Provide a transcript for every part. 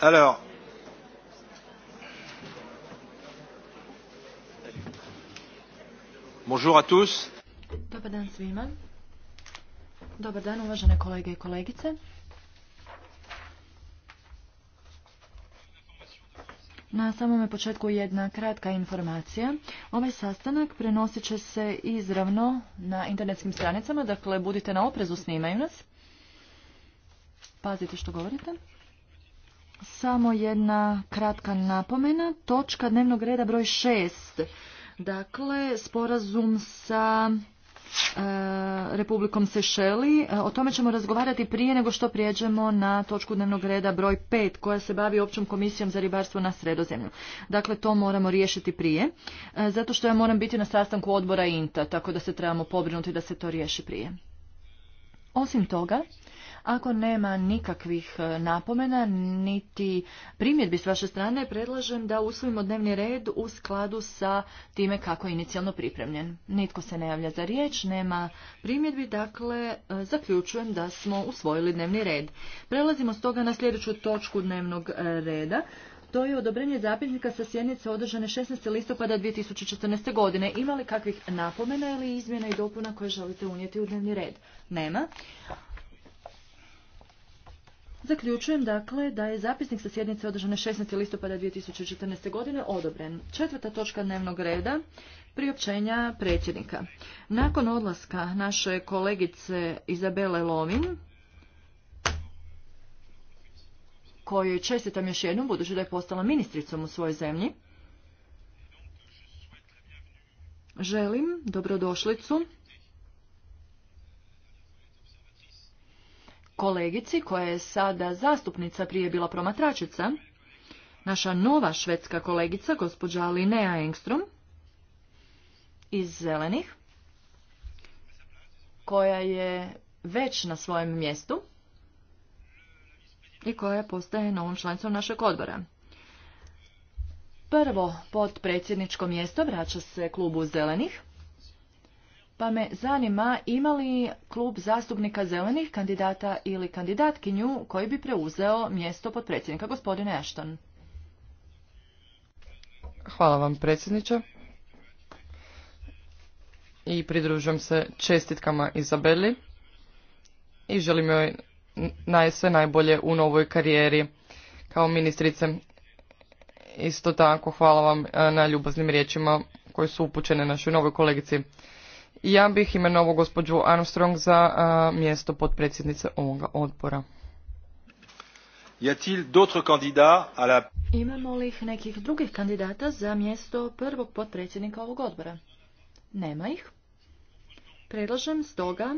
Alors, bonjour à tous. Dobar dan svima. Dobar dan, uvažene kolege i kolegice. Na samome početku jedna kratka informacija. Ovaj sastanak prenosit će se izravno na internetskim stranicama, dakle budite na oprezu, snimaju nas. Pazite što govorite. Samo jedna kratka napomena. Točka dnevnog reda broj šest. Dakle, sporazum sa e, Republikom Sešeli. E, o tome ćemo razgovarati prije nego što prijeđemo na točku dnevnog reda broj pet, koja se bavi općom komisijom za ribarstvo na sredozemlju. Dakle, to moramo riješiti prije, e, zato što ja moram biti na sastanku odbora INTA, tako da se trebamo pobrinuti da se to riješi prije. Osim toga, ako nema nikakvih e, napomena niti primjedbi s vaše strane, predlažem da usvojimo dnevni red u skladu sa time kako je inicijalno pripremljen. Nitko se ne javlja za riječ, nema primjedbi, dakle e, zaključujem da smo usvojili dnevni red. Prelazimo toga na sljedeću točku dnevnog e, reda. To je odobrenje zapisnika sa sjednice održane 16. listopada 2014. godine. Ima li kakvih napomena ili izmjena i dopuna koje želite unijeti u dnevni red? Nema. Zaključujem dakle da je zapisnik sa sjednice održane 16. listopada 2014. godine odobren. Četvrta točka dnevnog reda, priopćenja predsjednika. Nakon odlaska naše kolegice Izabele Lovin, kojoj čestitam još jednom, budući da je postala ministricom u svojoj zemlji, želim dobrodošlicu kolegici koja je sada zastupnica, prije bila promatračica, naša nova švedska kolegica, gospođa Linea Engstrom iz Zelenih, koja je već na svojem mjestu i koja postaje novom članicom našeg odbora. Prvo predsjedničko mjesto vraća se klubu Zelenih pa me zanima ima li klub zastupnika zelenih kandidata ili kandidatkinju koji bi preuzeo mjesto potpredsjednika gospodine Ashton. Hvala vam predsjedniče. I pridružujem se čestitkama Izabeli i želim joj naj, sve najbolje u novoj karijeri kao ministrice. Isto tako hvala vam eh, na ljubaznim riječima koje su upućene našoj novoj kolegici. Ja bih imenovao gospođu Armstrong za a, mjesto potpredsjednice ovoga odbora. Imamo li nekih drugih kandidata za mjesto prvog potpredsjednika ovog odbora? Nema ih. Predlažem stoga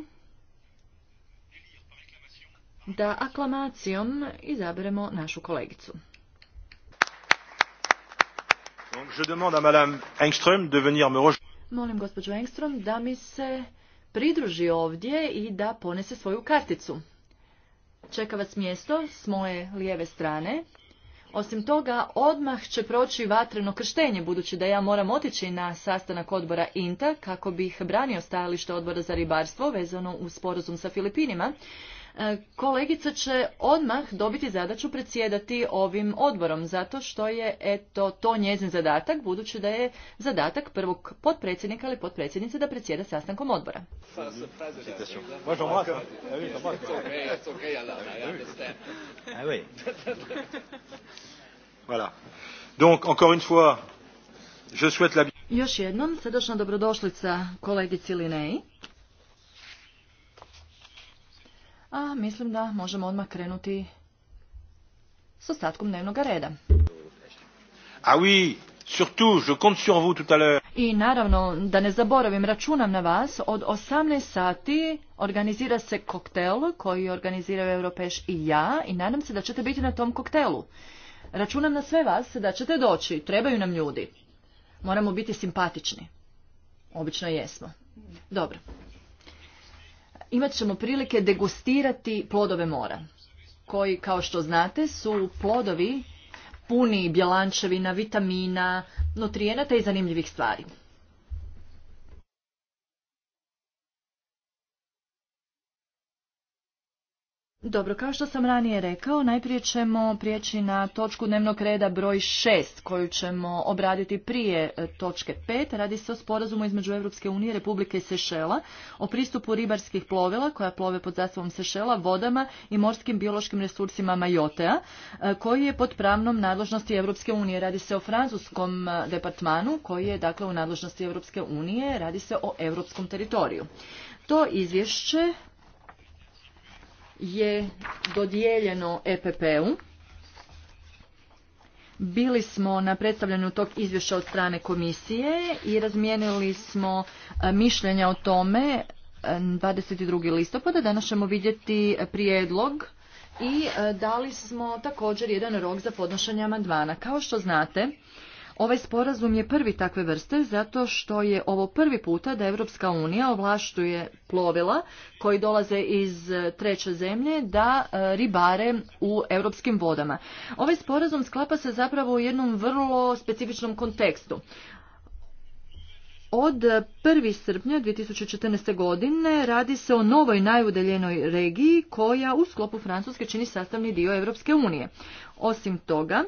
da aklamacijom izaberemo našu kolegicu. Donc, je demande à Madame Engström de venir me rejoindre. Molim gospođu Engstrom da mi se pridruži ovdje i da ponese svoju karticu. Čeka vas mjesto s moje lijeve strane. Osim toga, odmah će proći vatreno krštenje, budući da ja moram otići na sastanak odbora INTA kako bih branio stajalište odbora za ribarstvo vezano uz sporazum sa Filipinima, E, kolegica će odmah dobiti zadaću predsjedati ovim odborom, zato što je eto, to njezin zadatak, budući da je zadatak prvog potpredsjednika ili potpredsjednice da predsjeda sastankom odbora. Još jednom, srdačna dobrodošlica kolegici Lineji a mislim da možemo odmah krenuti s ostatkom dnevnog reda. A ah sur I naravno, da ne zaboravim, računam na vas, od 18 sati organizira se koktel koji organiziraju Europeš i ja i nadam se da ćete biti na tom koktelu. Računam na sve vas da ćete doći, trebaju nam ljudi. Moramo biti simpatični. Obično jesmo. Dobro imat ćemo prilike degustirati plodove mora, koji, kao što znate, su plodovi puni bjelančevina, vitamina, nutrijenata i zanimljivih stvari. Dobro, kao što sam ranije rekao, najprije ćemo prijeći na točku dnevnog reda broj 6, koju ćemo obraditi prije e, točke 5. Radi se o sporazumu između Europske unije i Republike Sešela o pristupu ribarskih plovila koja plove pod zastavom Sešela vodama i morskim biološkim resursima Majotea, e, koji je pod pravnom nadležnosti Europske unije. Radi se o francuskom e, departmanu koji je dakle u nadležnosti Europske unije, radi se o europskom teritoriju. To izvješće je dodijeljeno EPP-u. Bili smo na predstavljanju tog izvješća od strane komisije i razmijenili smo e, mišljenja o tome 22. E, listopada. Danas ćemo vidjeti prijedlog i e, dali smo također jedan rok za podnošenje amandmana. Kao što znate, Ovaj sporazum je prvi takve vrste zato što je ovo prvi puta da Evropska unija ovlaštuje plovila koji dolaze iz treće zemlje da e, ribare u europskim vodama. Ovaj sporazum sklapa se zapravo u jednom vrlo specifičnom kontekstu. Od 1. srpnja 2014. godine radi se o novoj najudeljenoj regiji koja u sklopu Francuske čini sastavni dio Evropske unije. Osim toga,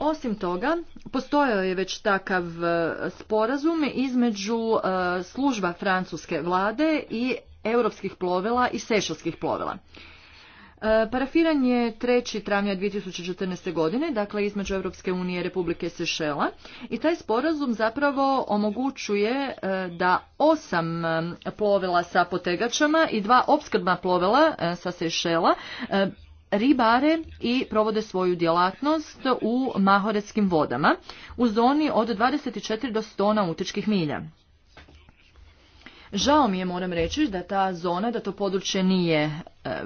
Osim toga, postojao je već takav e, sporazum između e, služba francuske vlade i europskih plovila i sešalskih plovila. E, parafiran je 3. travnja 2014. godine, dakle između Europske unije i Republike Sešela i taj sporazum zapravo omogućuje da osam plovela sa potegačama i dva opskrbna plovela sa Sešela ribare i provode svoju djelatnost u mahoretskim vodama u zoni od 24 do 100 nautičkih milja. Žao mi je, moram reći, da ta zona, da to područje nije e,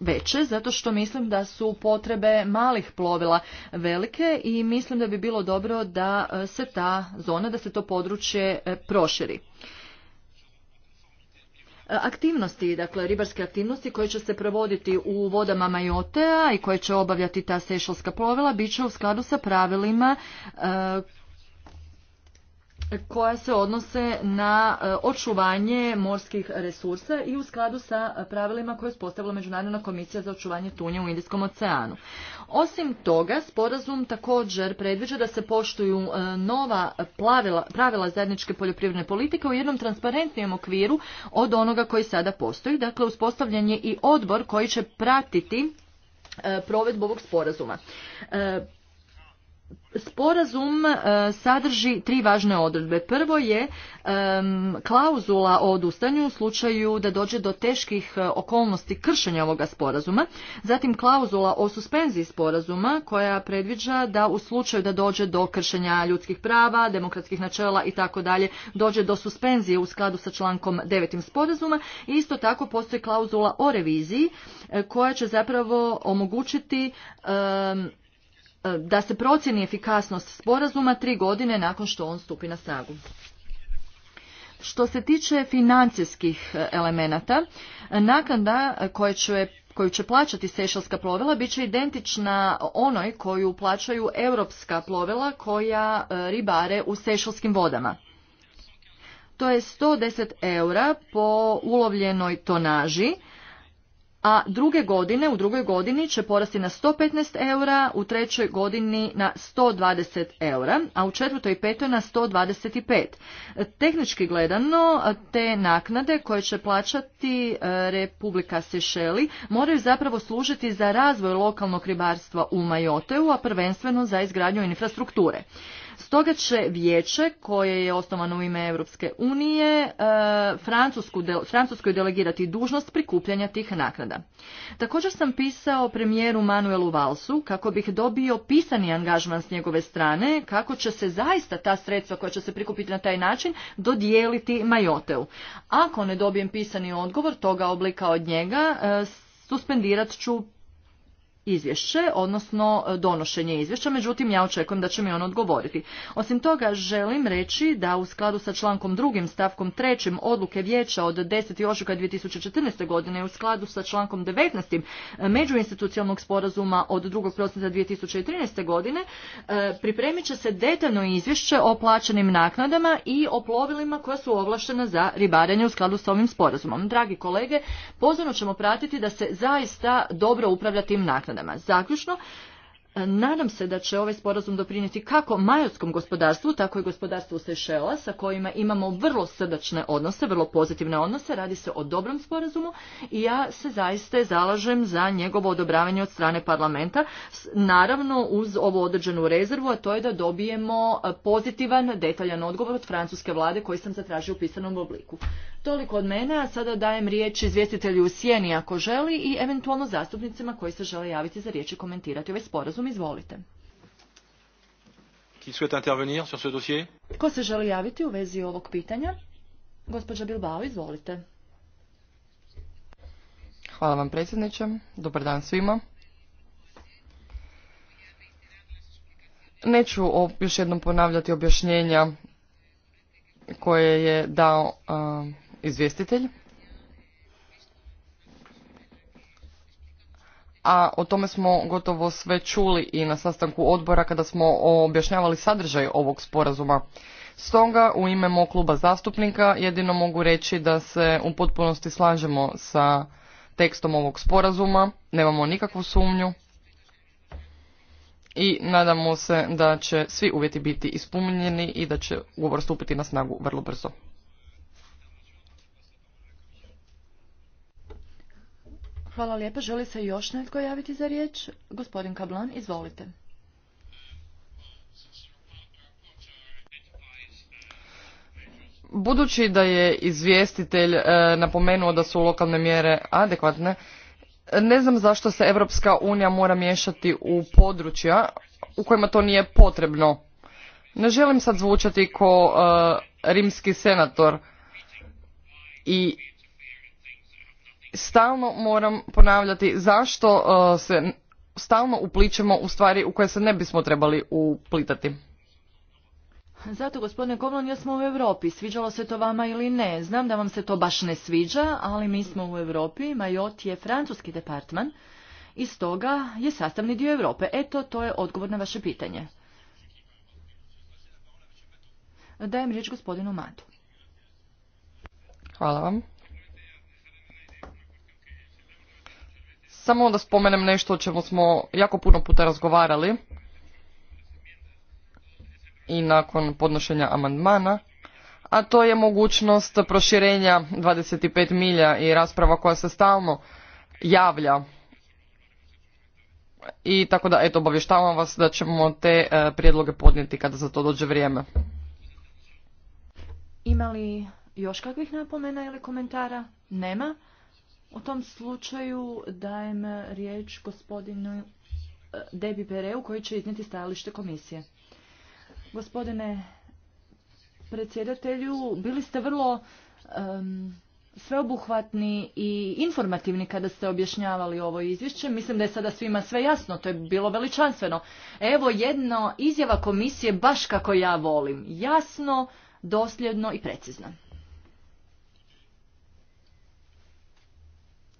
veće, zato što mislim da su potrebe malih plovila velike i mislim da bi bilo dobro da e, se ta zona, da se to područje e, proširi aktivnosti, dakle ribarske aktivnosti koje će se provoditi u vodama Majotea i koje će obavljati ta sešalska plovila bit će u skladu sa pravilima e, koja se odnose na e, očuvanje morskih resursa i u skladu sa pravilima koje je uspostavila Međunarodna komisija za očuvanje tunja u Indijskom oceanu. Osim toga, sporazum također predviđa da se poštuju e, nova pravila zajedničke poljoprivredne politike u jednom transparentnijem okviru od onoga koji sada postoji. Dakle, uspostavljen je i odbor koji će pratiti e, provedbu ovog sporazuma. Sporazum e, sadrži tri važne odredbe. Prvo je e, klauzula o odustanju u slučaju da dođe do teških e, okolnosti kršenja ovoga sporazuma, zatim klauzula o suspenziji sporazuma koja predviđa da u slučaju da dođe do kršenja ljudskih prava, demokratskih načela i tako dalje, dođe do suspenzije u skladu sa člankom 9. sporazuma isto tako postoji klauzula o reviziji koja će zapravo omogućiti E, da se procjeni efikasnost sporazuma tri godine nakon što on stupi na snagu. Što se tiče financijskih e, elemenata, naknada e, koje koju će plaćati sešalska plovila bit će identična onoj koju plaćaju europska plovila koja ribare u sešalskim vodama. To je 110 eura po ulovljenoj tonaži a druge godine, u drugoj godini će porasti na 115 eura, u trećoj godini na 120 eura, a u četvrtoj i petoj na 125. Tehnički gledano, te naknade koje će plaćati e, Republika Sešeli moraju zapravo služiti za razvoj lokalnog ribarstva u Majoteu, a prvenstveno za izgradnju infrastrukture. Stoga će vijeće koje je osnovano u ime Europske unije e, Francuskoj delegirati dužnost prikupljanja tih naknada. Također sam pisao premijeru Manuelu Valsu kako bih dobio pisani angažman s njegove strane kako će se zaista ta sredstva koja će se prikupiti na taj način dodijeliti Majoteu. Ako ne dobijem pisani odgovor toga oblika od njega e, suspendirat ću izvješće, odnosno e, donošenje izvješća, međutim ja očekujem da će mi on odgovoriti. Osim toga želim reći da u skladu sa člankom drugim stavkom trećim odluke vijeća od 10. ožujka 2014. godine u skladu sa člankom 19. E, međuinstitucionalnog sporazuma od 2. prosinca 2013. godine e, pripremit će se detaljno izvješće o plaćenim naknadama i o plovilima koja su ovlaštena za ribarenje u skladu s ovim sporazumom. Dragi kolege, pozorno ćemo pratiti da se zaista dobro upravlja tim naknadama zgradama. Zaključno, Nadam se da će ovaj sporazum doprinijeti kako majotskom gospodarstvu, tako i gospodarstvu Sešela, sa kojima imamo vrlo srdačne odnose, vrlo pozitivne odnose. Radi se o dobrom sporazumu i ja se zaista zalažem za njegovo odobravanje od strane parlamenta, naravno uz ovu određenu rezervu, a to je da dobijemo pozitivan, detaljan odgovor od francuske vlade koji sam zatražio u pisanom obliku. Toliko od mene, a sada dajem riječ izvjestitelju u sjeni ako želi i eventualno zastupnicima koji se žele javiti za riječ i komentirati ovaj sporazum Izvolite. Ko se želi javiti u vezi ovog pitanja? Gospođa Bilbao, izvolite. Hvala vam predsjedniče. Dobar dan svima. Neću još jednom ponavljati objašnjenja koje je dao izvjestitelj a o tome smo gotovo sve čuli i na sastanku odbora kada smo objašnjavali sadržaj ovog sporazuma. Stoga u ime mog kluba zastupnika jedino mogu reći da se u potpunosti slažemo sa tekstom ovog sporazuma, nemamo nikakvu sumnju i nadamo se da će svi uvjeti biti ispunjeni i da će ugovor stupiti na snagu vrlo brzo. Hvala lijepa. Želi se još netko javiti za riječ? Gospodin Kablan, izvolite. Budući da je izvjestitelj e, napomenuo da su lokalne mjere adekvatne, ne znam zašto se Europska unija mora miješati u područja u kojima to nije potrebno. Ne želim sad zvučati ko e, rimski senator i stalno moram ponavljati zašto e, se stalno upličemo u stvari u koje se ne bismo trebali uplitati. Zato, gospodine Komlon, ja smo u Europi. Sviđalo se to vama ili ne? Znam da vam se to baš ne sviđa, ali mi smo u Europi. Majot je francuski departman i stoga je sastavni dio Europe. Eto, to je odgovor na vaše pitanje. Dajem riječ gospodinu Matu. Hvala vam. Samo da spomenem nešto o čemu smo jako puno puta razgovarali i nakon podnošenja amandmana, a to je mogućnost proširenja 25 milja i rasprava koja se stalno javlja. I tako da, eto, obavještavam vas da ćemo te e, prijedloge podnijeti kada za to dođe vrijeme. Ima li još kakvih napomena ili komentara? Nema. U tom slučaju dajem riječ gospodinu e, Debi Pereu koji će iznijeti stajalište komisije. Gospodine predsjedatelju, bili ste vrlo sveobuhvatni i informativni kada ste objašnjavali ovo izvješće. Mislim da je sada svima sve jasno, to je bilo veličanstveno. Evo jedno izjava komisije baš kako ja volim. Jasno, dosljedno i precizno.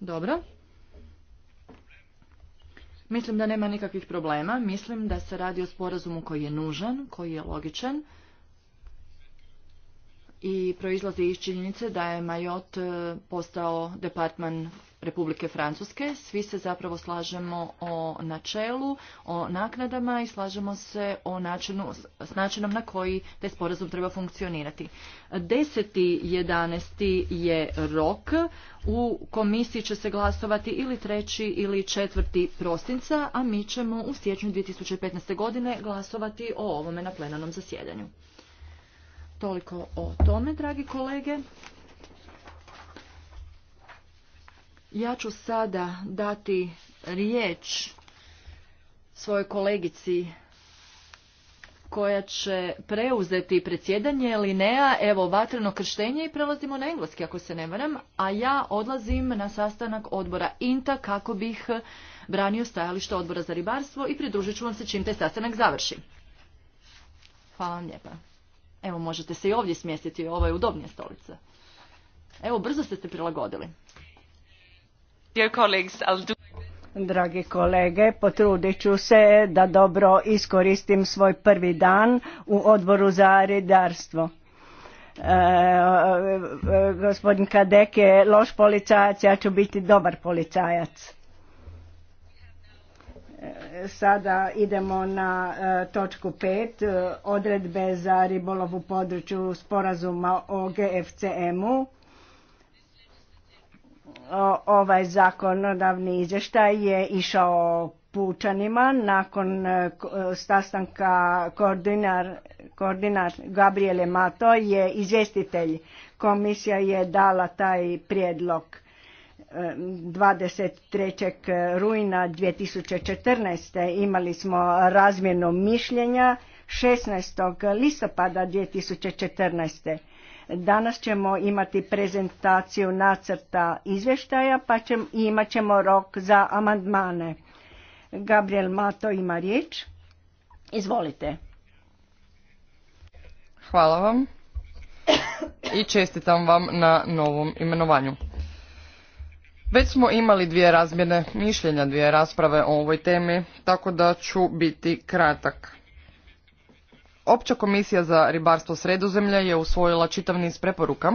Dobro. Mislim da nema nikakvih problema. Mislim da se radi o sporazumu koji je nužan, koji je logičan i proizlazi iz činjenice da je Majot e, postao departman Republike Francuske. Svi se zapravo slažemo o načelu, o naknadama i slažemo se o načinu, s načinom na koji taj sporazum treba funkcionirati. 10.11. je rok, u komisiji će se glasovati ili 3. ili 4. prosinca, a mi ćemo u siječnju 2015. godine glasovati o ovome na plenarnom zasjedanju. Toliko o tome, dragi kolege. Ja ću sada dati riječ svojoj kolegici koja će preuzeti predsjedanje Linea, evo vatreno krštenje i prelazimo na engleski ako se ne varam, a ja odlazim na sastanak odbora INTA kako bih branio stajalište odbora za ribarstvo i pridružit ću vam se čim taj sastanak završi. Hvala vam lijepa. Evo, možete se i ovdje smjestiti, ovo je udobnija stolica. Evo, brzo ste se prilagodili. Dragi kolege, potrudit ću se da dobro iskoristim svoj prvi dan u odboru za redarstvo e, e, e, gospodin Kadek je loš policajac, ja ću biti dobar policajac. Sada idemo na e, točku 5. E, odredbe za ribolov u području sporazuma o GFCM-u. Ovaj zakonodavni izvještaj je išao pučanima nakon e, sastanka koordinar, koordinar Gabriele Mato je izvjestitelj. Komisija je dala taj prijedlog 23. rujna 2014. imali smo razmjenu mišljenja 16. listopada 2014. Danas ćemo imati prezentaciju nacrta izvještaja pa imat ćemo rok za amandmane. Gabriel Mato ima riječ. Izvolite. Hvala vam i čestitam vam na novom imenovanju. Već smo imali dvije razmjene mišljenja, dvije rasprave o ovoj temi, tako da ću biti kratak. Opća komisija za ribarstvo sredozemlja je usvojila čitav niz preporuka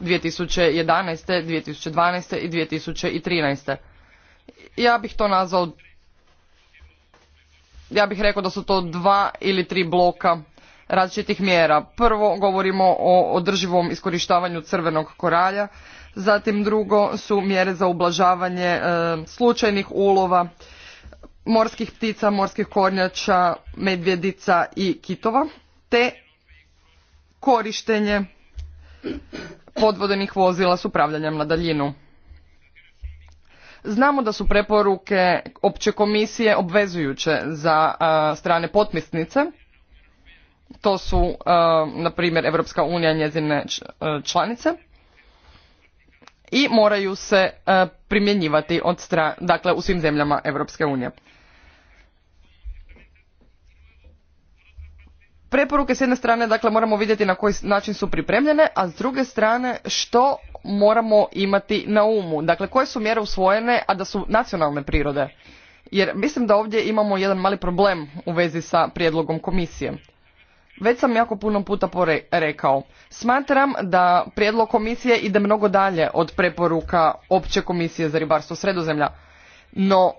2011., 2012. i 2013. Ja bih to nazvao, ja bih rekao da su to dva ili tri bloka različitih mjera. Prvo govorimo o održivom iskorištavanju crvenog koralja, zatim drugo su mjere za ublažavanje e, slučajnih ulova morskih ptica, morskih kornjača, medvjedica i kitova, te korištenje podvodenih vozila s upravljanjem na daljinu. Znamo da su preporuke opće komisije obvezujuće za e, strane potmisnice, To su, a, e, na primjer, Evropska unija i njezine članice i moraju se e, primjenjivati od dakle u svim zemljama Europske unije. Preporuke s jedne strane dakle moramo vidjeti na koji način su pripremljene, a s druge strane što moramo imati na umu. Dakle koje su mjere usvojene, a da su nacionalne prirode. Jer mislim da ovdje imamo jedan mali problem u vezi sa prijedlogom komisije. Već sam jako puno puta rekao. Smatram da prijedlog komisije ide mnogo dalje od preporuka opće komisije za ribarstvo sredozemlja. No,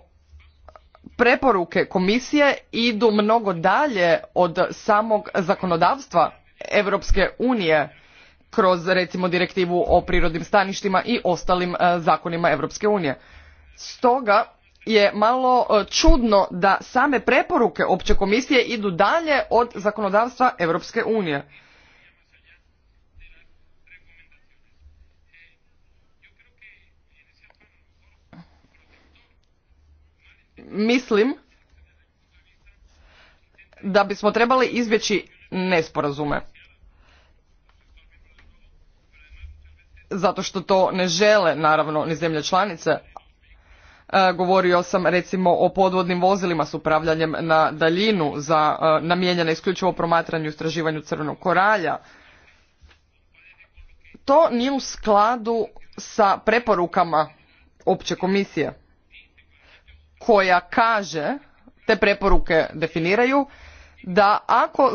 preporuke komisije idu mnogo dalje od samog zakonodavstva Europske unije kroz recimo direktivu o prirodnim staništima i ostalim e, zakonima Europske unije. Stoga je malo e, čudno da same preporuke opće komisije idu dalje od zakonodavstva Europske unije. Mislim da bismo trebali izbjeći nesporazume. Zato što to ne žele, naravno, ni zemlje članice Govorio sam recimo o podvodnim vozilima s upravljanjem na daljinu za namijenjene isključivo promatranju i istraživanju crvenog koralja. To nije u skladu sa preporukama opće komisije koja kaže, te preporuke definiraju, da ako,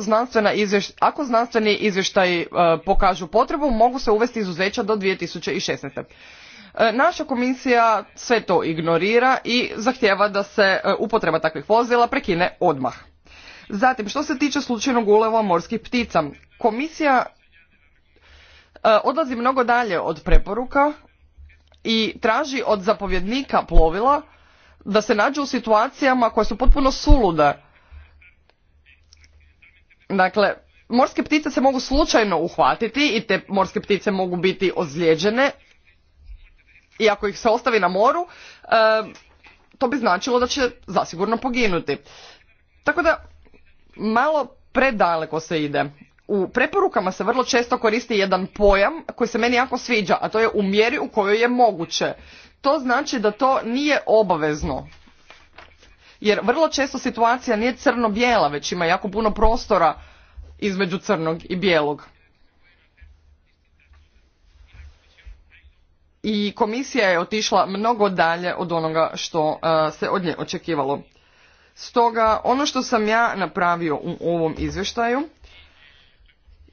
ako znanstveni izvještaji pokažu potrebu mogu se uvesti izuzeća do 2016. E, naša komisija sve to ignorira i zahtjeva da se e, upotreba takvih vozila prekine odmah. Zatim, što se tiče slučajnog uleva morskih ptica, komisija e, odlazi mnogo dalje od preporuka i traži od zapovjednika plovila da se nađu u situacijama koje su potpuno sulude. Dakle, morske ptice se mogu slučajno uhvatiti i te morske ptice mogu biti ozlijeđene i ako ih se ostavi na moru, eh, to bi značilo da će zasigurno poginuti. Tako da malo predaleko se ide. U preporukama se vrlo često koristi jedan pojam koji se meni jako sviđa, a to je u mjeri u kojoj je moguće. To znači da to nije obavezno. Jer vrlo često situacija nije crno-bijela, već ima jako puno prostora između crnog i bijelog. i komisija je otišla mnogo dalje od onoga što uh, se od nje očekivalo. Stoga ono što sam ja napravio u ovom izvještaju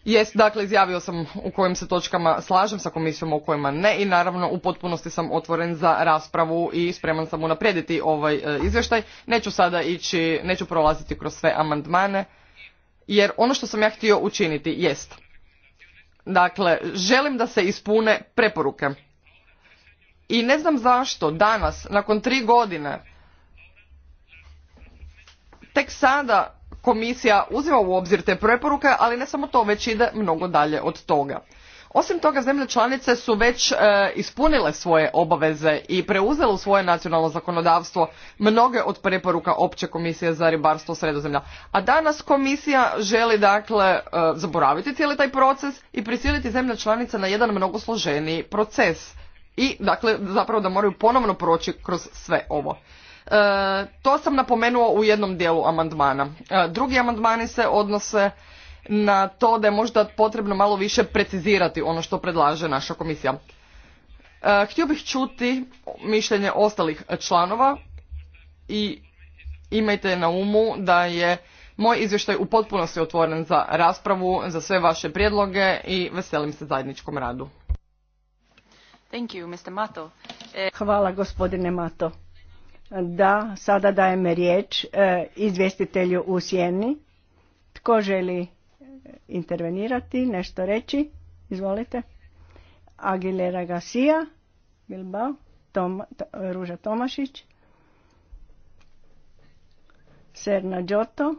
jest dakle izjavio sam u kojim se točkama slažem sa komisijom u kojima ne i naravno u potpunosti sam otvoren za raspravu i spreman sam unaprijediti ovaj uh, izvještaj. Neću sada ići, neću prolaziti kroz sve amandmane jer ono što sam ja htio učiniti jest Dakle, želim da se ispune preporuke i ne znam zašto danas, nakon tri godine, tek sada komisija uzima u obzir te preporuke, ali ne samo to, već ide mnogo dalje od toga. Osim toga, zemlje članice su već e, ispunile svoje obaveze i preuzele u svoje nacionalno zakonodavstvo mnoge od preporuka Opće komisije za ribarstvo sredozemlja. A danas komisija želi dakle e, zaboraviti cijeli taj proces i prisiliti zemlje članice na jedan mnogo složeniji proces i dakle zapravo da moraju ponovno proći kroz sve ovo. E, to sam napomenuo u jednom dijelu amandmana. E, drugi amandmani se odnose na to da je možda potrebno malo više precizirati ono što predlaže naša komisija. E, htio bih čuti mišljenje ostalih članova i imajte na umu da je moj izvještaj u potpunosti otvoren za raspravu, za sve vaše prijedloge i veselim se zajedničkom radu. Mato. Eh, Hvala gospodine Mato. Da, sada dajem riječ eh, izvjestitelju u sjeni. Tko želi eh, intervenirati, nešto reći? Izvolite. Aguilera Garcia, Bilbao, Ruža Tomašić, Serna Đoto.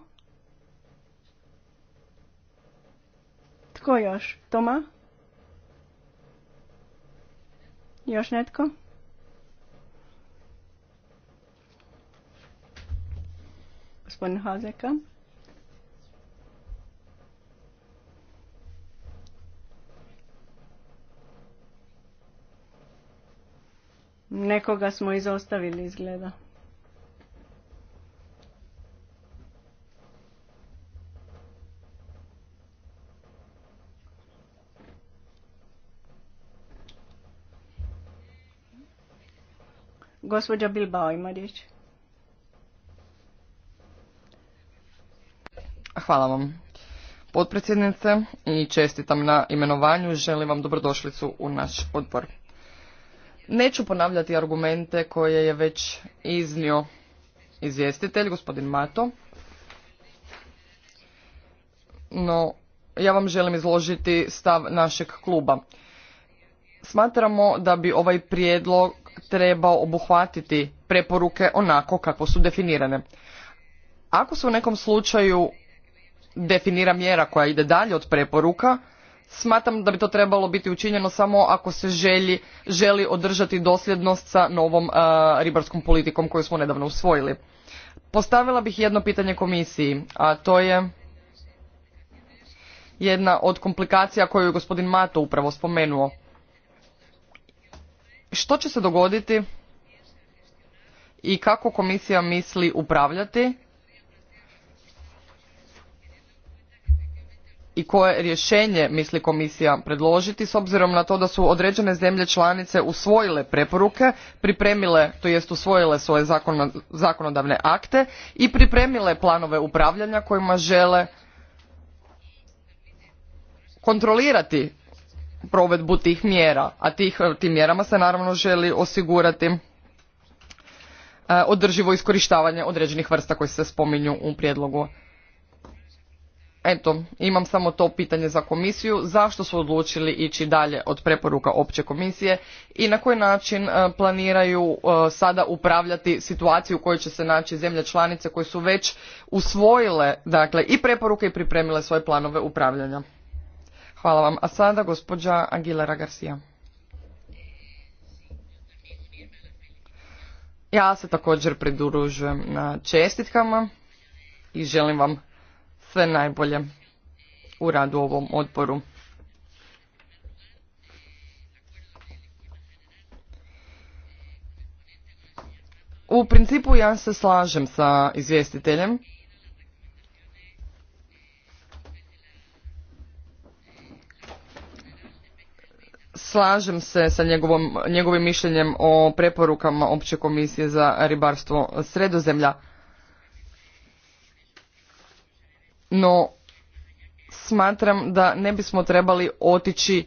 Tko još? Toma? Još netko? Gospodin Hazeka. Nekoga smo izostavili izgleda. Gospođa Bilbao ima riječ. Hvala vam. Potpredsjednice i čestitam na imenovanju. Želim vam dobrodošlicu u naš odbor. Neću ponavljati argumente koje je već iznio izvjestitelj, gospodin Mato. No, ja vam želim izložiti stav našeg kluba. Smatramo da bi ovaj prijedlog trebao obuhvatiti preporuke onako kako su definirane. Ako se u nekom slučaju definira mjera koja ide dalje od preporuka, smatram da bi to trebalo biti učinjeno samo ako se želi želi održati dosljednost sa novom ribarskom politikom koju smo nedavno usvojili. Postavila bih jedno pitanje komisiji, a to je jedna od komplikacija koju je gospodin Mato upravo spomenuo što će se dogoditi i kako komisija misli upravljati i koje rješenje misli komisija predložiti s obzirom na to da su određene zemlje članice usvojile preporuke pripremile to jest usvojile svoje zakonodavne akte i pripremile planove upravljanja kojima žele kontrolirati provedbu tih mjera, a eh, tim mjerama se naravno želi osigurati eh, održivo iskorištavanje određenih vrsta koje se spominju u prijedlogu. Eto, imam samo to pitanje za komisiju, zašto su odlučili ići dalje od preporuka opće komisije i na koji način eh, planiraju sada upravljati situaciju u kojoj će se naći zemlje članice koje su već usvojile dakle, i preporuke i pripremile svoje planove upravljanja. Hvala vam. A sada gospođa Aguilera Garcia. Ja se također pridružujem na čestitkama i želim vam sve najbolje u radu ovom odboru. U principu ja se slažem sa izvjestiteljem slažem se sa njegovim mišljenjem o preporukama opće komisije za ribarstvo sredozemlja no smatram da ne bismo trebali otići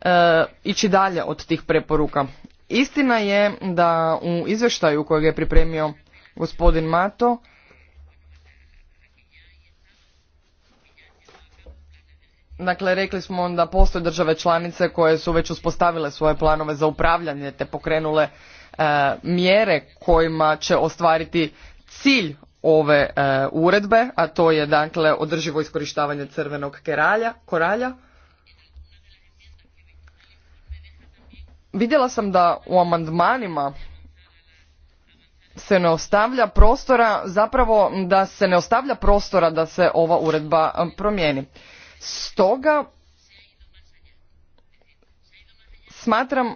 eh, ići dalje od tih preporuka istina je da u izvještaju kojeg je pripremio gospodin mato Dakle, rekli smo da postoje države članice koje su već uspostavile svoje planove za upravljanje te pokrenule e, mjere kojima će ostvariti cilj ove e, uredbe, a to je dakle održivo iskorištavanje crvenog koralja. Vidjela sam da u amandmanima se ne ostavlja prostora, zapravo da se ne ostavlja prostora da se ova uredba e, promijeni. Stoga smatram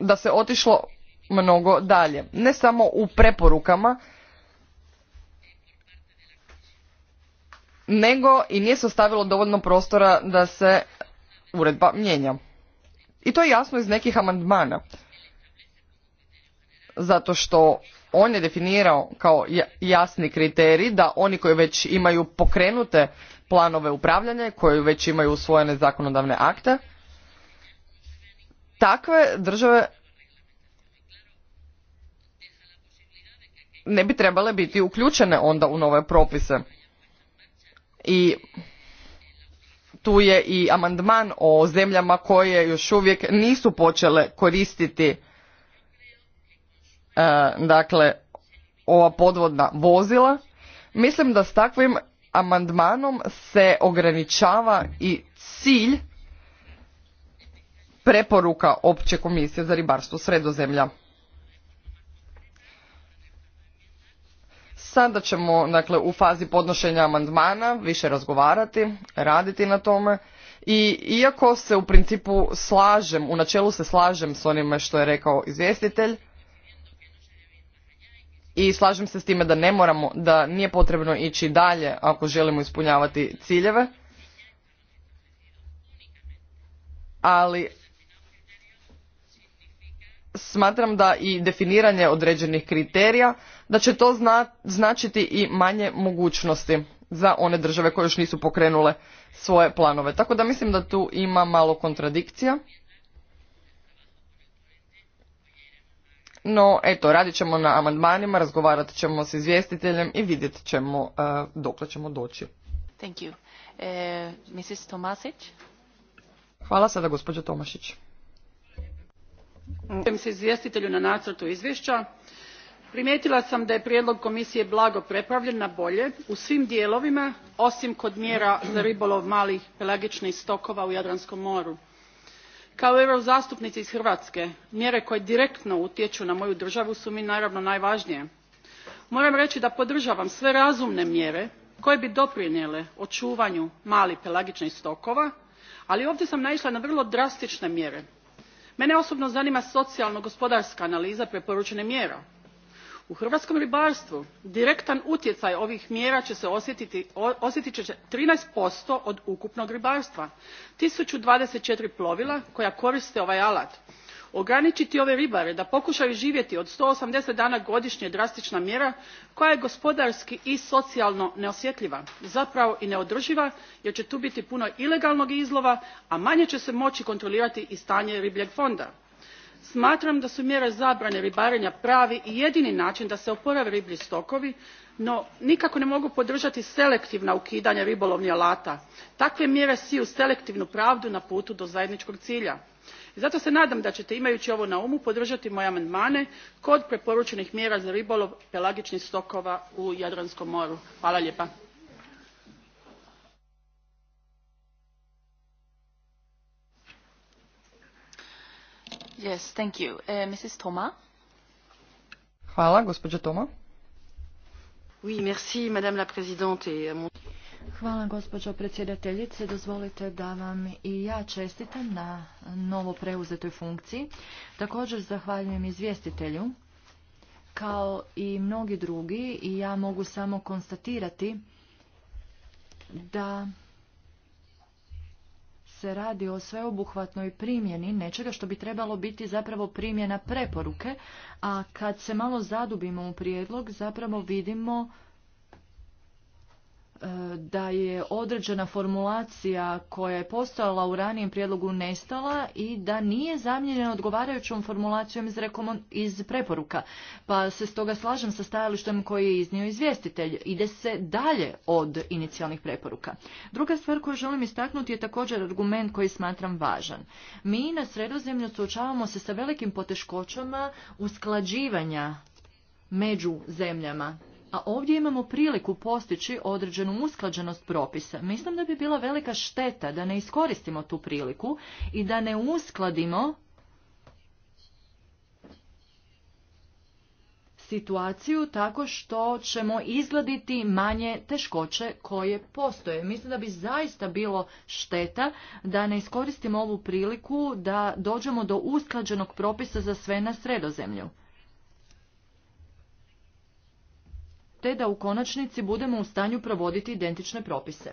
da se otišlo mnogo dalje. Ne samo u preporukama, nego i nije se ostavilo dovoljno prostora da se uredba mijenja. I to je jasno iz nekih amandmana. Zato što on je definirao kao jasni kriterij da oni koji već imaju pokrenute planove upravljanja koji već imaju usvojene zakonodavne akte, takve države ne bi trebale biti uključene onda u nove propise. I tu je i amandman o zemljama koje još uvijek nisu počele koristiti e, dakle ova podvodna vozila. Mislim da s takvim amandmanom se ograničava i cilj preporuka opće komisije za ribarstvo sredozemlja. Sada ćemo dakle, u fazi podnošenja amandmana više razgovarati, raditi na tome i iako se u principu slažem, u načelu se slažem s onime što je rekao izvjestitelj, i slažem se s time da ne moramo, da nije potrebno ići dalje ako želimo ispunjavati ciljeve. Ali smatram da i definiranje određenih kriterija da će to značiti i manje mogućnosti za one države koje još nisu pokrenule svoje planove. Tako da mislim da tu ima malo kontradikcija. no eto, radit ćemo na amandmanima, razgovarat ćemo s izvjestiteljem i vidjet ćemo e, dokle ćemo doći. Thank you. E, Mrs. Tomasić? Hvala sada, gospođo Tomašić. Hvala se izvjestitelju na nacrtu izvješća primijetila sam da je prijedlog komisije blago prepravljen na bolje u svim dijelovima osim kod mjera za ribolov malih pelagičnih stokova u jadranskom moru kao eurozastupnica iz hrvatske mjere koje direktno utječu na moju državu su mi naravno najvažnije. moram reći da podržavam sve razumne mjere koje bi doprinijele očuvanju malih pelagičnih stokova ali ovdje sam naišla na vrlo drastične mjere. mene osobno zanima socijalno gospodarska analiza preporučenih mjera u hrvatskom ribarstvu direktan utjecaj ovih mjera osjetit će thirteen od ukupnog ribarstva one thousand and twenty plovila koja koriste ovaj alat. ograničiti ove ribare da pokušaju živjeti od one hundred eighty dana godišnje drastična mjera koja je gospodarski i socijalno neosjetljiva zapravo i neodrživa jer će tu biti puno ilegalnog izlova a manje će se moći kontrolirati i stanje ribljeg fonda smatram da su mjere zabrane ribarenja pravi i jedini način da se oporave riblji stokovi no nikako ne mogu podržati selektivna ukidanja ribolovnih alata. takve mjere siju selektivnu pravdu na putu do zajedničkog cilja. zato se nadam da ćete imajući ovo na umu podržati moje amandmane kod preporučenih mjera za ribolov pelagičnih stokova u jadranskom moru. hvala lijepa. Yes, thank uh, Hvala, gospođo Toma. Oui, merci, madame la Hvala gospođo predsjedateljice. Dozvolite da vam i ja čestitam na novo preuzetoj funkciji. Također zahvaljujem izvjestitelju. Kao i mnogi drugi i ja mogu samo konstatirati da se radi o sveobuhvatnoj primjeni nečega što bi trebalo biti zapravo primjena preporuke, a kad se malo zadubimo u prijedlog zapravo vidimo E, da je određena formulacija koja je postojala u ranijem prijedlogu nestala i da nije zamijenjena odgovarajućom formulacijom iz, iz preporuka. Pa se stoga slažem sa stajalištem koji je iznio izvjestitelj. Ide se dalje od inicijalnih preporuka. Druga stvar koju želim istaknuti je također argument koji smatram važan. Mi na sredozemlju suočavamo se sa velikim poteškoćama usklađivanja među zemljama a ovdje imamo priliku postići određenu usklađenost propisa. Mislim da bi bila velika šteta da ne iskoristimo tu priliku i da ne uskladimo situaciju tako što ćemo izgladiti manje teškoće koje postoje. Mislim da bi zaista bilo šteta da ne iskoristimo ovu priliku da dođemo do usklađenog propisa za sve na sredozemlju. te da u konačnici budemo u stanju provoditi identične propise.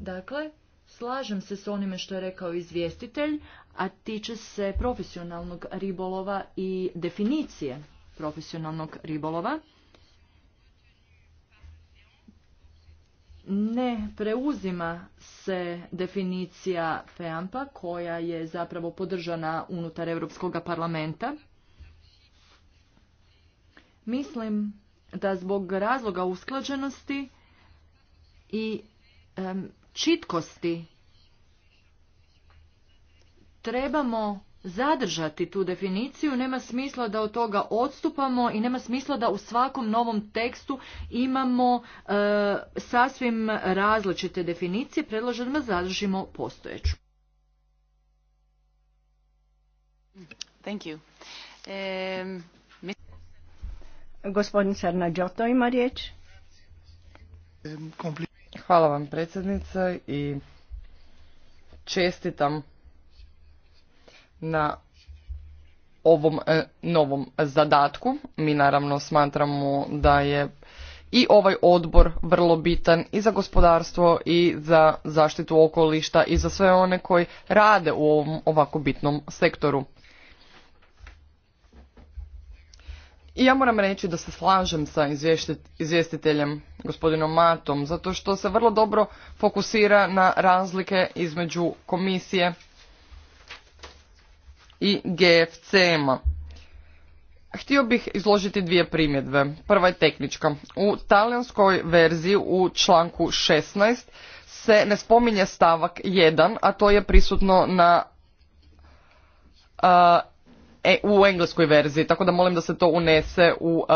Dakle, slažem se s onime što je rekao izvjestitelj, a tiče se profesionalnog ribolova i definicije profesionalnog ribolova. ne preuzima se definicija FEAMPA koja je zapravo podržana unutar Europskog parlamenta Mislim da zbog razloga usklađenosti i čitkosti trebamo zadržati tu definiciju, nema smisla da od toga odstupamo i nema smisla da u svakom novom tekstu imamo e, sasvim različite definicije, predlažem da zadržimo postojeću. Thank you. Gospodin ima riječ. Hvala vam predsjednice i čestitam na ovom e, novom zadatku. Mi naravno smatramo da je i ovaj odbor vrlo bitan i za gospodarstvo i za zaštitu okolišta i za sve one koji rade u ovom ovako bitnom sektoru. I ja moram reći da se slažem sa izvjestiteljem gospodinom Matom, zato što se vrlo dobro fokusira na razlike između komisije i GFC-ma. Htio bih izložiti dvije primjedbe. Prva je tehnička. U talijanskoj verziji u članku 16 se ne spominje stavak 1, a to je prisutno na E, u engleskoj verziji, tako da molim da se to unese u uh,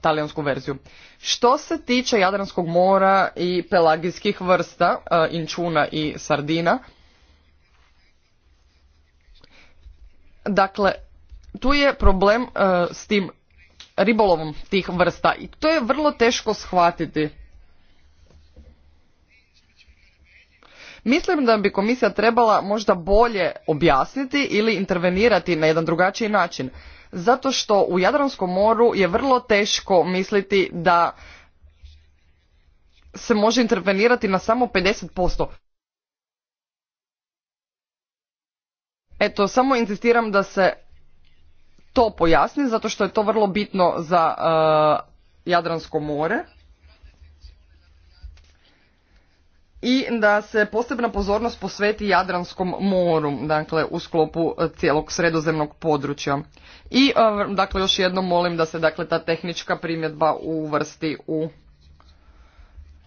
talijansku verziju. Što se tiče Jadranskog mora i pelagijskih vrsta, uh, inčuna i sardina, dakle, tu je problem uh, s tim ribolovom tih vrsta i to je vrlo teško shvatiti. Mislim da bi komisija trebala možda bolje objasniti ili intervenirati na jedan drugačiji način. Zato što u Jadranskom moru je vrlo teško misliti da se može intervenirati na samo 50%. Eto, samo inzistiram da se to pojasni, zato što je to vrlo bitno za e, Jadransko more. i da se posebna pozornost posveti Jadranskom moru, dakle u sklopu e, cijelog sredozemnog područja. I e, dakle još jednom molim da se dakle ta tehnička primjedba uvrsti u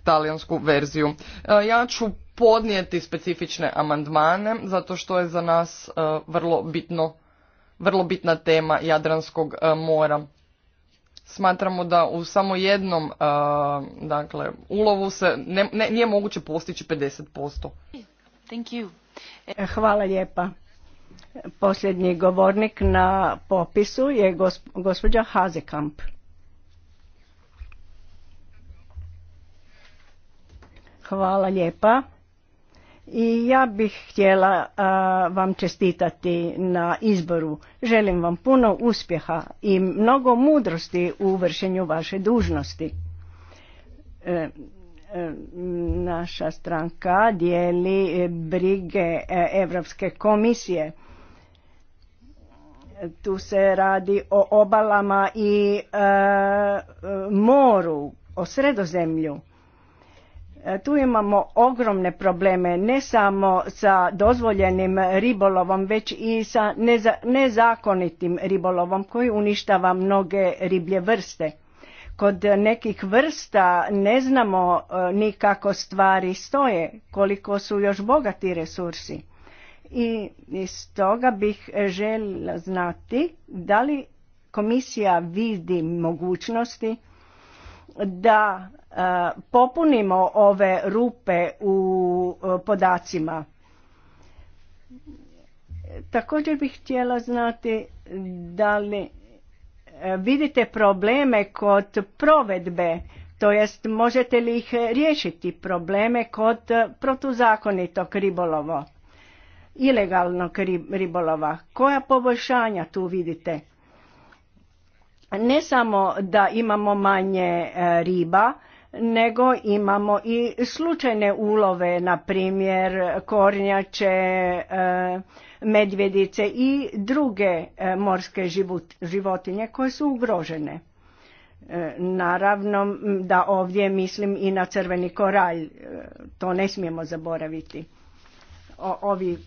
talijansku verziju. E, ja ću podnijeti specifične amandmane zato što je za nas vrlo bitno vrlo bitna tema Jadranskog mora smatramo da u samo jednom dakle, ulovu se ne, nije moguće postići 50%. Thank you. E, hvala lijepa. Posljednji govornik na popisu je gospođa Hazekamp. Hvala lijepa. I ja bih htjela vam čestitati na izboru. Želim vam puno uspjeha i mnogo mudrosti u vršenju vaše dužnosti. E, e, naša stranka dijeli brige Europske komisije. Tu se radi o obalama i e, moru, o sredozemlju E, tu imamo ogromne probleme ne samo sa dozvoljenim ribolovom već i sa nezakonitim ribolovom koji uništava mnoge riblje vrste. Kod nekih vrsta ne znamo e, ni kako stvari stoje, koliko su još bogati resursi. I iz toga bih željela znati da li komisija vidi mogućnosti da E, popunimo ove rupe u e, podacima. Također bih htjela znati da li e, vidite probleme kod provedbe, to jest možete li ih riješiti probleme kod protuzakonitog ribolova, ilegalnog ribolova, koja poboljšanja tu vidite? Ne samo da imamo manje riba, nego imamo i slučajne ulove, na primjer kornjače, e, medvjedice i druge e, morske životinje koje su ugrožene. E, naravno da ovdje mislim i na crveni koralj, to ne smijemo zaboraviti. ovi,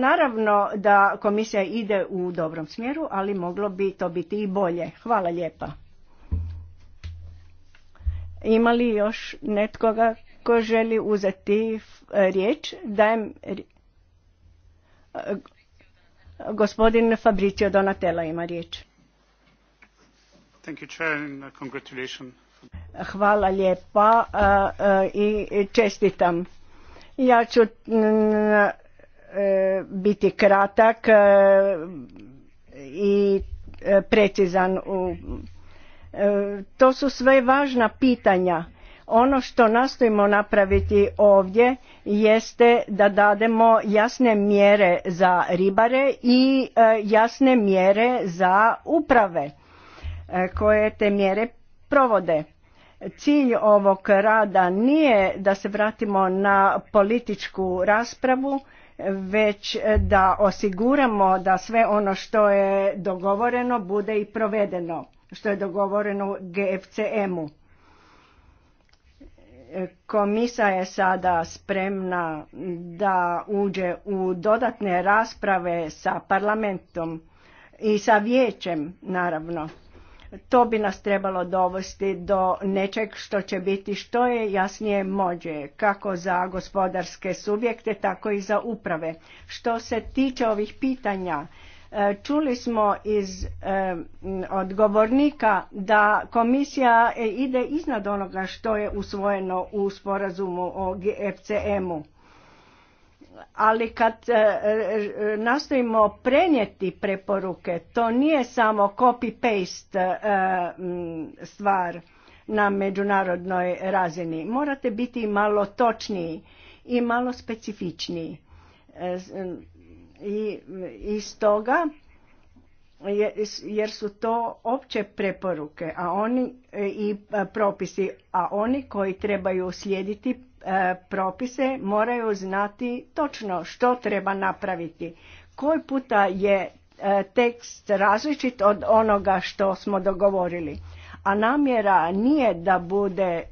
naravno da komisija ide u dobrom smjeru, ali moglo bi to biti i bolje. Hvala lijepa. Ima li još netkoga ko želi uzeti e, riječ? Dajem e, gospodin Fabricio Donatella ima riječ. Uh, Hvala lijepa e, i čestitam. Ja ću biti kratak i precizan u E, to su sve važna pitanja. Ono što nastojimo napraviti ovdje jeste da dademo jasne mjere za ribare i e, jasne mjere za uprave e, koje te mjere provode. Cilj ovog rada nije da se vratimo na političku raspravu, već da osiguramo da sve ono što je dogovoreno bude i provedeno što je dogovoreno u GFCM-u. Komisa je sada spremna da uđe u dodatne rasprave sa parlamentom i sa vijećem, naravno. To bi nas trebalo dovesti do nečeg što će biti što je jasnije mođe, kako za gospodarske subjekte, tako i za uprave. Što se tiče ovih pitanja, E, čuli smo iz e, odgovornika da komisija e, ide iznad onoga što je usvojeno u sporazumu o GFCM-u. Ali kad nastojimo prenijeti preporuke, to nije samo copy-paste stvar na međunarodnoj razini. Morate biti malo točniji i malo specifičniji i iz toga jer su to opće preporuke a oni e, i e, propisi a oni koji trebaju slijediti e, propise moraju znati točno što treba napraviti koji puta je tekst različit od onoga što smo dogovorili a namjera nije da bude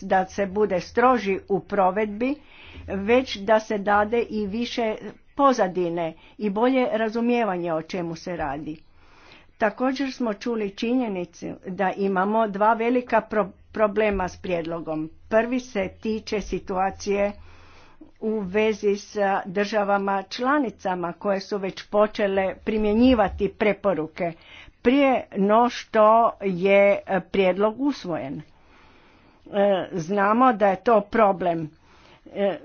da se bude stroži u provedbi već da se dade i više pozadine i bolje razumijevanje o čemu se radi. Također smo čuli činjenicu da imamo dva velika problema s prijedlogom. Prvi se tiče situacije u vezi sa državama članicama koje su već počele primjenjivati preporuke prije no što je prijedlog usvojen. E, znamo da je to problem E, e,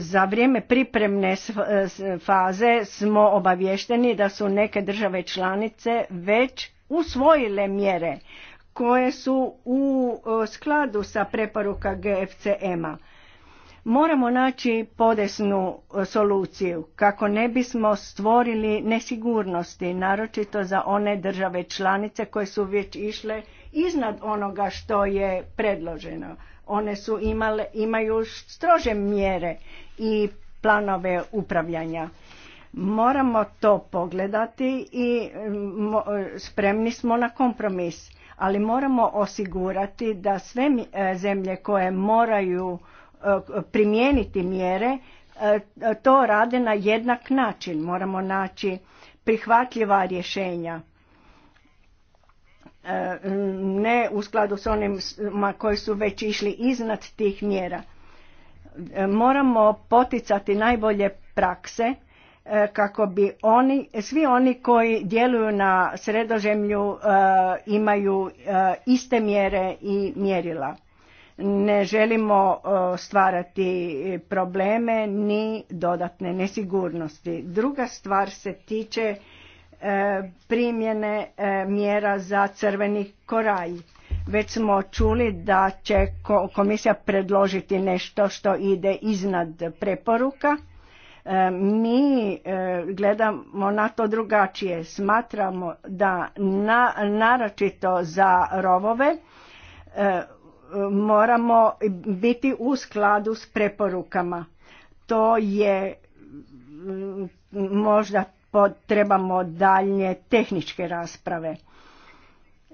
za vrijeme pripremne e, faze smo obavješteni da su neke države članice već usvojile mjere koje su u skladu sa preporuka GFCM-a. Moramo naći podesnu soluciju kako ne bismo stvorili nesigurnosti, naročito za one države članice koje su već išle iznad onoga što je predloženo one su imale, imaju strože mjere i planove upravljanja. Moramo to pogledati i spremni smo na kompromis, ali moramo osigurati da sve e, zemlje koje moraju e, primijeniti mjere e, to rade na jednak način. Moramo naći prihvatljiva rješenja ne u skladu s onima koji su već išli iznad tih mjera. Moramo poticati najbolje prakse e, kako bi oni, svi oni koji djeluju na sredozemlju e, imaju e, iste mjere i mjerila. Ne želimo stvarati probleme ni dodatne nesigurnosti. Druga stvar se tiče E, primjene e, mjera za crveni koraj. Već smo čuli da će komisija predložiti nešto što ide iznad preporuka. E, mi gledamo na to drugačije. Smatramo da na, naročito za rovove moramo biti u skladu s preporukama. To je možda trebamo daljnje tehničke rasprave.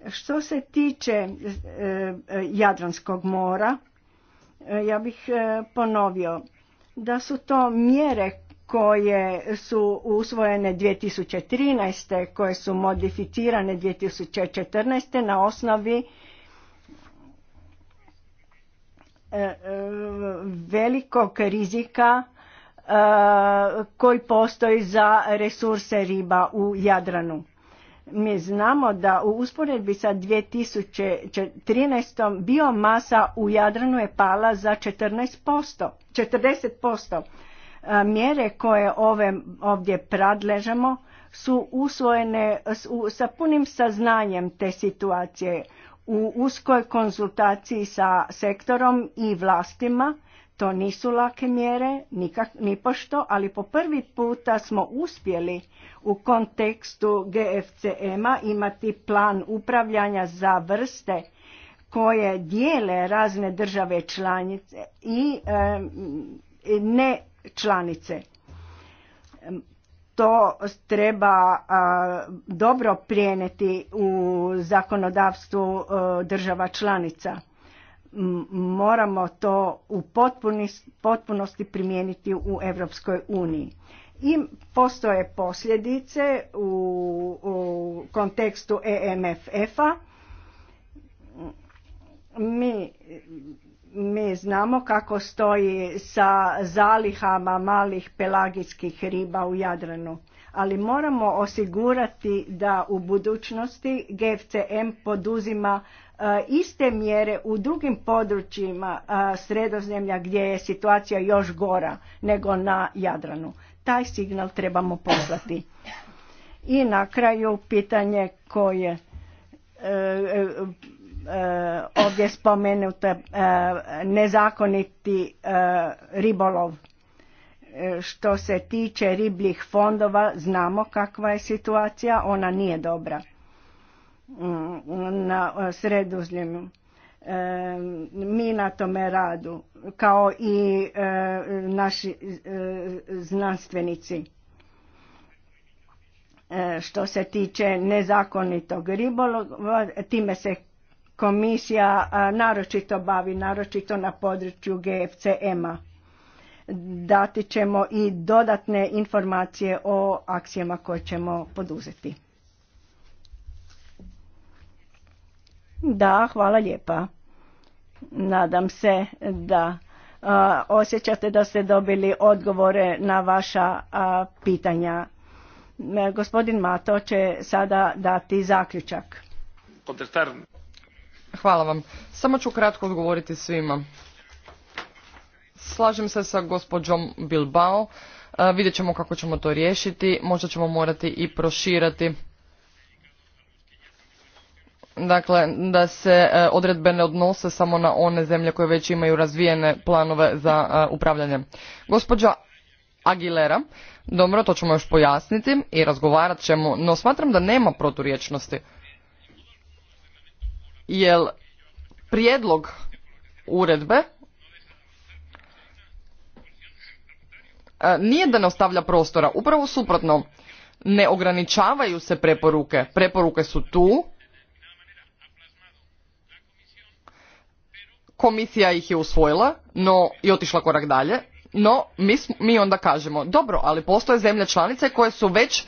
Što se tiče e, Jadranskog mora, e, ja bih e, ponovio da su to mjere koje su usvojene 2013. koje su modificirane 2014. na osnovi velikog rizika E, koji postoji za resurse riba u Jadranu. Mi znamo da u usporedbi sa 2013. biomasa u Jadranu je pala za 14%, 40%. E, mjere koje ove, ovdje pradležemo su usvojene sa punim saznanjem te situacije u uskoj konzultaciji sa sektorom i vlastima to nisu lake mjere, nikak, ni pošto, ali po prvi puta smo uspjeli u kontekstu GFCM-a imati plan upravljanja za vrste koje dijele razne države članice i ne članice. To treba dobro prijeneti u zakonodavstvu e, država članica moramo to u potpunosti primijeniti u Europskoj uniji. I postoje posljedice u, u kontekstu EMFF-a. Mi, mi znamo kako stoji sa zalihama malih pelagijskih riba u Jadranu, ali moramo osigurati da u budućnosti GFCM poduzima E, iste mjere u drugim područjima e, sredozemlja gdje je situacija još gora nego na Jadranu. Taj signal trebamo poslati. I na kraju pitanje koje e, ovdje spomenuto nezakoniti ribolov. Što se tiče ribljih fondova, znamo kakva je situacija, ona nije dobra na e, sredozemlju. E, mi na tome radu, kao i e, naši znanstvenici. Što se tiče nezakonitog ribolova, time se komisija naročito bavi, naročito na području GFCM-a. Dati ćemo i dodatne informacije o akcijama koje ćemo poduzeti. Da, hvala lijepa. Nadam se da osjećate da ste dobili odgovore na vaša pitanja. E, gospodin Mato će sada dati zaključak. Hvala vam. Samo ću kratko odgovoriti svima. Slažem se sa gospođom Bilbao. E, vidjet ćemo kako ćemo to riješiti. Možda ćemo morati i proširati dakle da se e, odredbe ne odnose samo na one zemlje koje već imaju razvijene planove za e, upravljanje. Gospođa Aguilera, dobro, to ćemo još pojasniti i razgovarat ćemo, no smatram da nema proturječnosti. Jer prijedlog uredbe e, nije da ne ostavlja prostora, upravo suprotno. Ne ograničavaju se preporuke. Preporuke su tu, komisija ih je usvojila no i otišla korak dalje no mi, mi onda kažemo dobro ali postoje zemlje članice koje su već e,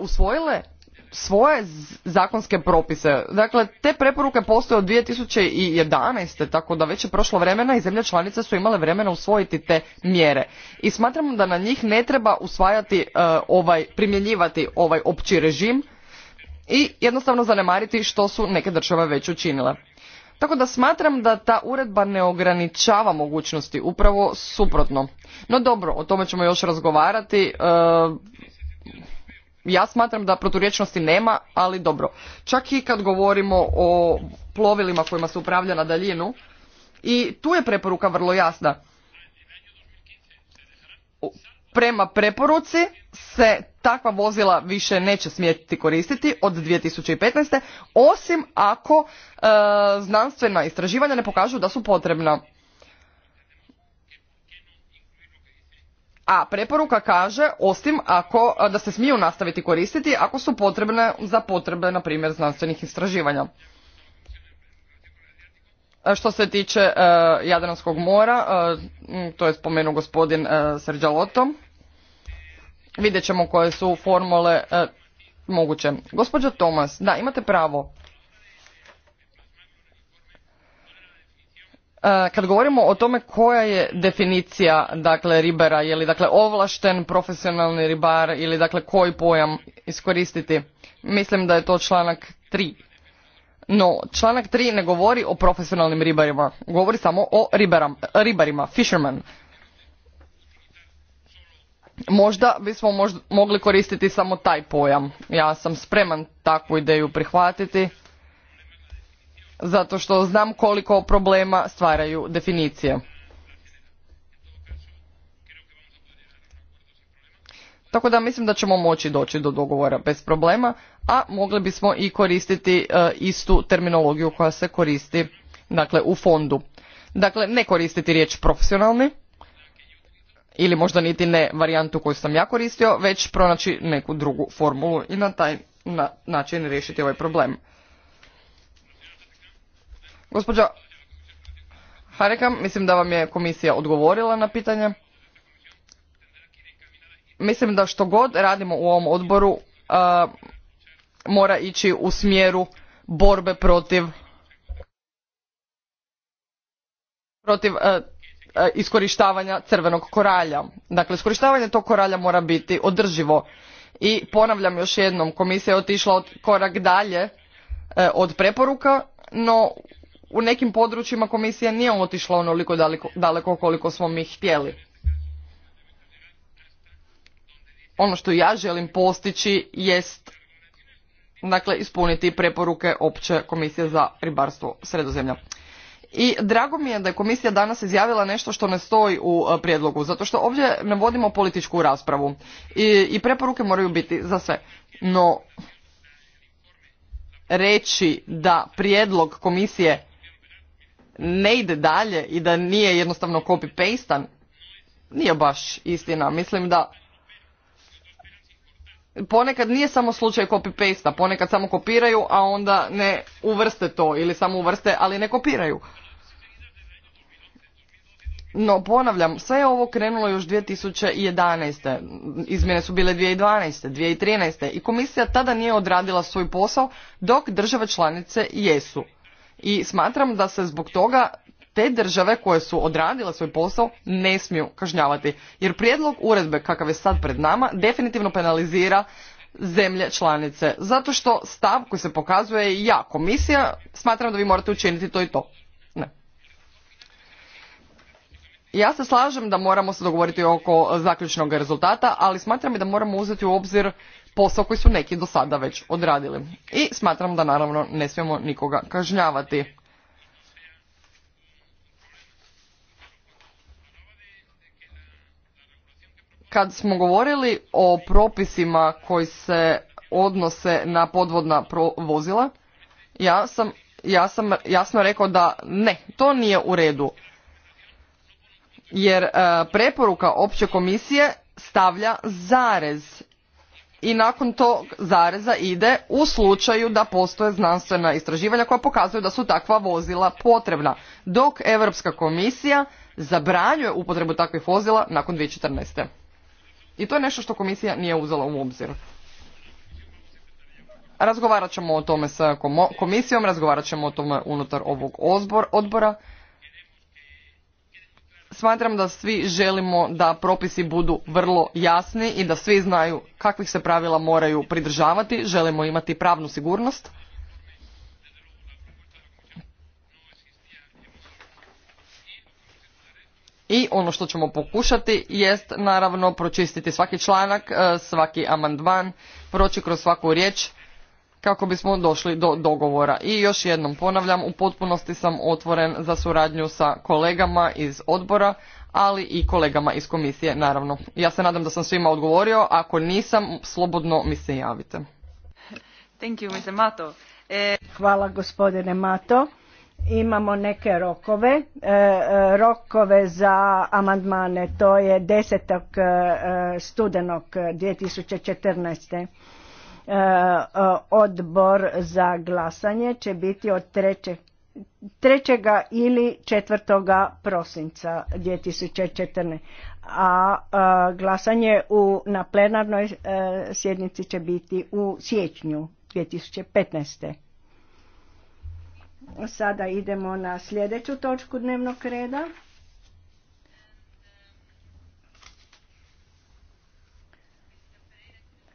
usvojile svoje zakonske propise dakle te preporuke postoje od 2011. tako da već je prošlo vremena i zemlje članice su imale vremena usvojiti te mjere i smatramo da na njih ne treba usvajati e, ovaj primjenjivati ovaj opći režim i jednostavno zanemariti što su neke države već učinile tako da smatram da ta uredba ne ograničava mogućnosti, upravo suprotno. No dobro, o tome ćemo još razgovarati. E, ja smatram da proturječnosti nema, ali dobro. Čak i kad govorimo o plovilima kojima se upravlja na daljinu, i tu je preporuka vrlo jasna prema preporuci se takva vozila više neće smjeti koristiti od 2015. osim ako e, znanstvena istraživanja ne pokažu da su potrebna. A preporuka kaže osim ako da se smiju nastaviti koristiti ako su potrebne za potrebe na primjer znanstvenih istraživanja. E, što se tiče e, Jadranskog mora, e, to je spomenuo gospodin uh, Srđaloto, vidjet ćemo koje su formule moguće. Gospođo Tomas, da, imate pravo. Kad govorimo o tome koja je definicija dakle ribara, je li dakle ovlašten profesionalni ribar ili dakle koji pojam iskoristiti, mislim da je to članak 3 no, članak 3 ne govori o profesionalnim ribarima, govori samo o ribarima, fishermen. Možda bismo mogli koristiti samo taj pojam. Ja sam spreman takvu ideju prihvatiti, zato što znam koliko problema stvaraju definicije. Tako da mislim da ćemo moći doći do dogovora bez problema, a mogli bismo i koristiti e, istu terminologiju koja se koristi dakle, u fondu. Dakle, ne koristiti riječ profesionalni, ili možda niti ne varijantu koju sam ja koristio, već pronaći neku drugu formulu i na taj na, način riješiti ovaj problem. Gospođa Harekam, mislim da vam je komisija odgovorila na pitanje mislim da što god radimo u ovom odboru mora ići u smjeru borbe protiv protiv iskorištavanja crvenog koralja. Dakle, iskorištavanje tog koralja mora biti održivo. I ponavljam još jednom, komisija je otišla od korak dalje e, od preporuka, no u nekim područjima komisija nije otišla onoliko daleko koliko smo mi htjeli ono što ja želim postići jest dakle ispuniti preporuke opće komisije za ribarstvo sredozemlja. I drago mi je da je komisija danas izjavila nešto što ne stoji u e, prijedlogu, zato što ovdje ne vodimo političku raspravu i, i preporuke moraju biti za sve. No, reći da prijedlog komisije ne ide dalje i da nije jednostavno copy-pastan, nije baš istina. Mislim da ponekad nije samo slučaj copy-paste, ponekad samo kopiraju, a onda ne uvrste to ili samo uvrste, ali ne kopiraju. No, ponavljam, sve je ovo krenulo još 2011. Izmjene su bile 2012. 2013. I komisija tada nije odradila svoj posao, dok države članice jesu. I smatram da se zbog toga te države koje su odradile svoj posao ne smiju kažnjavati. Jer prijedlog uredbe kakav je sad pred nama definitivno penalizira zemlje članice. Zato što stav koji se pokazuje ja, komisija, smatram da vi morate učiniti to i to. Ne. Ja se slažem da moramo se dogovoriti oko zaključnog rezultata, ali smatram i da moramo uzeti u obzir posao koji su neki do sada već odradili. I smatram da naravno ne smijemo nikoga kažnjavati. Kad smo govorili o propisima koji se odnose na podvodna vozila, ja sam, ja sam jasno rekao da ne, to nije u redu. Jer e, preporuka opće komisije stavlja zarez i nakon tog zareza ide u slučaju da postoje znanstvena istraživanja koja pokazuju da su takva vozila potrebna, dok Europska komisija zabranjuje upotrebu takvih vozila nakon 2014. I to je nešto što komisija nije uzela u obzir. Razgovarat ćemo o tome sa komisijom, razgovarat ćemo o tome unutar ovog odbora. Smatram da svi želimo da propisi budu vrlo jasni i da svi znaju kakvih se pravila moraju pridržavati. Želimo imati pravnu sigurnost I ono što ćemo pokušati jest naravno pročistiti svaki članak, e, svaki amandman, proći kroz svaku riječ kako bismo došli do dogovora. I još jednom ponavljam, u potpunosti sam otvoren za suradnju sa kolegama iz odbora, ali i kolegama iz komisije, naravno. Ja se nadam da sam svima odgovorio, ako nisam, slobodno mi se javite. Mato. E, Hvala gospodine Mato imamo neke rokove, e, e, rokove za amandmane, to je 10. E, studenog 2014. Odbor za glasanje će biti od 3. 3. ili 4. prosinca 2014. A glasanje u, na plenarnoj sjednici će biti u siječnju 2015. Sada idemo na sljedeću točku dnevnog reda.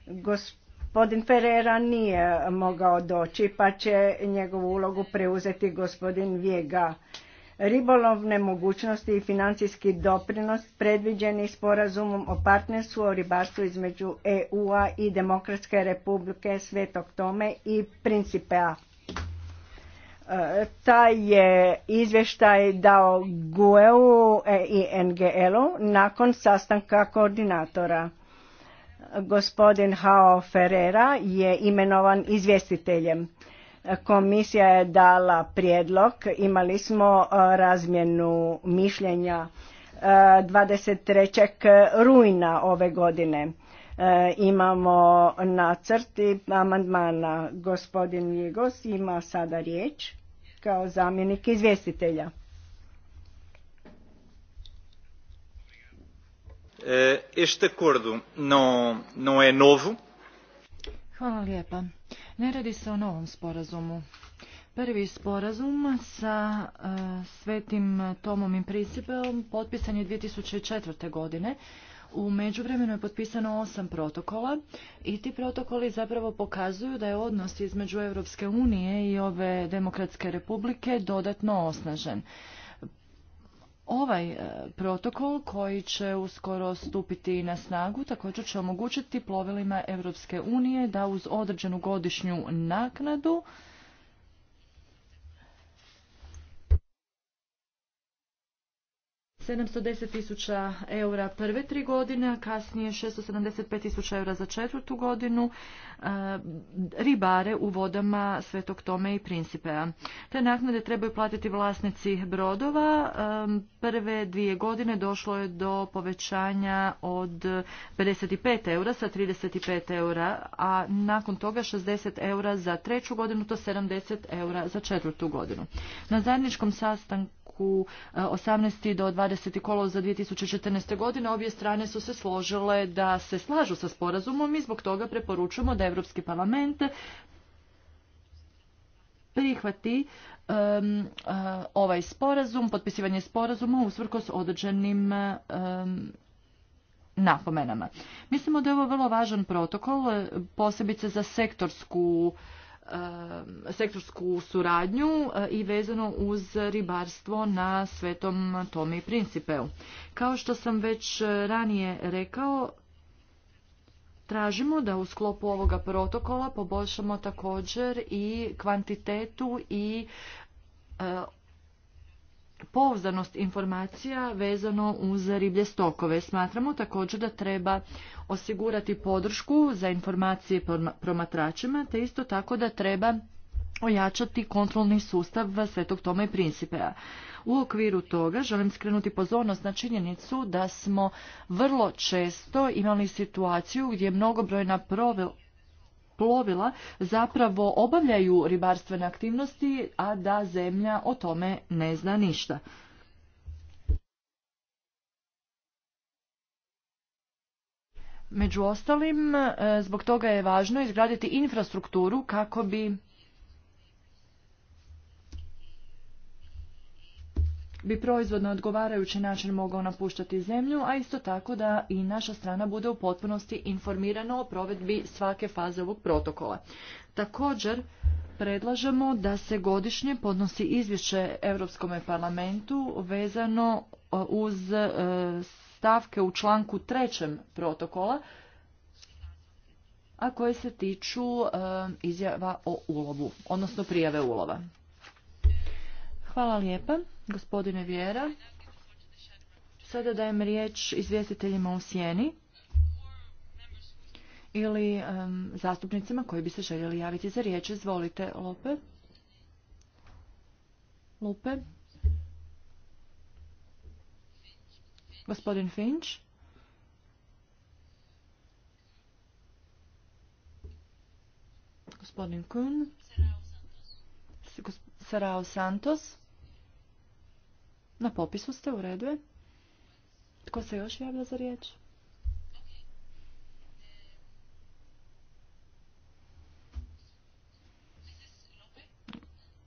Gospodin Ferreira nije mogao doći, pa će njegovu ulogu preuzeti gospodin Vjega. Ribolovne mogućnosti i financijski doprinos predviđeni sporazumom o partnerstvu o ribarstvu između EU-a i Demokratske republike Svetog Tome i Principea. Taj je izvještaj dao GUE-u e i NGL-u nakon sastanka koordinatora. Gospodin Hao Ferreira je imenovan izvjestiteljem. Komisija je dala prijedlog, imali smo e, razmjenu mišljenja 23. E, rujna ove godine. Imamo nacrti amandmana. Gospodin Jegos ima sada riječ kao zamjenik izvjestitelja. E, este acordo não, não é e novo. Hvala lijepa. Ne radi se o novom sporazumu. Prvi sporazum sa uh, Svetim Tomom i principom potpisan je 2004. godine, u međuvremenu je potpisano osam protokola i ti protokoli zapravo pokazuju da je odnos između Europske unije i ove demokratske republike dodatno osnažen. Ovaj e, protokol koji će uskoro stupiti na snagu također će omogućiti plovilima Europske unije da uz određenu godišnju naknadu 710 tisuća eura prve tri godine, a kasnije 675 tisuća eura za četvrtu godinu, e, ribare u vodama Svetog Tome i Principea. Te naknade trebaju platiti vlasnici brodova. E, prve dvije godine došlo je do povećanja od 55 eura sa 35 eura, a nakon toga 60 eura za treću godinu, to 70 eura za četvrtu godinu. Na zajedničkom sastanku 18. E, do 20 20. za 2014. godine obje strane su se složile da se slažu sa sporazumom i zbog toga preporučujemo da Europski parlament prihvati eh, ovaj sporazum, potpisivanje sporazuma s određenim napomenama. Mislimo da je ovo vrlo važan protokol, posebice za sektorsku Eh, sektorsku suradnju eh, i vezano uz ribarstvo na Svetom tome i Principeu. Kao što sam već eh, ranije rekao, Tražimo da u sklopu ovoga protokola poboljšamo također i kvantitetu i pouzdanost informacija vezano uz riblje stokove. Smatramo također da treba osigurati podršku za informacije promatračima, te isto tako da treba ojačati kontrolni sustav Svetog tome i Principea. U okviru toga želim skrenuti pozornost na činjenicu da smo vrlo često imali situaciju gdje je mnogobrojna plovila zapravo obavljaju ribarstvene aktivnosti, a da zemlja o tome ne zna ništa. Među ostalim, e, zbog toga je važno izgraditi infrastrukturu kako bi bi proizvodno odgovarajući način mogao napuštati zemlju, a isto tako da i naša strana bude u potpunosti informirana o provedbi svake faze ovog protokola. Također, predlažemo da se godišnje podnosi izvješće Europskom parlamentu vezano e, uz e, stavke u članku trećem protokola, a koje se tiču e, izjava o ulovu, odnosno prijave ulova. Hvala lijepa gospodine Vjera. Sada dajem riječ izvjestiteljima u sjeni ili zastupnicima koji bi se željeli javiti za riječ. Izvolite, Lope. Lupe. Gospodin Finč, Gospodin Kun. Sarao Santos. Na popisu ste u redu. Tko se još javlja za riječ?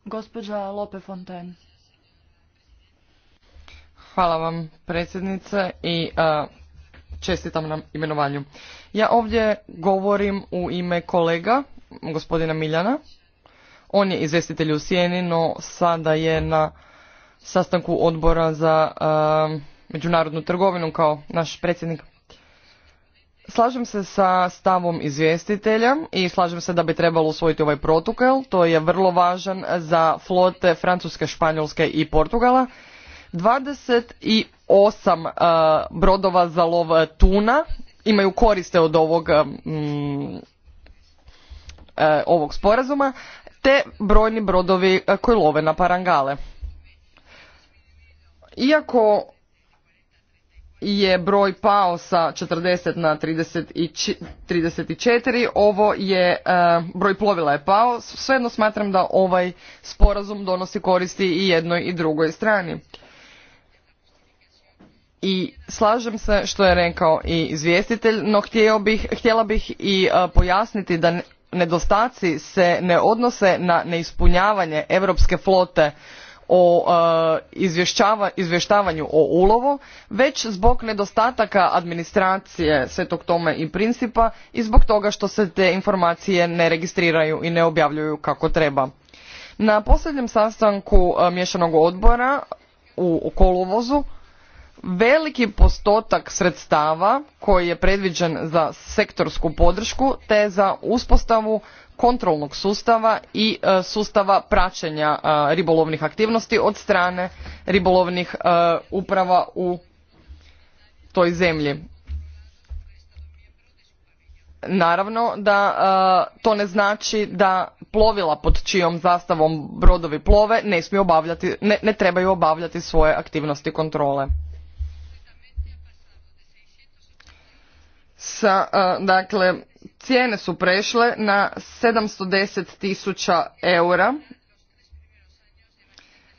Gospođa Lope Fontaine. Hvala vam predsjednice i čestitam na imenovanju. Ja ovdje govorim u ime kolega, gospodina Miljana. On je izvjestitelj u Sijeni, no sada je na sastanku odbora za međunarodnu trgovinu kao naš predsjednik. Slažem se sa stavom izvjestitelja i slažem se da bi trebalo usvojiti ovaj protokol. To je vrlo važan za flote Francuske, Španjolske i Portugala. 28 brodova za lov tuna imaju koriste od ovog, mm, ovog sporazuma te brojni brodovi koji love na parangale. Iako je broj pao sa 40 na 34, ovo je, e, broj plovila je pao, svejedno smatram da ovaj sporazum donosi koristi i jednoj i drugoj strani. I slažem se što je rekao i izvjestitelj, no bih, htjela bih i e, pojasniti da nedostaci se ne odnose na neispunjavanje europske flote o e, izvještavanju o ulovu, već zbog nedostataka administracije svetog tome i principa i zbog toga što se te informacije ne registriraju i ne objavljuju kako treba. Na posljednjem sastanku e, mješanog odbora u kolovozu veliki postotak sredstava koji je predviđen za sektorsku podršku te za uspostavu kontrolnog sustava i e, sustava praćenja e, ribolovnih aktivnosti od strane ribolovnih e, uprava u toj zemlji. Naravno da to ne znači da plovila pod čijom zastavom brodovi plove ne smiju obavljati, ne trebaju obavljati svoje aktivnosti kontrole. sa, dakle, cijene su prešle na 710 tisuća eura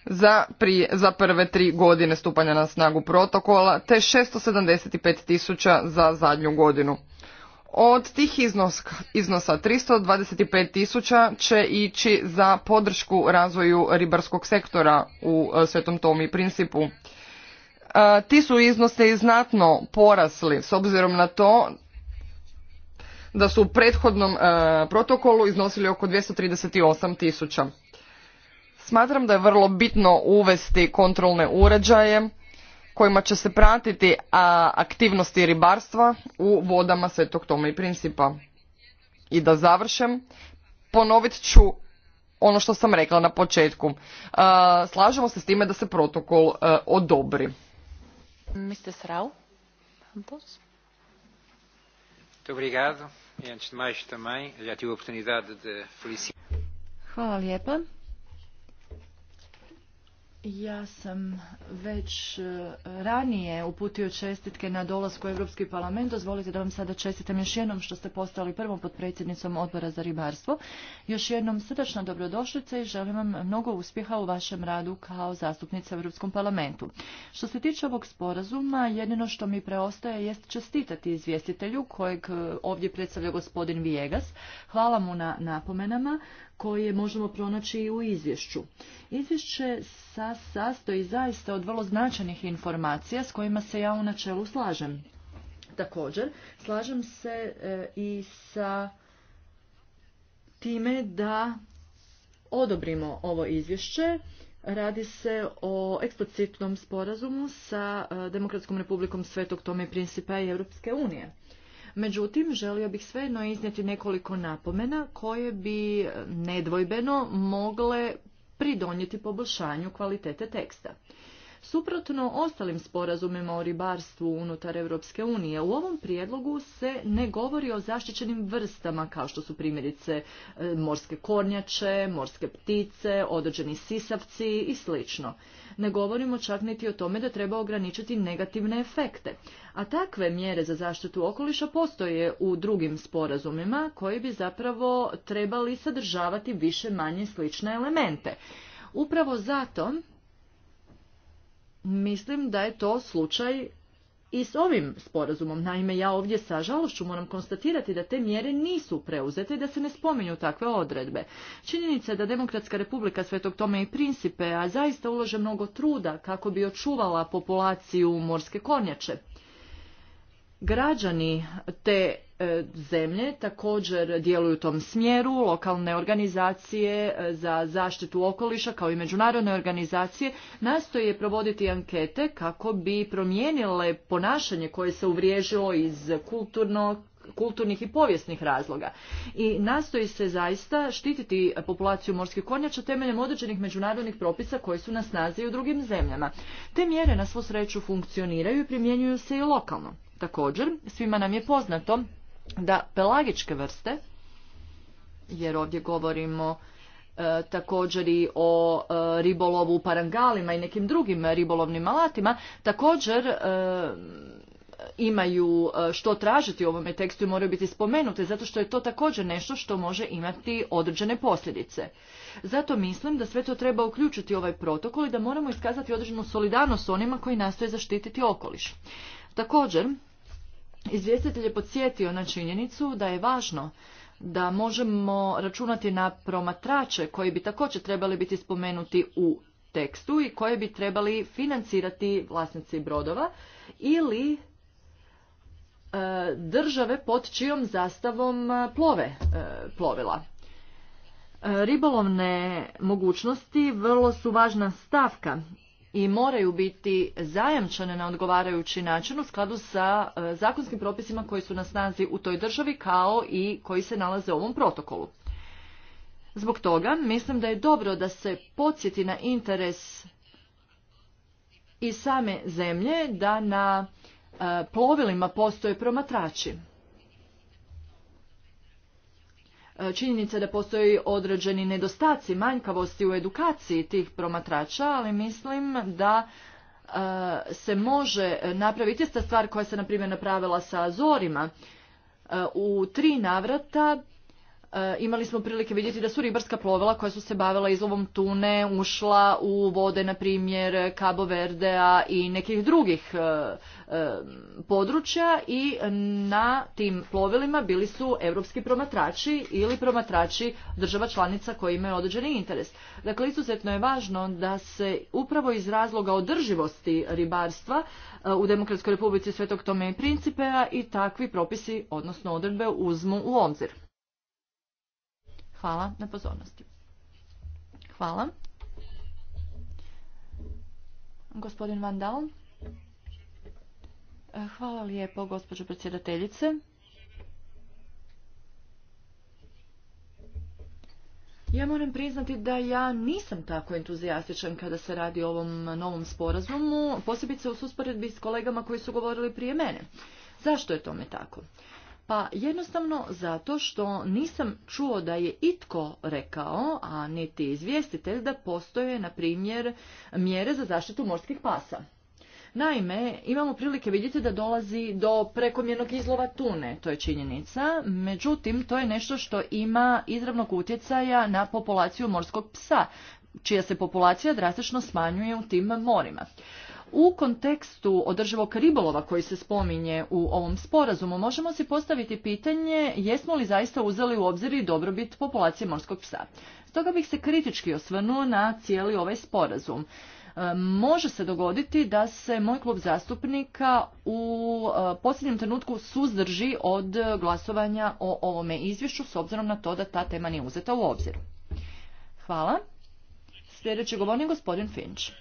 za, za prve tri godine stupanja na snagu protokola, te 675 tisuća za zadnju godinu. Od tih iznos, iznosa 325 tisuća će ići za podršku razvoju ribarskog sektora u e, Svetom Tomi principu ti su iznosi znatno porasli s obzirom na to da su u prethodnom e, protokolu iznosili oko 238 tisuća. Smatram da je vrlo bitno uvesti kontrolne uređaje kojima će se pratiti aktivnosti ribarstva u vodama Svetog Tome i Principa. I da završem, ponovit ću ono što sam rekla na početku. E, slažemo se s time da se protokol e, odobri. Mr. Srau. Santos. Muito obrigado. E antes de mais também já tive a oportunidade de felicitar. Hvala lijepa. Ja sam već e, ranije uputio čestitke na dolasku u Europski parlament. Dozvolite da vam sada čestitam još jednom što ste postali prvom potpredsjednicom odbora za ribarstvo. Još jednom srdačna dobrodošlica i želim vam mnogo uspjeha u vašem radu kao zastupnica u Europskom parlamentu. Što se tiče ovog sporazuma, jedino što mi preostaje jest čestitati izvjestitelju kojeg e, ovdje predstavlja gospodin Vijegas. Hvala mu na napomenama koje možemo pronaći i u izvješću. Izvješće sa sastoji zaista od vrlo značajnih informacija s kojima se ja u načelu slažem. Također, slažem se e, i sa time da odobrimo ovo izvješće. Radi se o eksplicitnom sporazumu sa e, Demokratskom republikom Svetog Tome Principa i Europske unije. Međutim, želio bih svejedno iznijeti nekoliko napomena koje bi eh, nedvojbeno mogle pridonijeti poboljšanju kvalitete teksta. Suprotno ostalim sporazumima o ribarstvu unutar Europske unije, u ovom prijedlogu se ne govori o zaštićenim vrstama kao što su primjerice e, morske kornjače, morske ptice, određeni sisavci i sl. Ne govorimo čak niti o tome da treba ograničiti negativne efekte. A takve mjere za zaštitu okoliša postoje u drugim sporazumima koji bi zapravo trebali sadržavati više manje slične elemente. Upravo zato Mislim da je to slučaj i s ovim sporazumom. Naime, ja ovdje sa žalošću moram konstatirati da te mjere nisu preuzete i da se ne spominju takve odredbe. Činjenica je da Demokratska republika Svetog Tome i Principe a zaista ulože mnogo truda kako bi očuvala populaciju morske konjače. Građani te E, zemlje također djeluju u tom smjeru, lokalne organizacije e, za zaštitu okoliša kao i međunarodne organizacije nastoje provoditi ankete kako bi promijenile ponašanje koje se uvriježilo iz kulturnog kulturnih i povijesnih razloga. I nastoji se zaista štititi populaciju morskih konjača temeljem određenih međunarodnih propisa koji su na snazi u drugim zemljama. Te mjere na svu sreću funkcioniraju i primjenjuju se i lokalno. Također, svima nam je poznato da pelagičke vrste, jer ovdje govorimo e, također i o e, ribolovu u parangalima i nekim drugim ribolovnim alatima, također e, imaju što tražiti u ovome tekstu i moraju biti spomenute, zato što je to također nešto što može imati određene posljedice. Zato mislim da sve to treba uključiti u ovaj protokol i da moramo iskazati određenu solidarnost onima koji nastoje zaštititi okoliš. Također, Izvjestitelj je podsjetio na činjenicu da je važno da možemo računati na promatrače koji bi također trebali biti spomenuti u tekstu i koje bi trebali financirati vlasnici brodova ili e, države pod čijom zastavom plove e, plovila. E, ribolovne mogućnosti vrlo su važna stavka i moraju biti zajamčene na odgovarajući način u skladu sa e, zakonskim propisima koji su na snazi u toj državi kao i koji se nalaze u ovom protokolu. Zbog toga mislim da je dobro da se podsjeti na interes i same zemlje da na e, plovilima postoje promatrači. E, činjenica da postoji određeni nedostaci manjkavosti u edukaciji tih promatrača, ali mislim da e, se može napraviti ista stvar koja se na primjer napravila sa Azorima. E, u tri navrata Eh, imali smo prilike vidjeti da su ribarska plovila koja su se bavila izlovom tune ušla u vode, na primjer, Cabo Verdea i nekih drugih eh, eh, područja i na tim plovilima bili su europski promatrači ili promatrači država članica koji imaju određeni interes. Dakle, izuzetno je važno da se upravo iz razloga održivosti ribarstva u Demokratskoj republici Svetog Tome i Principea i takvi propisi, odnosno odredbe, uzmu u obzir. Hvala na pozornosti. Hvala. Gospodin Van Dal. Eh, hvala lijepo, gospođo predsjedateljice. Ja moram priznati da ja nisam tako entuzijastičan kada se radi o ovom novom sporazumu, posebice u susporedbi s kolegama koji su govorili prije mene. Zašto je tome tako? Pa jednostavno zato što nisam čuo da je itko rekao, a niti izvjestitelj, da postoje, na primjer, mjere za zaštitu morskih pasa. Naime, imamo prilike vidjeti da dolazi do prekomjernog izlova tune, to je činjenica, međutim to je nešto što ima izravnog utjecaja na populaciju morskog psa, čija se populacija drastično smanjuje u tim morima. U kontekstu održivog ribolova koji se spominje u ovom sporazumu možemo si postaviti pitanje jesmo li zaista uzeli u obzir i dobrobit populacije morskog psa. Stoga bih se kritički osvrnuo na cijeli ovaj sporazum. E, može se dogoditi da se moj klub zastupnika u e, posljednjem trenutku suzdrži od glasovanja o ovome izvješću s obzirom na to da ta tema nije uzeta u obzir. Hvala. Sljedeći govornik gospodin Finč.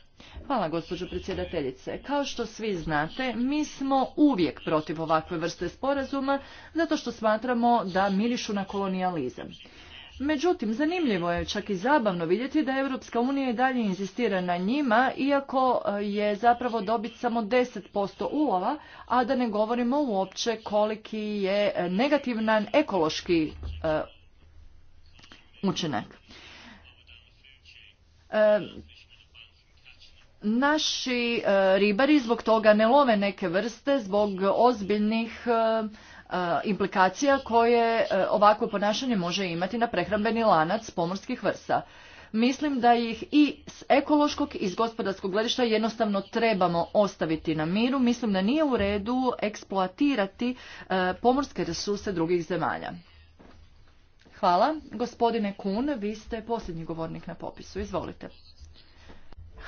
Hvala, gospođo predsjedateljice. Kao što svi znate, mi smo uvijek protiv ovakve vrste sporazuma, zato što smatramo da mirišu na kolonijalizam. Međutim, zanimljivo je čak i zabavno vidjeti da Europska unija i dalje inzistira na njima, iako e, je zapravo dobit samo 10% ulova, a da ne govorimo uopće koliki je negativan ekološki e, učinak. E, Naši e, ribari zbog toga ne love neke vrste zbog ozbiljnih e, e, implikacija koje ovakvo ponašanje može imati na prehrambeni lanac pomorskih vrsta. Mislim da ih i s ekološkog i s gospodarskog gledišta jednostavno trebamo ostaviti na miru. Mislim da nije u redu eksploatirati pomorske resurse drugih zemalja. Hvala. Gospodine Kun, vi ste posljednji govornik na popisu. Izvolite.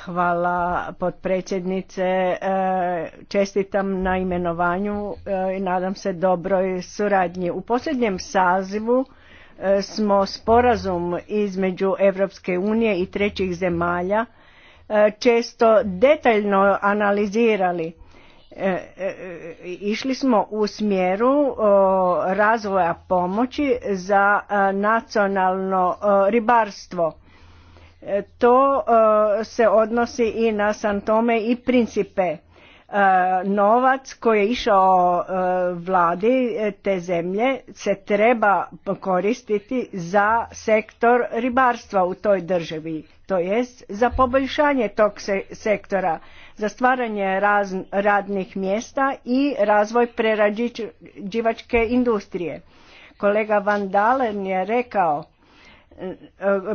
Hvala potpredsjednice, e, čestitam na imenovanju e, i nadam se dobroj suradnji. U posljednjem sazivu e, smo sporazum između Europske unije i trećih zemalja često detaljno analizirali. Išli smo u smjeru razvoja pomoći za nacionalno ribarstvo E, to e, se odnosi i na Santome i Principe. E, novac koji je išao vladi te zemlje se treba koristiti za sektor ribarstva u toj državi, to jest za poboljšanje tog sektora, za stvaranje radnih mjesta i razvoj prerađivačke industrije. Kolega Van Dalen je rekao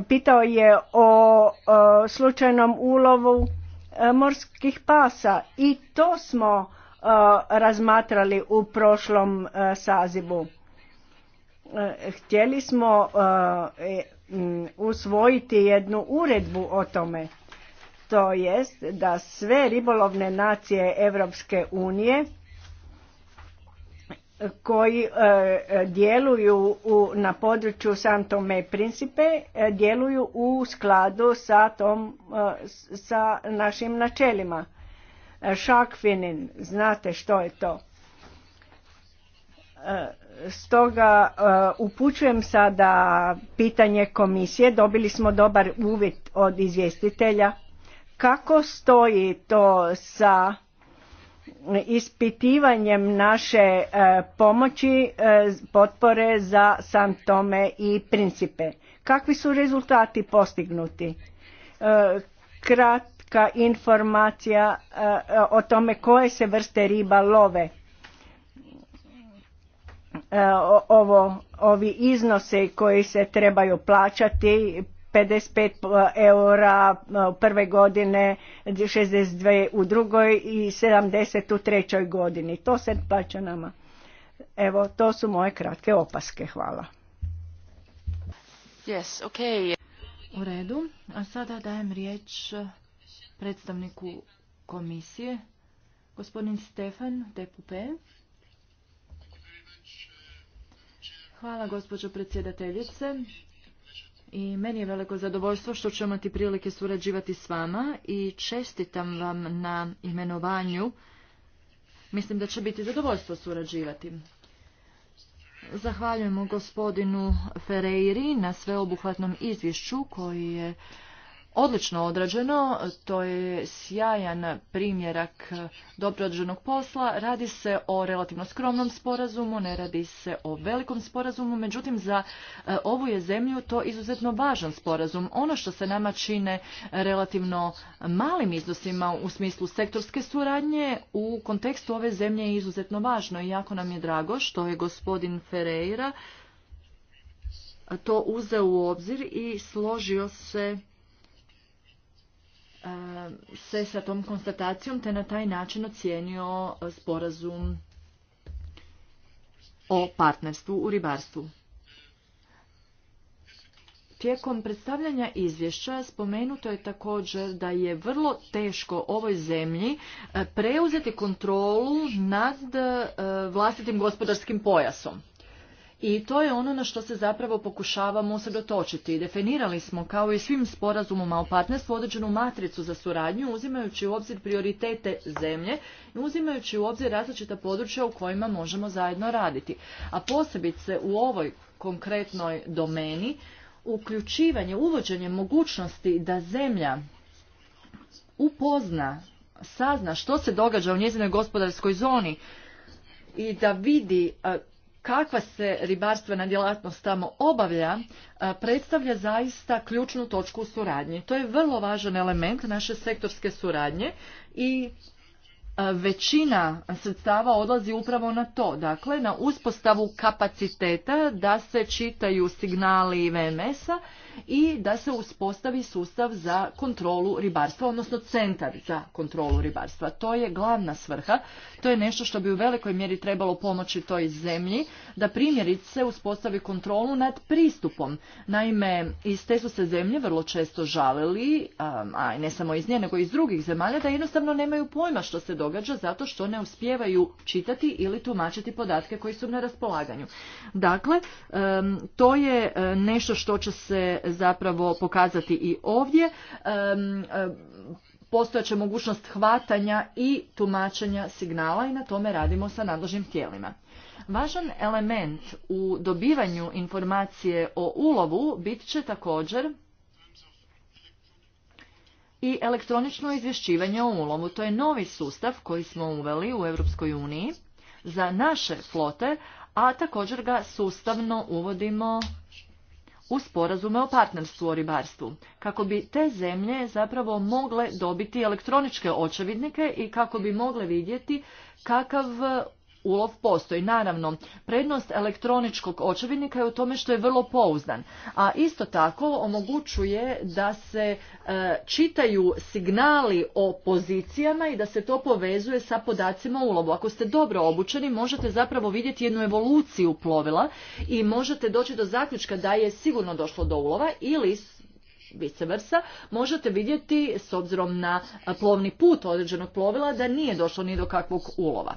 pitao je o slučajnom ulovu e, morskih pasa i to smo e, razmatrali u prošlom e, sazivu. Htjeli smo usvojiti jednu uredbu o tome. To jest da sve ribolovne nacije Europske unije koji e, djeluju na području Santome Principe e, djeluju u skladu sa, tom, e, sa našim načelima. Šakfinin, znate što je to. Stoga upućujem sada pitanje komisije, dobili smo dobar uvid od izvjestitelja. Kako stoji to sa ispitivanjem naše e, pomoći e, potpore za San Tome i Principe. Kakvi su rezultati postignuti? E, kratka informacija o tome koje se vrste riba love. Ovo, ovi iznose koji se trebaju plaćati 55 e, eura e, prve godine, 62 u drugoj i 70 u trećoj godini. To se plaća nama. Evo, to su moje kratke opaske. Hvala. Yes, okay. U redu. A sada dajem riječ predstavniku komisije, gospodin Stefan Depupe. Hvala gospođo predsjedateljice i meni je veliko zadovoljstvo što ću imati prilike surađivati s vama i čestitam vam na imenovanju. Mislim da će biti zadovoljstvo surađivati. Zahvaljujemo gospodinu Ferreiri na sveobuhvatnom izvješću koji je odlično odrađeno, to je sjajan primjerak dobro odrađenog posla. Radi se o relativno skromnom sporazumu, ne radi se o velikom sporazumu, međutim za e, ovu je zemlju to izuzetno važan sporazum. Ono što se nama čine relativno malim iznosima u smislu sektorske suradnje u kontekstu ove zemlje je izuzetno važno i jako nam je drago što je gospodin Ferreira to uzeo u obzir i složio se se sa tom konstatacijom te na taj način ocijenio sporazum o partnerstvu u ribarstvu. Tijekom predstavljanja izvješća spomenuto je također da je vrlo teško ovoj zemlji preuzeti kontrolu nad vlastitim gospodarskim pojasom i to je ono na što se zapravo pokušavamo usredotočiti. Definirali smo kao i svim sporazumom o partnerstvu određenu matricu za suradnju uzimajući u obzir prioritete zemlje i uzimajući u obzir različita područja u kojima možemo zajedno raditi. A posebice u ovoj konkretnoj domeni uključivanje, uvođenje mogućnosti da zemlja upozna, sazna što se događa u njezinoj gospodarskoj zoni i da vidi kakva se ribarstvena djelatnost tamo obavlja e, predstavlja zaista ključnu točku u suradnji. To je vrlo važan element naše sektorske suradnje i e, većina sredstava odlazi upravo na to, dakle na uspostavu kapaciteta da se čitaju signali VMS-a i da se uspostavi sustav za kontrolu ribarstva, odnosno centar za kontrolu ribarstva. To je glavna svrha, to je nešto što bi u velikoj mjeri trebalo pomoći toj zemlji da primjerice uspostavi kontrolu nad pristupom. Naime, iz te su se zemlje vrlo često žalili, um, a ne samo iz nje, nego i iz drugih zemalja, da jednostavno nemaju pojma što se događa zato što ne uspijevaju čitati ili tumačiti podatke koji su na raspolaganju. Dakle, um, to je uh, nešto što će se zapravo pokazati i ovdje um, uh, postojeće mogućnost hvatanja i tumačenja signala i na tome radimo sa nadležnim tijelima. Važan element u dobivanju informacije o ulovu bit će također i elektronično izvješćivanje o ulovu. To je novi sustav koji smo uveli u Europskoj uniji za naše flote, a također ga sustavno uvodimo u sporazume o partnerstvu o ribarstvu, kako bi te zemlje zapravo mogle dobiti elektroničke očevidnike i kako bi mogle vidjeti kakav ulov postoji. Naravno, prednost elektroničkog očevidnika je u tome što je vrlo pouzdan, a isto tako omogućuje da se e, čitaju signali o pozicijama i da se to povezuje sa podacima ulovu. Ako ste dobro obučeni, možete zapravo vidjeti jednu evoluciju plovila i možete doći do zaključka da je sigurno došlo do ulova ili vice versa, možete vidjeti s obzirom na plovni put određenog plovila da nije došlo ni do kakvog ulova.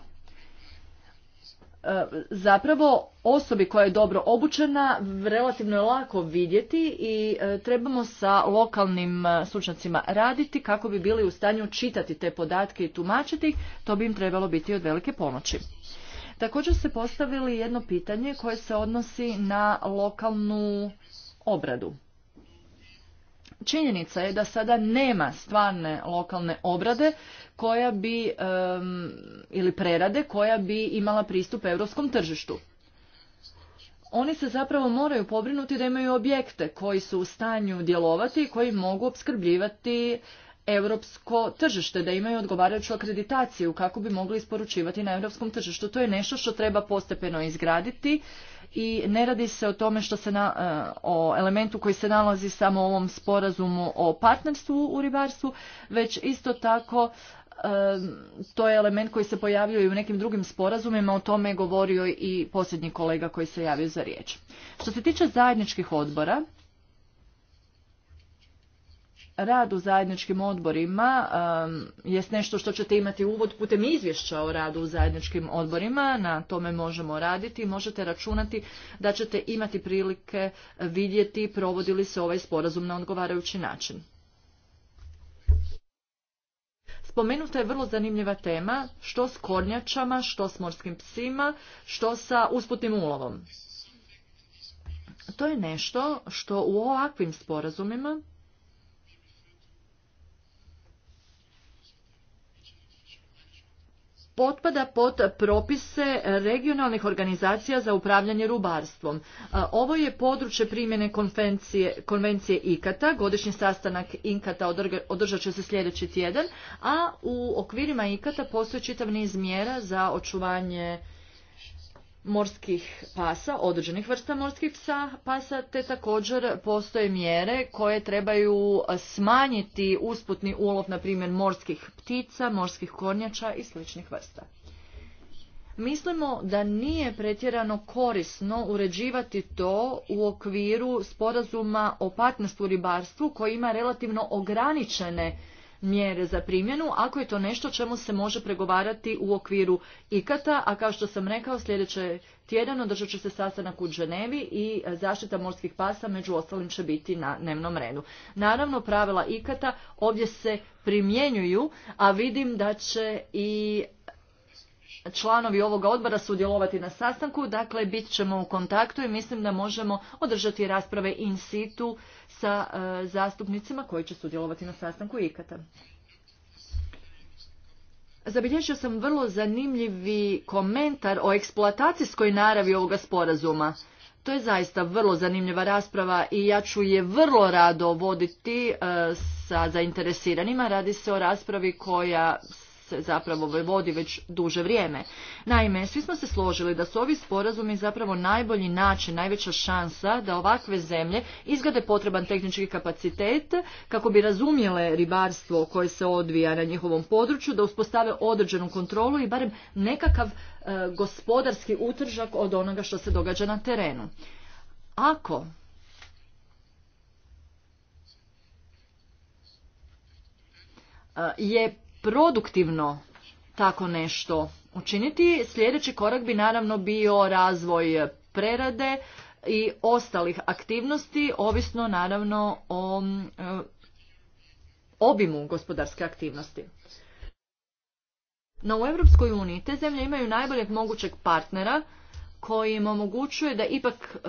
E, zapravo osobi koja je dobro obučena relativno je lako vidjeti i e, trebamo sa lokalnim e, stručnjacima raditi kako bi bili u stanju čitati te podatke i tumačiti ih, to bi im trebalo biti od velike pomoći. Također se postavili jedno pitanje koje se odnosi na lokalnu obradu. Činjenica je da sada nema stvarne lokalne obrade koja bi ili prerade koja bi imala pristup europskom tržištu oni se zapravo moraju pobrinuti da imaju objekte koji su u stanju djelovati i koji mogu opskrbljivati europsko tržište, da imaju odgovarajuću akreditaciju kako bi mogli isporučivati na europskom tržištu. To je nešto što treba postepeno izgraditi i ne radi se o tome što se na, e, o elementu koji se nalazi samo u ovom sporazumu o partnerstvu u ribarstvu, već isto tako to je element koji se pojavljuje i u nekim drugim sporazumima, o tome je govorio i posljednji kolega koji se javio za riječ. Što se tiče zajedničkih odbora, rad u zajedničkim odborima jest nešto što ćete imati uvod putem izvješća o radu u zajedničkim odborima, na tome možemo raditi i možete računati da ćete imati prilike vidjeti provodili se ovaj sporazum na odgovarajući način. Spomenuta je vrlo zanimljiva tema što s kornjačama, što s morskim psima, što sa usputnim ulovom. To je nešto što u ovakvim sporazumima Otpada pod propise regionalnih organizacija za upravljanje rubarstvom. E, ovo je područje primjene konvencije, konvencije IKATA, godišnji sastanak IKATA održat će se sljedeći tjedan, a u okvirima IKATA postoji čitav niz mjera za očuvanje morskih pasa, određenih vrsta morskih psa, pasa, te također postoje mjere koje trebaju smanjiti usputni ulov, na primjer, morskih ptica, morskih kornjača i sličnih vrsta. Mislimo da nije pretjerano korisno uređivati to u okviru sporazuma o partnerstvu ribarstvu koji ima relativno ograničene mjere za primjenu ako je to nešto čemu se može pregovarati u okviru ikata, a kao što sam rekao sljedeće tjedan održat će se sastanak u Ženevi i e, zaštita morskih pasa među ostalim će biti na dnevnom redu. Naravno pravila ikata ovdje se primjenjuju, a vidim da će i članovi ovoga odbora sudjelovati na sastanku, dakle bit ćemo u kontaktu i mislim da možemo održati rasprave in situ sa e, zastupnicima koji će sudjelovati na sastanku ikata. Zabilježio sam vrlo zanimljivi komentar o eksploatacijskoj naravi ovoga sporazuma. To je zaista vrlo zanimljiva rasprava i ja ću je vrlo rado voditi e, sa zainteresiranima. Radi se o raspravi koja se zapravo vodi već duže vrijeme. Naime, svi smo se složili da su ovi sporazumi zapravo najbolji način, najveća šansa da ovakve zemlje izgade potreban tehnički kapacitet kako bi razumjele ribarstvo koje se odvija na njihovom području, da uspostave određenu kontrolu i barem nekakav e, gospodarski utržak od onoga što se događa na terenu. Ako e, je produktivno tako nešto učiniti. Sljedeći korak bi naravno bio razvoj prerade i ostalih aktivnosti, ovisno naravno o mm, obimu gospodarske aktivnosti. No u Europskoj uniji te zemlje imaju najboljeg mogućeg partnera koji im omogućuje da ipak e,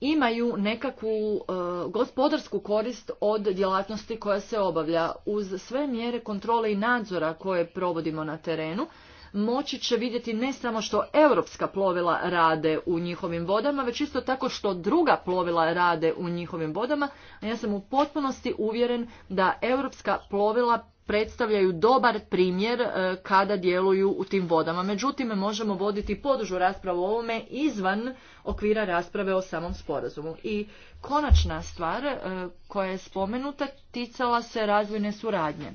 imaju nekakvu e, gospodarsku korist od djelatnosti koja se obavlja. Uz sve mjere kontrole i nadzora koje provodimo na terenu, moći će vidjeti ne samo što europska plovila rade u njihovim vodama, već isto tako što druga plovila rade u njihovim vodama. A ja sam u potpunosti uvjeren da europska plovila predstavljaju dobar primjer e, kada djeluju u tim vodama. Međutim, možemo voditi podužu raspravu o ovome izvan okvira rasprave o samom sporazumu. I konačna stvar e, koja je spomenuta ticala se razvojne suradnje.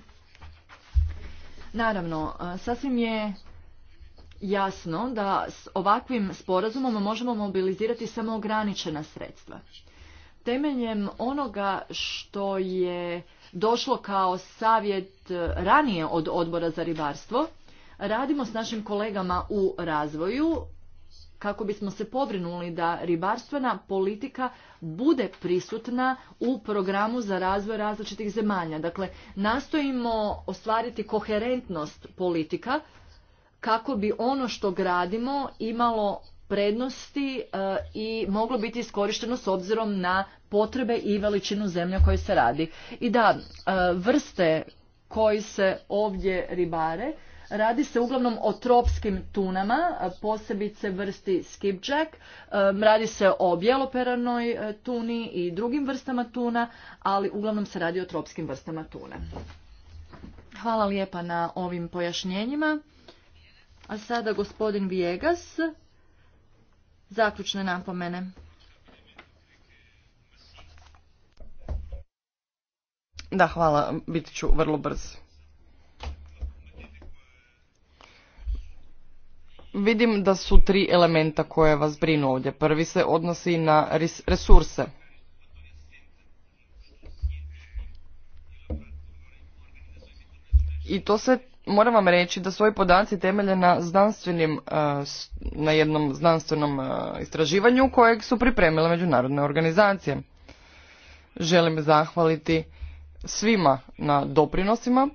Naravno, e, sasvim je jasno da s ovakvim sporazumom možemo mobilizirati samo ograničena sredstva. Temeljem onoga što je došlo kao savjet e, ranije od odbora za ribarstvo. Radimo s našim kolegama u razvoju kako bismo se pobrinuli da ribarstvena politika bude prisutna u programu za razvoj različitih zemalja. Dakle, nastojimo ostvariti koherentnost politika kako bi ono što gradimo imalo prednosti e, i moglo biti iskorišteno s obzirom na potrebe i veličinu zemlje o kojoj se radi. I da, e, vrste koji se ovdje ribare, Radi se uglavnom o tropskim tunama, posebice vrsti skipjack. E, radi se o bijeloperanoj e, tuni i drugim vrstama tuna, ali uglavnom se radi o tropskim vrstama tuna. Hvala lijepa na ovim pojašnjenjima. A sada gospodin Vijegas, zaključne napomene. Da, hvala, biti ću vrlo brz. Vidim da su tri elementa koje vas brinu ovdje. Prvi se odnosi na resurse. I to se, moram vam reći, da svoji podaci temelje na znanstvenim, e, na jednom znanstvenom e, istraživanju kojeg su pripremile međunarodne organizacije. Želim zahvaliti svima na doprinosima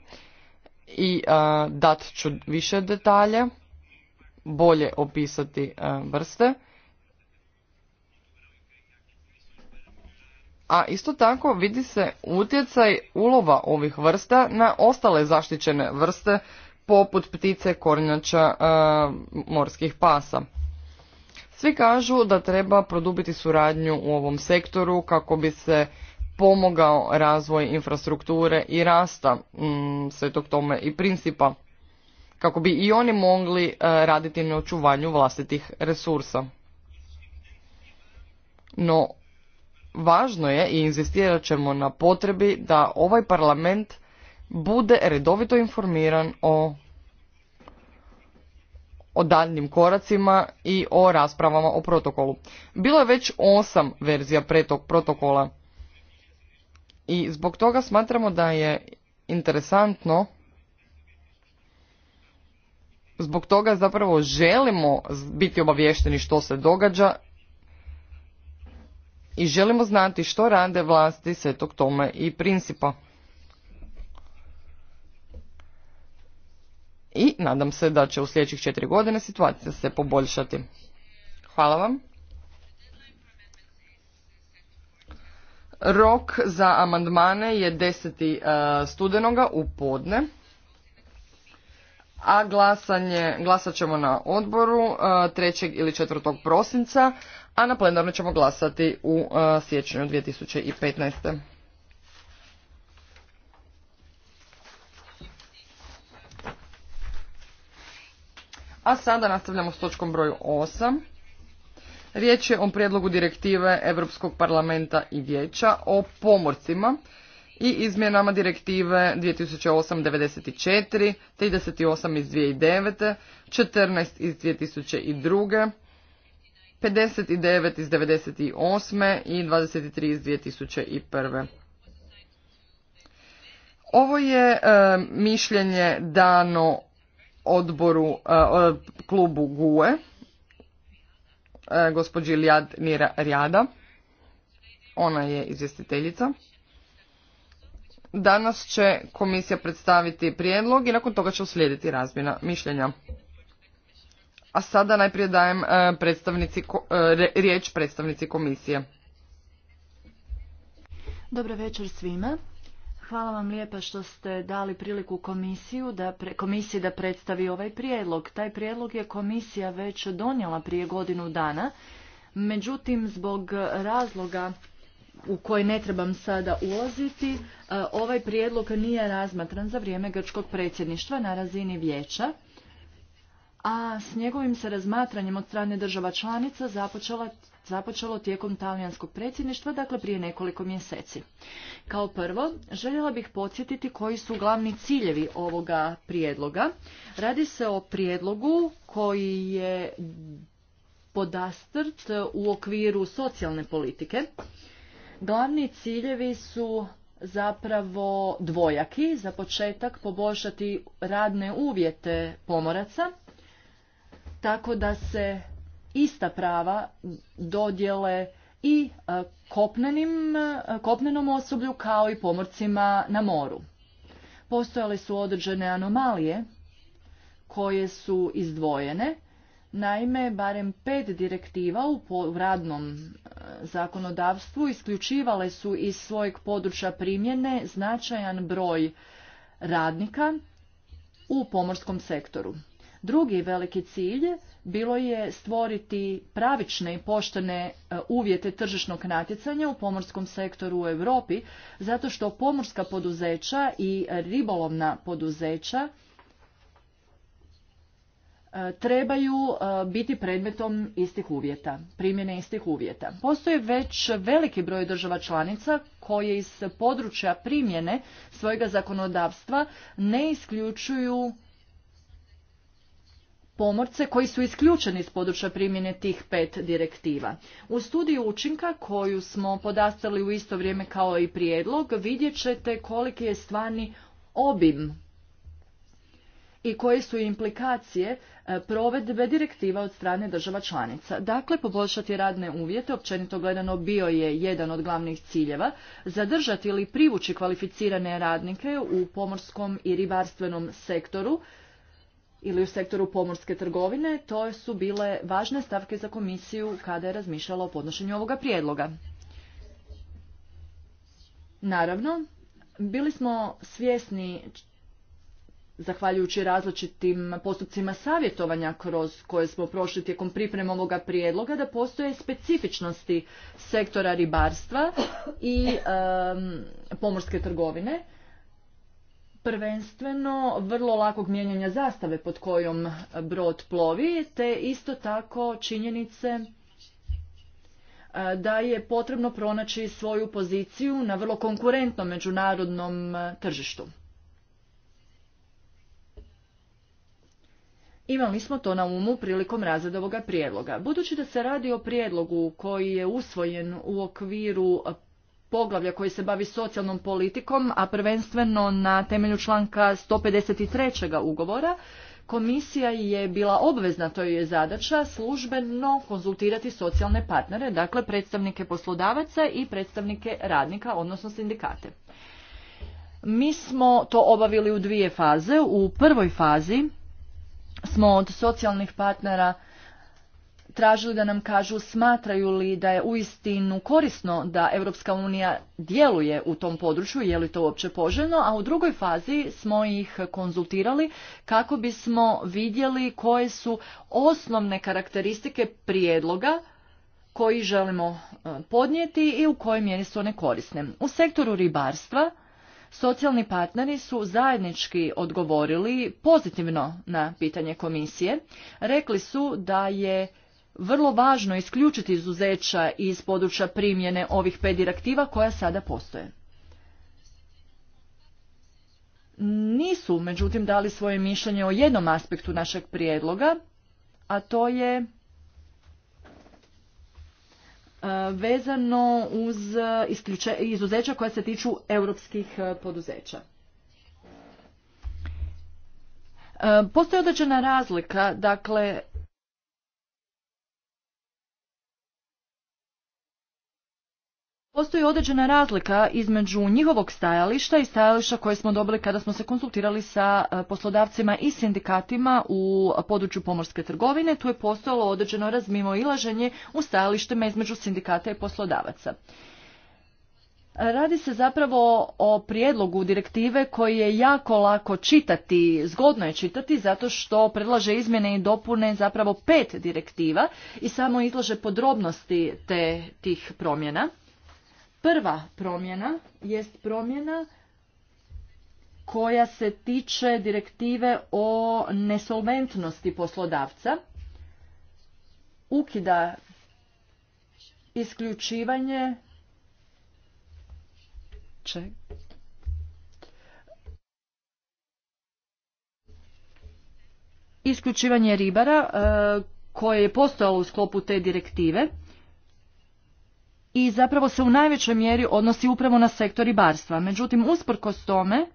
i dat ću više detalje, bolje opisati vrste. A isto tako vidi se utjecaj ulova ovih vrsta na ostale zaštićene vrste poput ptice, kornjača, morskih pasa. Svi kažu da treba produbiti suradnju u ovom sektoru kako bi se pomogao razvoj infrastrukture i rasta mm, svetog sve tog tome i principa kako bi i oni mogli e, raditi na očuvanju vlastitih resursa. No, važno je i inzistirat ćemo na potrebi da ovaj parlament bude redovito informiran o, o daljnim koracima i o raspravama o protokolu. Bilo je već osam verzija pretog protokola i zbog toga smatramo da je interesantno zbog toga zapravo želimo biti obavješteni što se događa i želimo znati što rade vlasti Svetog Tome i Principa. I nadam se da će u sljedećih četiri godine situacija se poboljšati. Hvala vam. Rok za amandmane je 10. E, studenoga u podne, a glasanje, glasat ćemo na odboru 3. E, ili 4. prosinca, a na plenarno ćemo glasati u e, siječnju 2015. A sada nastavljamo s točkom broju 8. Riječ je o prijedlogu direktive Europskog parlamenta i vijeća o pomorcima i izmjenama direktive 2008-94, 38 iz 2009, 14 iz 2002, 59 iz 98 i 23 iz 2001. Ovo je e, mišljenje dano odboru e, e klubu GUE E, gospođi Lijad Nira Rjada. Ona je izvjestiteljica. Danas će komisija predstaviti prijedlog i nakon toga će uslijediti razmjena mišljenja. A sada najprije dajem e, predstavnici, e, riječ predstavnici komisije. Dobro večer svima. Hvala vam lijepa što ste dali priliku komisiju da komisiji da predstavi ovaj prijedlog. Taj prijedlog je komisija već donijela prije godinu dana, međutim zbog razloga u koje ne trebam sada ulaziti, e, ovaj prijedlog nije razmatran za vrijeme grčkog predsjedništva na razini vijeća, a s njegovim se razmatranjem od strane država članica započela započelo tijekom talijanskog predsjedništva, dakle prije nekoliko mjeseci. Kao prvo, željela bih podsjetiti koji su glavni ciljevi ovoga prijedloga. Radi se o prijedlogu koji je podastrt u okviru socijalne politike. Glavni ciljevi su zapravo dvojaki, za početak poboljšati radne uvjete pomoraca, tako da se ista prava dodjele i e, e, kopnenom osoblju kao i pomorcima na moru. Postojale su određene anomalije koje su izdvojene. Naime, barem pet direktiva u radnom e, zakonodavstvu isključivale su iz svojeg područja primjene značajan broj radnika u pomorskom sektoru. Drugi veliki cilj bilo je stvoriti pravične i poštene e, uvjete tržišnog natjecanja u pomorskom sektoru u Europi, zato što pomorska poduzeća i ribolovna poduzeća e, trebaju e, biti predmetom istih uvjeta, primjene istih uvjeta. Postoje već veliki broj država članica koje iz područja primjene svojega zakonodavstva ne isključuju pomorce koji su isključeni iz područja primjene tih pet direktiva. U studiju učinka koju smo podastali u isto vrijeme kao i prijedlog vidjet ćete koliki je stvarni obim i koje su implikacije e, provedbe direktiva od strane država članica. Dakle, poboljšati radne uvjete, općenito gledano bio je jedan od glavnih ciljeva, zadržati ili privući kvalificirane radnike u pomorskom i ribarstvenom sektoru, ili u sektoru pomorske trgovine, to su bile važne stavke za komisiju kada je razmišljala o podnošenju ovoga prijedloga. Naravno, bili smo svjesni, zahvaljujući različitim postupcima savjetovanja kroz koje smo prošli tijekom pripreme ovoga prijedloga, da postoje specifičnosti sektora ribarstva i pomorske trgovine, prvenstveno vrlo lakog mijenjanja zastave pod kojom brod plovi, te isto tako činjenice e, da je potrebno pronaći svoju poziciju na vrlo konkurentnom međunarodnom e, tržištu. Imali smo to na umu prilikom razreda prijedloga. Budući da se radi o prijedlogu koji je usvojen u okviru poglavlja koji se bavi socijalnom politikom, a prvenstveno na temelju članka 153. ugovora, komisija je bila obvezna, to je zadaća, službeno konzultirati socijalne partnere, dakle predstavnike poslodavaca i predstavnike radnika, odnosno sindikate. Mi smo to obavili u dvije faze. U prvoj fazi smo od socijalnih partnera tražili da nam kažu smatraju li da je uistinu korisno da Europska unija djeluje u tom području, je li to uopće poželjno, a u drugoj fazi smo ih konzultirali kako bismo vidjeli koje su osnovne karakteristike prijedloga koji želimo e, podnijeti i u kojoj mjeri su one korisne. U sektoru ribarstva socijalni partneri su zajednički odgovorili pozitivno na pitanje komisije. Rekli su da je vrlo važno isključiti izuzeća iz područja primjene ovih pet direktiva koja sada postoje. Nisu, međutim, dali svoje mišljenje o jednom aspektu našeg prijedloga, a to je e, vezano uz izuzeća koja se tiču europskih e, poduzeća. E, postoji određena razlika, dakle, Postoji određena razlika između njihovog stajališta i stajališta koje smo dobili kada smo se konsultirali sa e, poslodavcima i sindikatima u području pomorske trgovine. Tu je postojalo određeno razmimo ilaženje u stajalištima između sindikata i poslodavaca. Radi se zapravo o prijedlogu direktive koji je jako lako čitati, zgodno je čitati zato što predlaže izmjene i dopune zapravo pet direktiva i samo izlaže podrobnosti te, tih promjena. Prva promjena jest promjena koja se tiče direktive o nesolventnosti poslodavca. Ukida isključivanje Ček. isključivanje ribara e, koje je postojalo u sklopu te direktive i zapravo se u najvećoj mjeri odnosi upravo na sektor ribarstva. Međutim, usprkos tome,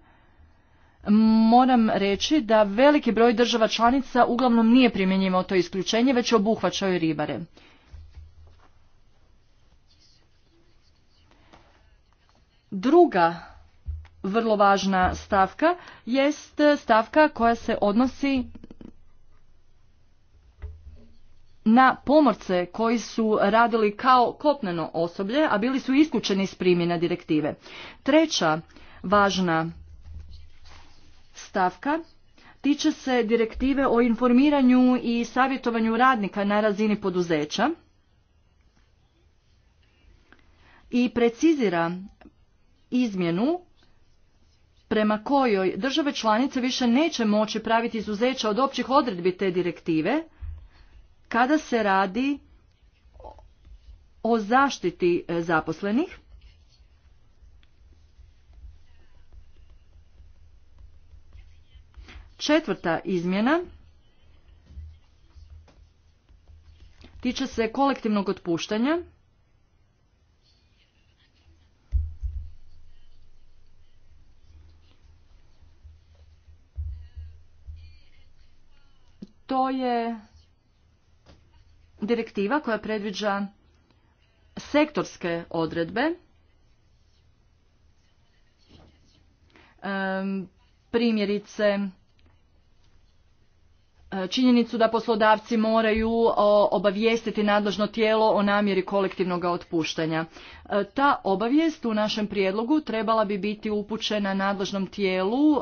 moram reći da veliki broj država članica uglavnom nije primjenjivao to isključenje, već obuhvaćaju ribare. Druga vrlo važna stavka jest stavka koja se odnosi na pomorce koji su radili kao kopneno osoblje, a bili su isključeni iz primjena direktive. Treća važna stavka tiče se direktive o informiranju i savjetovanju radnika na razini poduzeća i precizira izmjenu prema kojoj države članice više neće moći praviti izuzeća od općih odredbi te direktive kada se radi o zaštiti e, zaposlenih Četvrta izmjena tiče se kolektivnog otpuštanja. To je direktiva koja predviđa sektorske odredbe primjerice e, činjenicu da poslodavci moraju obavijestiti nadležno tijelo o namjeri kolektivnog otpuštanja. E, ta obavijest u našem prijedlogu trebala bi biti upućena nadležnom tijelu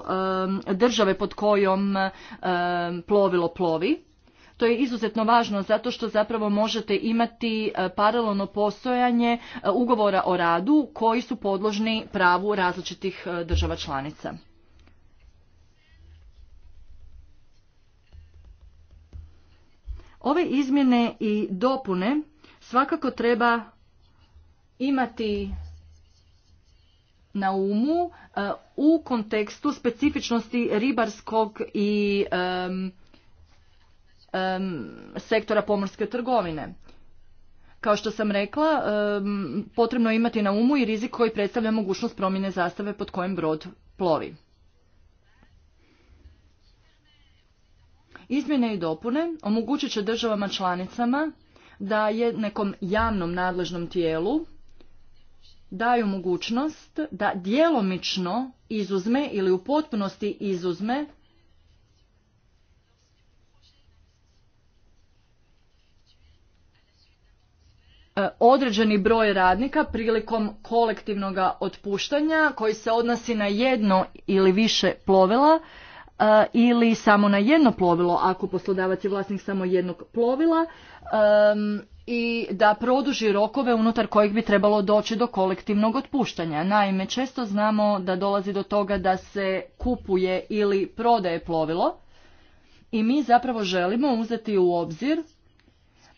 države pod kojom plovilo plovi to je izuzetno važno zato što zapravo možete imati e, paralelno postojanje e, ugovora o radu koji su podložni pravu različitih e, država članica. Ove izmjene i dopune svakako treba imati na umu u kontekstu specifičnosti ribarskog i sektora pomorske trgovine. Kao što sam rekla, potrebno je imati na umu i rizik koji predstavlja mogućnost promjene zastave pod kojim brod plovi. Izmjene i dopune omogućit će državama članicama da je nekom javnom nadležnom tijelu daju mogućnost da djelomično izuzme ili u potpunosti izuzme E, određeni broj radnika prilikom kolektivnog otpuštanja koji se odnosi na jedno ili više plovila e, ili samo na jedno plovilo ako poslodavac je vlasnik samo jednog plovila i da produži rokove unutar kojih bi trebalo doći do kolektivnog otpuštanja. Naime, često znamo da dolazi do toga da se kupuje ili prodaje plovilo i mi zapravo želimo uzeti u obzir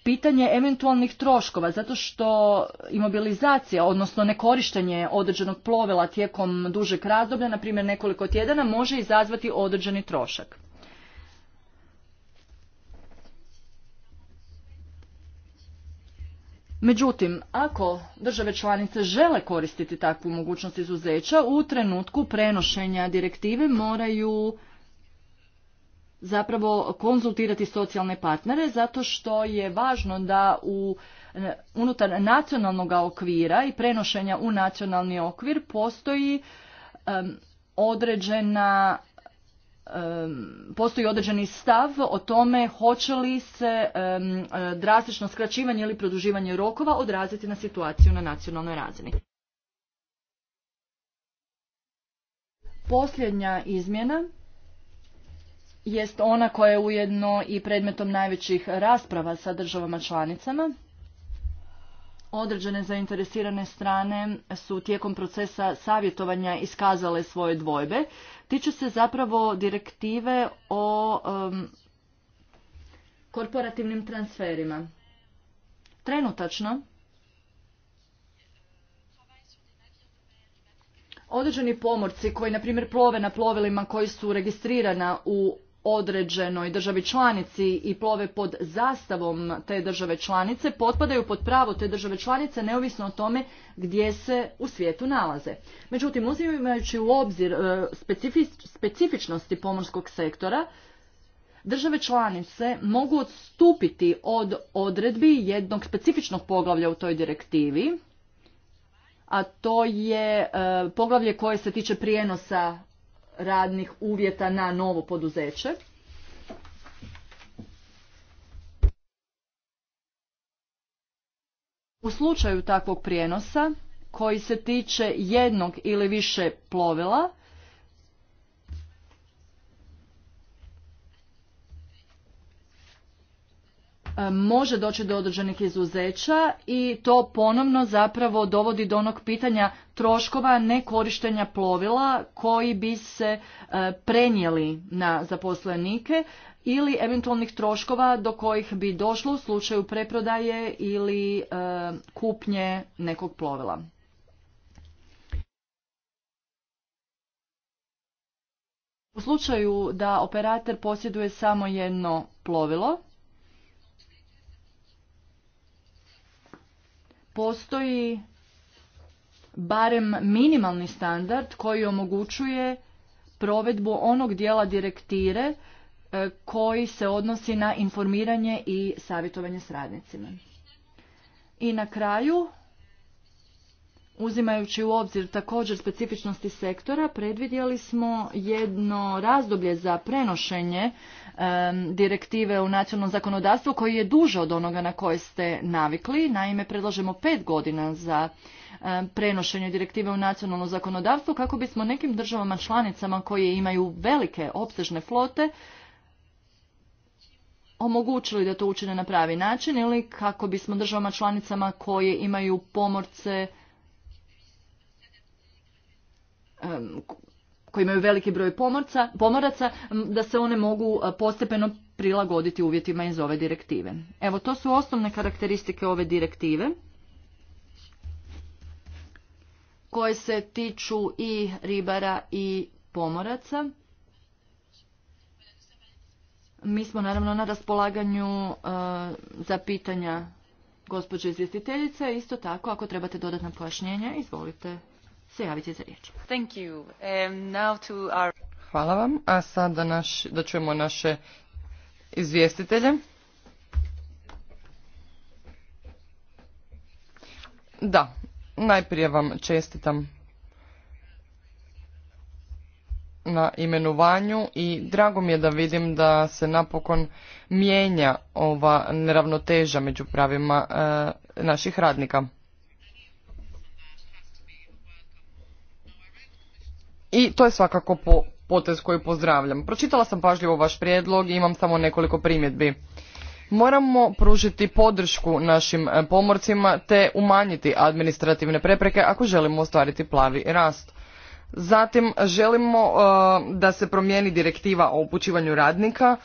pitanje eventualnih troškova, zato što imobilizacija, odnosno nekorištenje određenog plovila tijekom dužeg razdoblja, na primjer nekoliko tjedana, može izazvati određeni trošak. Međutim, ako države članice žele koristiti takvu mogućnost izuzeća, u trenutku prenošenja direktive moraju zapravo konzultirati socijalne partnere zato što je važno da u e, unutar nacionalnog okvira i prenošenja u nacionalni okvir postoji određena postoji određeni stav o tome hoće li se e, drastično skraćivanje ili produživanje rokova odraziti na situaciju na nacionalnoj razini. Posljednja izmjena jest ona koja je ujedno i predmetom najvećih rasprava sa državama članicama. Određene zainteresirane strane su tijekom procesa savjetovanja iskazale svoje dvojbe. Tiču se zapravo direktive o korporativnim transferima. Trenutačno određeni pomorci koji na primjer plove na plovilima koji su registrirana u određenoj državi članici i plove pod zastavom te države članice potpadaju pod pravo te države članice neovisno o tome gdje se u svijetu nalaze. Međutim, uzimajući u obzir e, specifičnosti pomorskog sektora, države članice mogu odstupiti od odredbi jednog specifičnog poglavlja u toj direktivi, a to je e, poglavlje koje se tiče prijenosa radnih uvjeta na novo poduzeće. U slučaju takvog prijenosa koji se tiče jednog ili više plovila, E, može doći do određenih izuzeća i to ponovno zapravo dovodi do onog pitanja troškova nekorištenja plovila koji bi se e, prenijeli na zaposlenike ili eventualnih troškova do kojih bi došlo u slučaju preprodaje ili e, kupnje nekog plovila. U slučaju da operator posjeduje samo jedno plovilo, postoji barem minimalni standard koji omogućuje provedbu onog dijela direktire e, koji se odnosi na informiranje i savjetovanje s radnicima. I na kraju Uzimajući u obzir također specifičnosti sektora, predvidjeli smo jedno razdoblje za prenošenje direktive u nacionalno zakonodavstvo koji je duže od onoga na koje ste navikli. Naime, predlažemo pet godina za prenošenje direktive u nacionalno zakonodavstvo kako bismo nekim državama članicama koje imaju velike opsežne flote omogućili da to učine na pravi način ili kako bismo državama članicama koje imaju pomorce koji imaju veliki broj pomorca, pomoraca, da se one mogu e, postepeno prilagoditi uvjetima iz ove direktive. Evo, to su osnovne karakteristike ove direktive koje se tiču i ribara i pomoraca. Mi smo naravno na raspolaganju e, za pitanja gospođe izvjestiteljice. Isto tako, ako trebate dodatna pojašnjenja, izvolite. Um, Hvala vam. A sada da čujemo naše izvjestitelje. Da, najprije vam čestitam na imenovanju i drago mi je da vidim da se napokon mijenja ova neravnoteža među pravima eh, naših radnika. i to je svakako potez koji pozdravljam. Pročitala sam pažljivo vaš prijedlog i imam samo nekoliko primjedbi. Moramo pružiti podršku našim e, pomorcima te umanjiti administrativne prepreke ako želimo ostvariti plavi rast. Zatim želimo e, da se promijeni direktiva o upućivanju radnika e,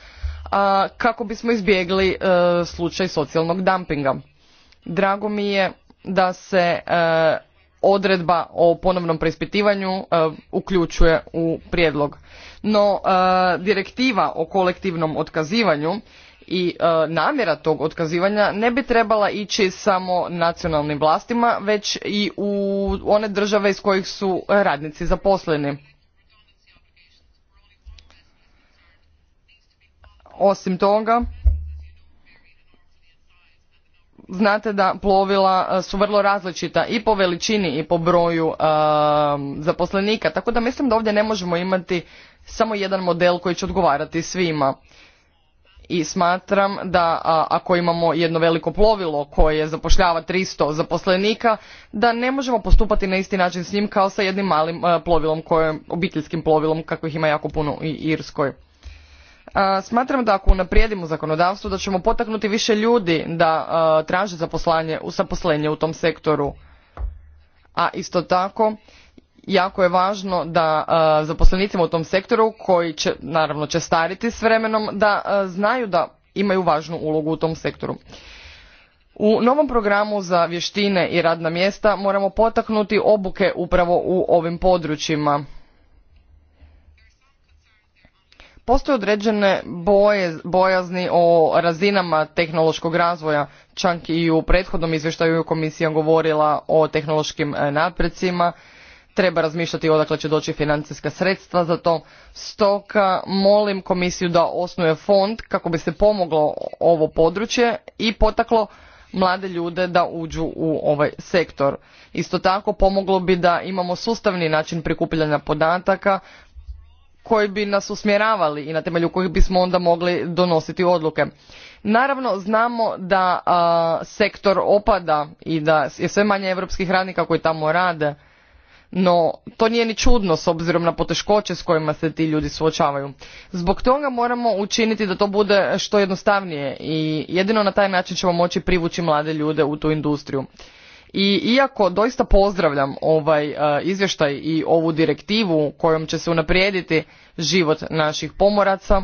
kako bismo izbjegli slučaj socijalnog dumpinga. Drago mi je da se odredba o ponovnom preispitivanju e, uključuje u prijedlog. No, e, direktiva o kolektivnom otkazivanju i e, namjera tog otkazivanja ne bi trebala ići samo nacionalnim vlastima, već i u one države iz kojih su radnici zaposleni. Osim toga, znate da plovila e, su vrlo različita i po veličini i po broju e, zaposlenika tako da mislim da ovdje ne možemo imati samo jedan model koji će odgovarati svima i smatram da ako imamo jedno veliko plovilo koje zapošljava 300 zaposlenika da ne možemo postupati na isti način s njim kao sa jednim malim e, plovilom koje obiteljskim plovilom kakvih ima jako puno u Irskoj smatram da ako unaprijedimo zakonodavstvo da ćemo potaknuti više ljudi da traže zaposlenje u tom sektoru a isto tako jako je važno da zaposlenicima u tom sektoru koji će naravno će stariti s vremenom da znaju da imaju važnu ulogu u tom sektoru u novom programu za vještine i radna mjesta moramo potaknuti obuke upravo u ovim područjima Postoje određene bojazni o razinama tehnološkog razvoja, čak i u prethodnom izvještaju je komisija govorila o tehnološkim e, naprecima, treba razmišljati odakle će doći financijska sredstva za to. Stoga molim komisiju da osnuje fond kako bi se pomoglo ovo područje i potaklo mlade ljude da uđu u ovaj sektor. Isto tako pomoglo bi da imamo sustavni način prikupljanja podataka koji bi nas usmjeravali i na temelju kojih bismo onda mogli donositi odluke naravno znamo da sektor opada i da je sve manje europskih radnika koji tamo rade no to nije ni čudno s obzirom na poteškoće s kojima se ti ljudi suočavaju zbog toga moramo učiniti da to bude što jednostavnije i jedino na taj način ćemo moći privući mlade ljude u tu industriju i iako doista pozdravljam ovaj e, izvještaj i ovu direktivu kojom će se unaprijediti život naših pomoraca,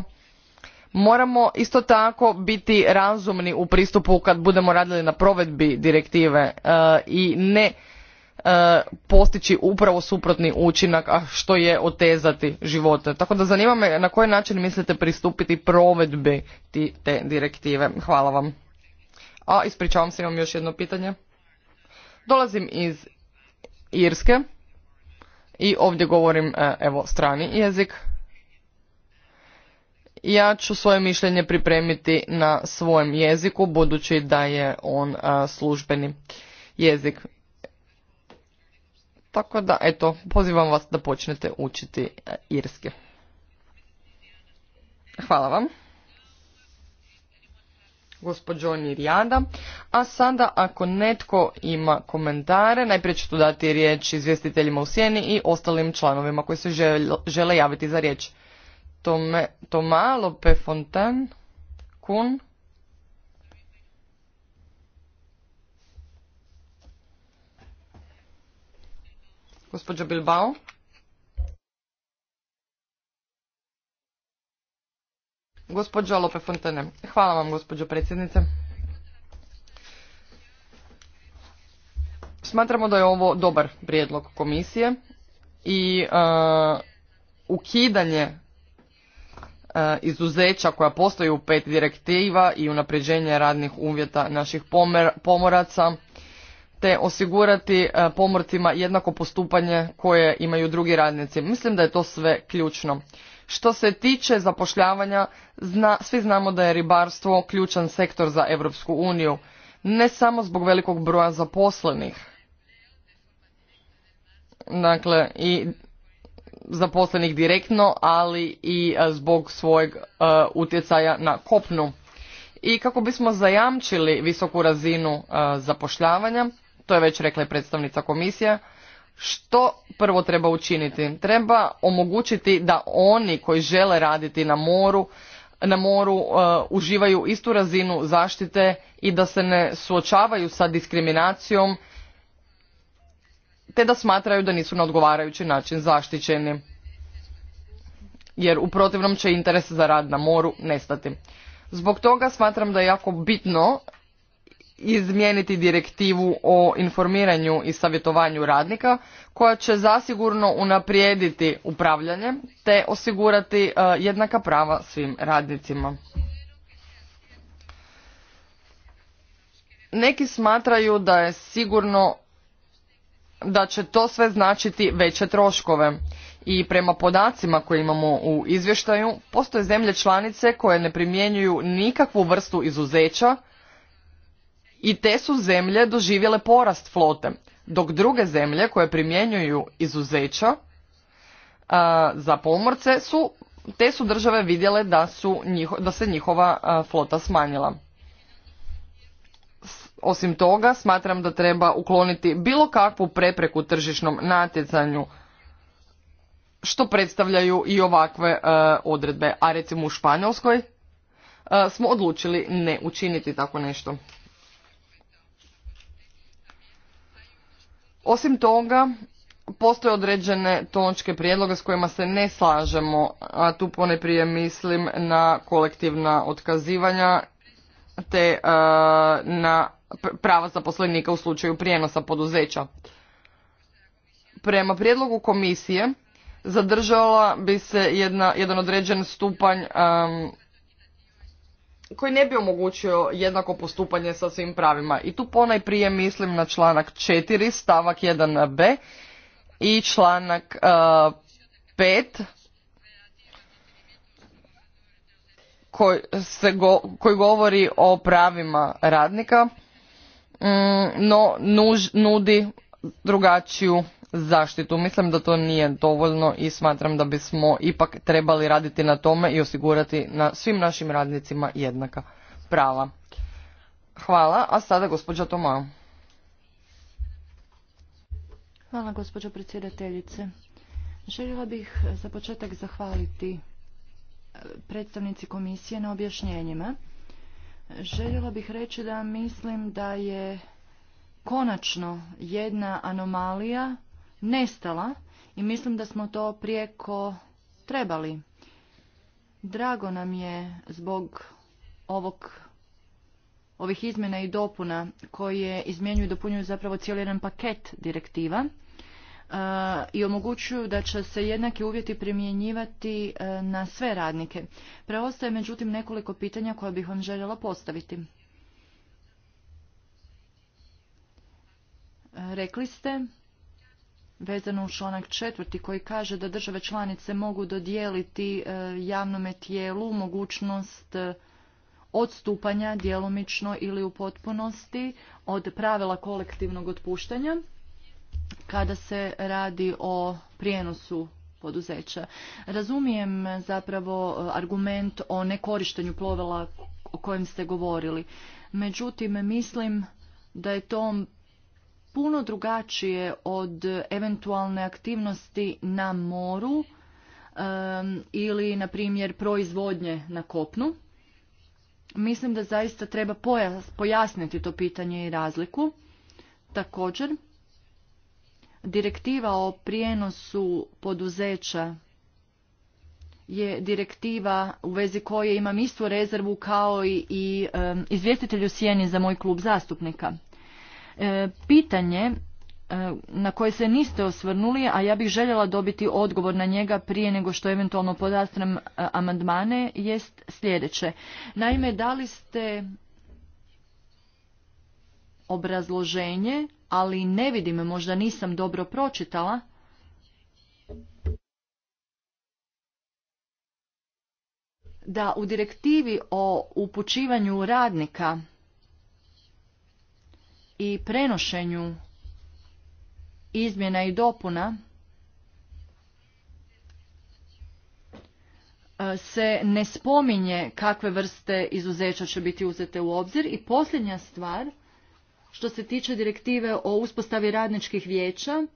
moramo isto tako biti razumni u pristupu kad budemo radili na provedbi direktive e, i ne e, postići upravo suprotni učinak a što je otezati živote. Tako da zanima me na koji način mislite pristupiti provedbi te direktive. Hvala vam. A ispričavam se, imam još jedno pitanje. Dolazim iz Irske i ovdje govorim e, evo strani jezik. Ja ću svoje mišljenje pripremiti na svojem jeziku budući da je on e, službeni jezik. Tako da, eto, pozivam vas da počnete učiti e, Irske. Hvala vam gospođo Nirjada. A sada ako netko ima komentare, najprije ću tu dati riječ izvjestiteljima u sjeni i ostalim članovima koji se žele, javiti za riječ. to Toma, Lope Kun. Gospođo Bilbao. Gospođo Lope hvala vam gospođo predsjednice. Smatramo da je ovo dobar prijedlog komisije i e, ukidanje e, izuzeća koja postoji u pet direktiva i unapređenje radnih uvjeta naših pomoraca te osigurati e, pomorcima jednako postupanje koje imaju drugi radnici. Mislim da je to sve ključno. Što se tiče zapošljavanja, svi znamo da je ribarstvo ključan sektor za Europsku uniju, ne samo zbog velikog broja zaposlenih, dakle i zaposlenih direktno, ali i e, zbog svojeg e, utjecaja na kopnu. I kako bismo zajamčili visoku razinu e, zapošljavanja, to je već rekla i predstavnica komisije, što prvo treba učiniti? Treba omogućiti da oni koji žele raditi na moru, na moru uh, uživaju istu razinu zaštite i da se ne suočavaju sa diskriminacijom te da smatraju da nisu na odgovarajući način zaštićeni. Jer u protivnom će interes za rad na moru nestati. Zbog toga smatram da je jako bitno izmijeniti direktivu o informiranju i savjetovanju radnika koja će zasigurno unaprijediti upravljanje te osigurati e, jednaka prava svim radnicima. Neki smatraju da je sigurno da će to sve značiti veće troškove i prema podacima koje imamo u izvještaju postoje zemlje članice koje ne primjenjuju nikakvu vrstu izuzeća i te su zemlje doživjele porast flote, dok druge zemlje koje primjenjuju izuzeća za pomorce su, te su države vidjele da, su se njihova flota smanjila. Osim toga, smatram da treba ukloniti bilo kakvu prepreku tržišnom natjecanju što predstavljaju i ovakve odredbe, a recimo u Španjolskoj smo odlučili ne učiniti tako nešto. Osim toga, postoje određene točke prijedloga s kojima se ne slažemo, a tu pone prije mislim na kolektivna otkazivanja te e, na prava zaposlenika u slučaju prijenosa poduzeća. Prema prijedlogu komisije zadržala bi se jedan određen stupanj koji ne bi omogućio jednako postupanje sa svim pravima. I tu ponaj prije mislim na članak 4 stavak 1b i članak uh, e, 5 koji, se koji govori o pravima radnika, mm, no nudi drugačiju zaštitu. Mislim da to nije dovoljno i smatram da bismo ipak trebali raditi na tome i osigurati na svim našim radnicima jednaka prava. Hvala, a sada gospođa Toma. Hvala gospođo predsjedateljice. Željela bih za početak zahvaliti e, predstavnici komisije na objašnjenjima. Željela bih reći da mislim da je konačno jedna anomalija nestala i mislim da smo to prijeko trebali. Drago nam je zbog ovog ovih izmjena i dopuna koje izmjenjuju i dopunjuju zapravo cijeli jedan paket direktiva e, i omogućuju da će se jednaki uvjeti primjenjivati e, na sve radnike. Preostaje međutim nekoliko pitanja koje bih vam željela postaviti. rekli ste vezano u članak četvrti koji kaže da države članice mogu dodijeliti e, javnome tijelu mogućnost e, odstupanja djelomično ili u potpunosti od pravila kolektivnog otpuštanja kada se radi o prijenosu poduzeća. Razumijem zapravo argument o nekorištenju plovila o kojem ste govorili. Međutim, mislim da je to puno drugačije od eventualne aktivnosti na moru ili, na primjer, proizvodnje na kopnu. Mislim da zaista treba pojasniti to pitanje i razliku. Također, direktiva o prijenosu poduzeća je direktiva u vezi koje imam istu rezervu kao i, i um, izvjestitelju sjeni za moj klub zastupnika. E, pitanje e, na koje se niste osvrnuli, a ja bih željela dobiti odgovor na njega prije nego što eventualno podastram e, amandmane, jest sljedeće. Naime, dali ste obrazloženje, ali ne vidim, možda nisam dobro pročitala. Da u direktivi o upućivanju radnika i prenošenju izmjena i dopuna e, se ne spominje kakve vrste izuzeća će biti uzete u obzir. I posljednja stvar, što se tiče direktive o uspostavi radničkih vijeća,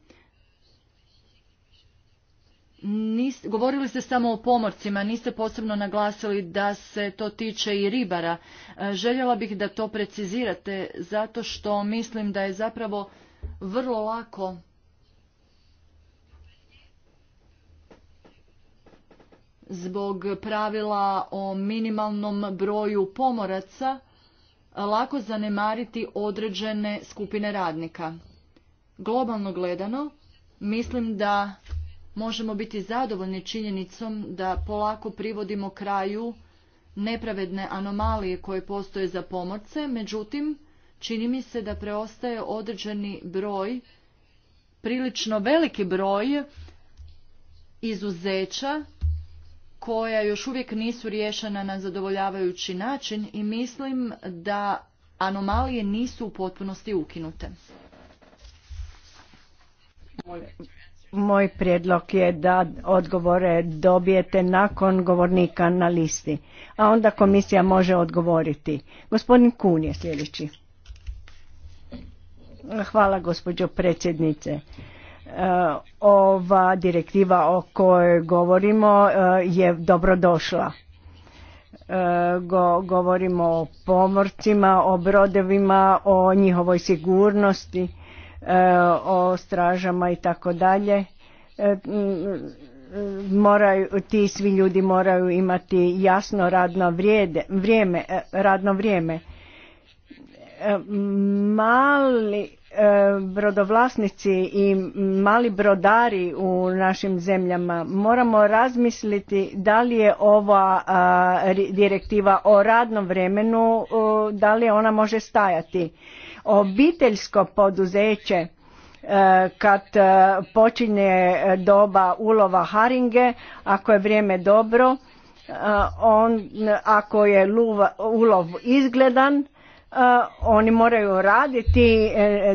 govorili ste samo o pomorcima, niste posebno naglasili da se to tiče i ribara. E, željela bih da to precizirate zato što mislim da je zapravo vrlo lako zbog pravila o minimalnom broju pomoraca lako zanemariti određene skupine radnika. Globalno gledano, mislim da možemo biti zadovoljni činjenicom da polako privodimo kraju nepravedne anomalije koje postoje za pomorce, međutim, čini mi se da preostaje određeni broj, prilično veliki broj izuzeća koja još uvijek nisu riješena na zadovoljavajući način i mislim da anomalije nisu u potpunosti ukinute. Moj prijedlog je da odgovore dobijete nakon govornika na listi, a onda komisija može odgovoriti. Gospodin Kun je sljedeći. Hvala gospođo predsjednice. E, ova direktiva o kojoj govorimo e, je dobrodošla. E, govorimo o pomorcima, o brodovima, o njihovoj sigurnosti E, o stražama i tako dalje e, moraju ti svi ljudi moraju imati jasno radno vrijeme e, radno vrijeme mali brodovlasnici i mali brodari u našim zemljama moramo razmisliti da li je ova direktiva o radnom vremenu da li ona može stajati Obiteljsko poduzeće e, kad e, počinje doba ulova haringe, ako je vrijeme dobro, e, on, ako je ulov izgledan, oni moraju raditi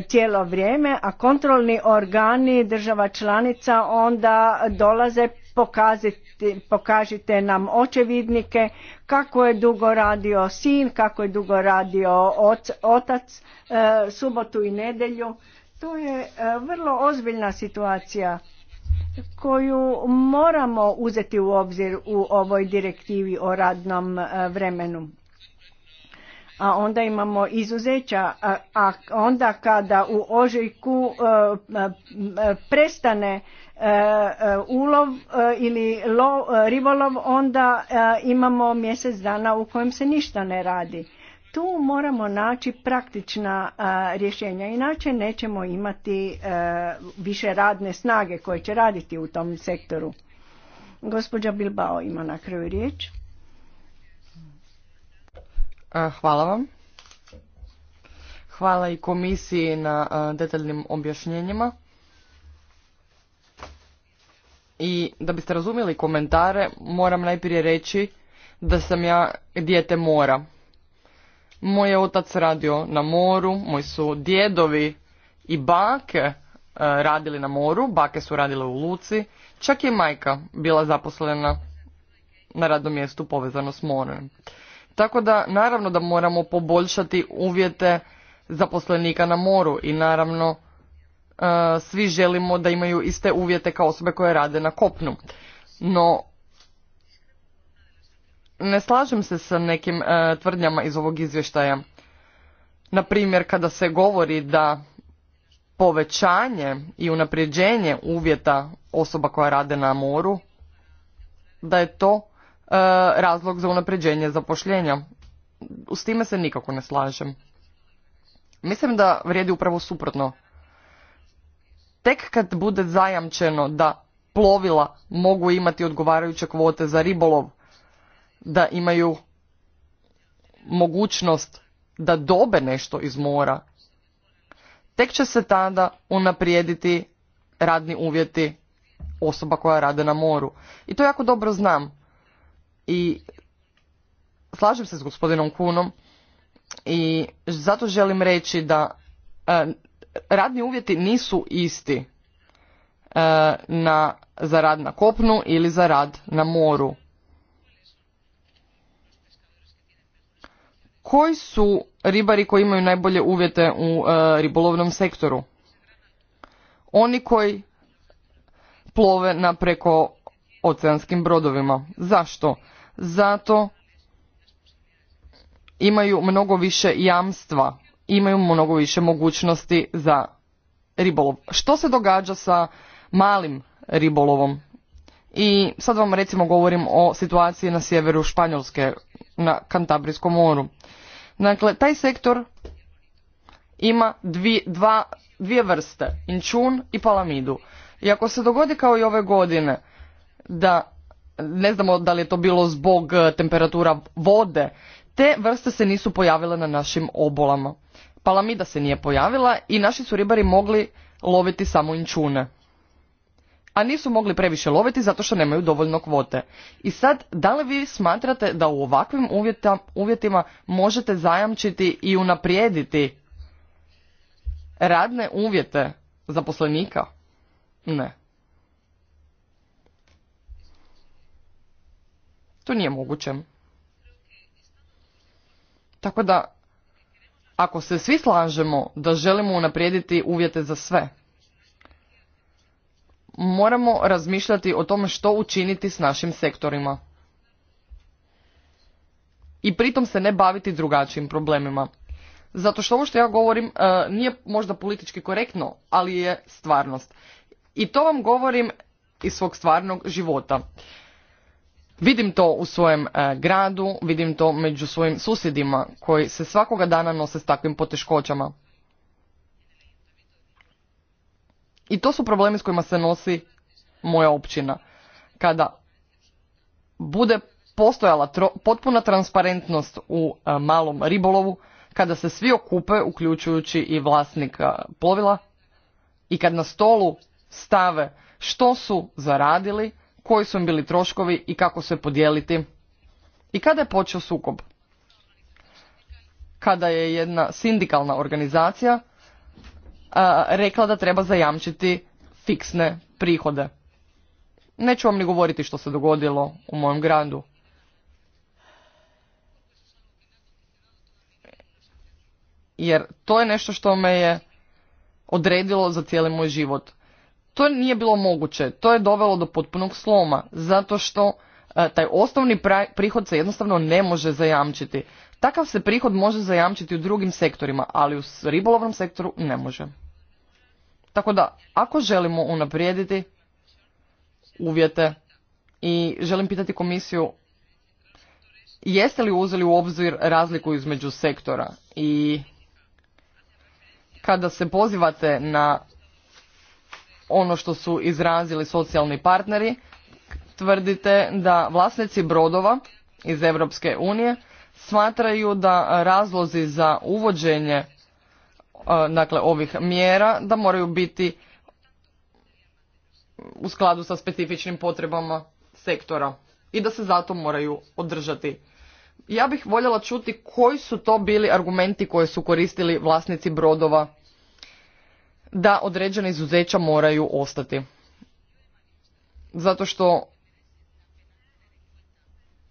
cijelo vrijeme, a kontrolni organi država članica onda dolaze pokazite, pokažite nam očevidnike kako je dugo radio sin, kako je dugo radio otac, e, subotu i nedjelju. To je e, vrlo ozbiljna situacija koju moramo uzeti u obzir u ovoj direktivi o radnom e, vremenu. A onda imamo izuzeća, a onda kada u ožujku prestane E, e, ulov e, ili ribolov onda imamo mjesec dana u kojem se ništa ne radi tu moramo naći praktična rješenja inače nećemo imati više radne snage koje će raditi u tom sektoru gospođa Bilbao ima na kraju riječ hvala vam hvala i komisiji na detaljnim objašnjenjima i da biste razumjeli komentare moram najprije reći da sam ja dijete mora. Moj je otac radio na moru, moji su djedovi i bake e, radili na moru, bake su radile u luci, čak je majka bila zaposlena na radnom mjestu povezano s morem. Tako da naravno da moramo poboljšati uvjete zaposlenika na moru i naravno svi želimo da imaju iste uvjete kao osobe koje rade na kopnu. No, ne slažem se sa nekim e, tvrdnjama iz ovog izvještaja. Na kada se govori da povećanje i unapređenje uvjeta osoba koja rade na moru, da je to e, razlog za unapređenje zapošljenja. S time se nikako ne slažem. Mislim da vrijedi upravo suprotno tek kad bude zajamčeno da plovila mogu imati odgovarajuće kvote za ribolov, da imaju mogućnost da dobe nešto iz mora, tek će se tada unaprijediti radni uvjeti osoba koja rade na moru. I to jako dobro znam. I slažem se s gospodinom Kunom i zato želim reći da e, radni uvjeti nisu isti e, za rad na kopnu ili za rad na moru. Koji su ribari koji imaju najbolje uvjete u e, ribolovnom sektoru? Oni koji plove na preko oceanskim brodovima. Zašto? Zato imaju mnogo više jamstva imaju mnogo više mogućnosti za ribolov. Što se događa sa malim ribolovom? I sad vam recimo govorim o situaciji na sjeveru Španjolske, na Kantabrijskom moru. Dakle, taj sektor ima dvi, dva, dvije vrste, inčun i palamidu. I ako se dogodi kao i ove godine, da ne znamo da li je to bilo zbog temperatura vode te vrste se nisu pojavile na našim obolama. Palamida se nije pojavila i naši su ribari mogli loviti samo inčune. A nisu mogli previše loviti zato što nemaju dovoljno kvote. I sad, da li vi smatrate da u ovakvim uvjetima možete zajamčiti i unaprijediti radne uvjete zaposlenika? Ne. To nije moguće. Tako da, ako se svi slažemo da želimo unaprijediti uvjete za sve, moramo razmišljati o tome što učiniti s našim sektorima. I pritom se ne baviti drugačijim problemima. Zato što ovo što ja govorim e, nije možda politički korektno, ali je stvarnost. I to vam govorim iz svog stvarnog života. Vidim to u svojem e, gradu, vidim to među svojim susjedima koji se svakoga dana nose s takvim poteškoćama. I to su problemi s kojima se nosi moja općina. Kada bude postojala potpuna transparentnost u e, malom ribolovu, kada se svi okupe, uključujući i vlasnika e, plovila, i kad na stolu stave što su zaradili, koji su im bili troškovi i kako se podijeliti. I kada je počeo sukob? Kada je jedna sindikalna organizacija rekla da treba zajamčiti fiksne prihode. Neću vam ni govoriti što se dogodilo u mojem gradu. Jer to je nešto što me je odredilo za cijeli moj život. To nije bilo moguće. To je dovelo do potpunog sloma, zato što e, taj osnovni prihod se jednostavno ne može zajamčiti. Takav se prihod može zajamčiti u drugim sektorima, ali u ribolovnom sektoru ne može. Tako da, ako želimo unaprijediti uvjete i želim pitati komisiju jeste li uzeli u obzir razliku između sektora i kada se pozivate na ono što su izrazili socijalni partneri, tvrdite da vlasnici brodova iz Europske unije smatraju da razlozi za uvođenje e, dakle ovih mjera da moraju biti u skladu sa specifičnim potrebama sektora i da se zato moraju održati. Ja bih voljela čuti koji su to bili argumenti koje su koristili vlasnici brodova da određena izuzeća moraju ostati. Zato što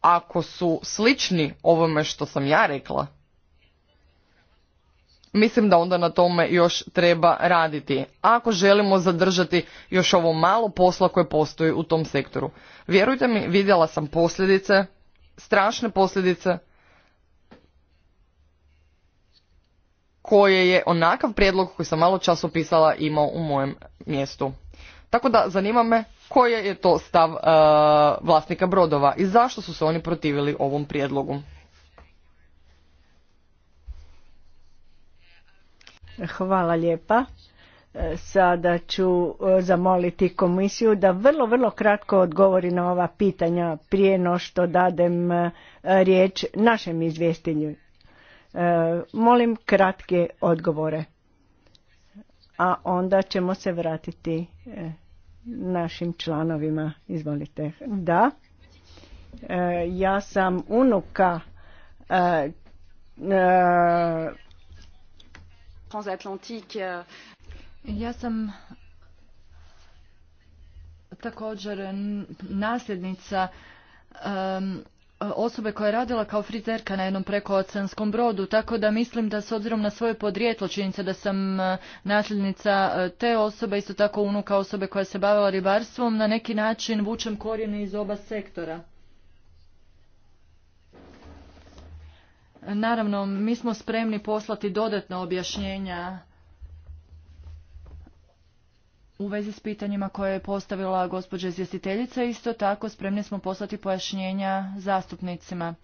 ako su slični ovome što sam ja rekla, mislim da onda na tome još treba raditi. Ako želimo zadržati još ovo malo posla koje postoji u tom sektoru. Vjerujte mi, vidjela sam posljedice, strašne posljedice koje je onakav prijedlog koji sam malo čas opisala imao u mojem mjestu. Tako da zanima me koje je to stav e, vlasnika brodova i zašto su se oni protivili ovom prijedlogu. Hvala lijepa. E, sada ću e, zamoliti komisiju da vrlo, vrlo kratko odgovori na ova pitanja prije no što dadem riječ našem izvjestitelju. Molim kratke odgovore, a onda ćemo se vratiti e, našim članovima. Izvolite. Da, e, ja sam unuka e, transatlantik. Ja sam također nasljednica E, osobe koja je radila kao frizerka na jednom prekooceanskom brodu, tako da mislim da s obzirom na svoje podrijetlo činjenica da sam e, nasljednica e, te osobe, isto tako unuka osobe koja se bavila ribarstvom, na neki način vučem korijene iz oba sektora. Naravno, mi smo spremni poslati dodatna objašnjenja u vezi s pitanjima koje je postavila gospođa izvjestiteljica, isto tako spremni smo poslati pojašnjenja zastupnicima.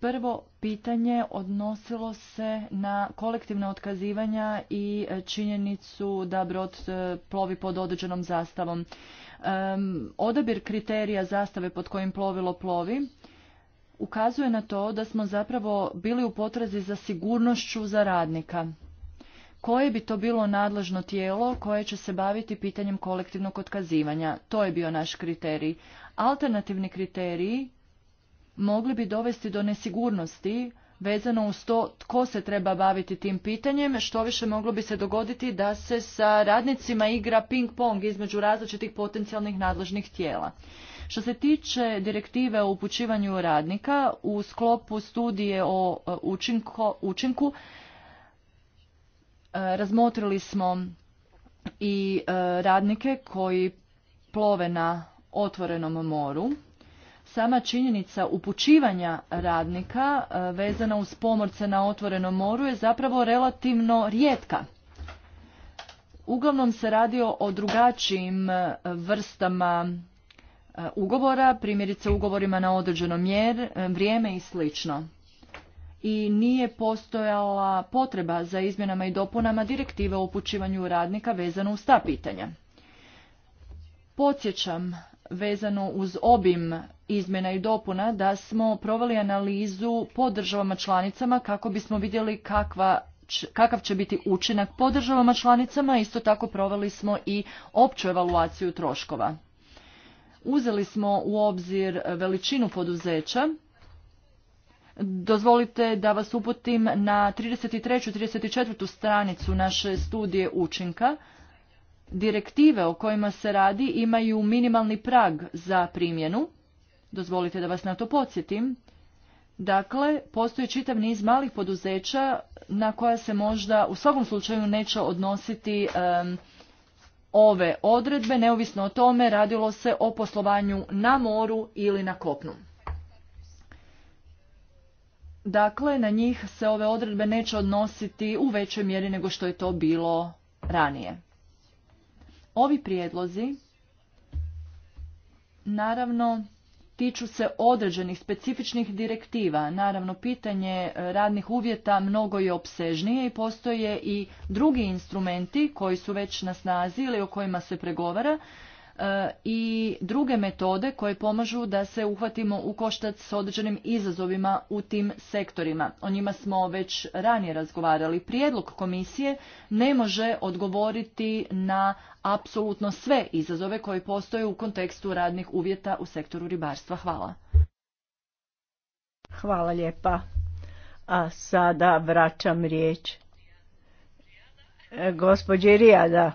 Prvo pitanje odnosilo se na kolektivne otkazivanja i činjenicu da brod e, plovi pod određenom zastavom. Odabir kriterija zastave pod kojim plovilo plovi ukazuje na to da smo zapravo bili u potrazi za sigurnošću za radnika koje bi to bilo nadležno tijelo koje će se baviti pitanjem kolektivnog otkazivanja. To je bio naš kriterij. Alternativni kriteriji mogli bi dovesti do nesigurnosti vezano uz to tko se treba baviti tim pitanjem, što više moglo bi se dogoditi da se sa radnicima igra ping-pong između različitih potencijalnih nadležnih tijela. Što se tiče direktive o upućivanju radnika, u sklopu studije o e, učinku E, razmotrili smo i e, radnike koji plove na otvorenom moru. Sama činjenica upućivanja radnika e, vezana uz pomorce na otvorenom moru je zapravo relativno rijetka. Uglavnom se radi o drugačijim vrstama ugovora, primjerice ugovorima na određeno mjer, vrijeme i slično i nije postojala potreba za izmjenama i dopunama direktive o upućivanju radnika vezano uz ta pitanja. Podsjećam vezano uz obim izmjena i dopuna da smo proveli analizu po državama članicama kako bismo vidjeli kakva kakav će biti učinak po državama članicama, isto tako proveli smo i opću evaluaciju troškova. Uzeli smo u obzir veličinu poduzeća Dozvolite da vas uputim na 33. i 34. stranicu naše studije učinka. Direktive o kojima se radi imaju minimalni prag za primjenu. Dozvolite da vas na to podsjetim. Dakle, postoji čitav niz malih poduzeća na koja se možda u svakom slučaju neće odnositi ove odredbe, neovisno o tome radilo se o poslovanju na moru ili na kopnu. Dakle, na njih se ove odredbe neće odnositi u većoj mjeri nego što je to bilo ranije. Ovi prijedlozi naravno tiču se određenih specifičnih direktiva. Naravno, pitanje radnih uvjeta mnogo je opsežnije i postoje i drugi instrumenti koji su već na snazi ili o kojima se pregovara E, i druge metode koje pomažu da se uhvatimo u koštac s određenim izazovima u tim sektorima. O njima smo već ranije razgovarali. Prijedlog komisije ne može odgovoriti na apsolutno sve izazove koji postoje u kontekstu radnih uvjeta u sektoru ribarstva. Hvala. Hvala lijepa. A sada vraćam riječ. E, Gospodje Rijada.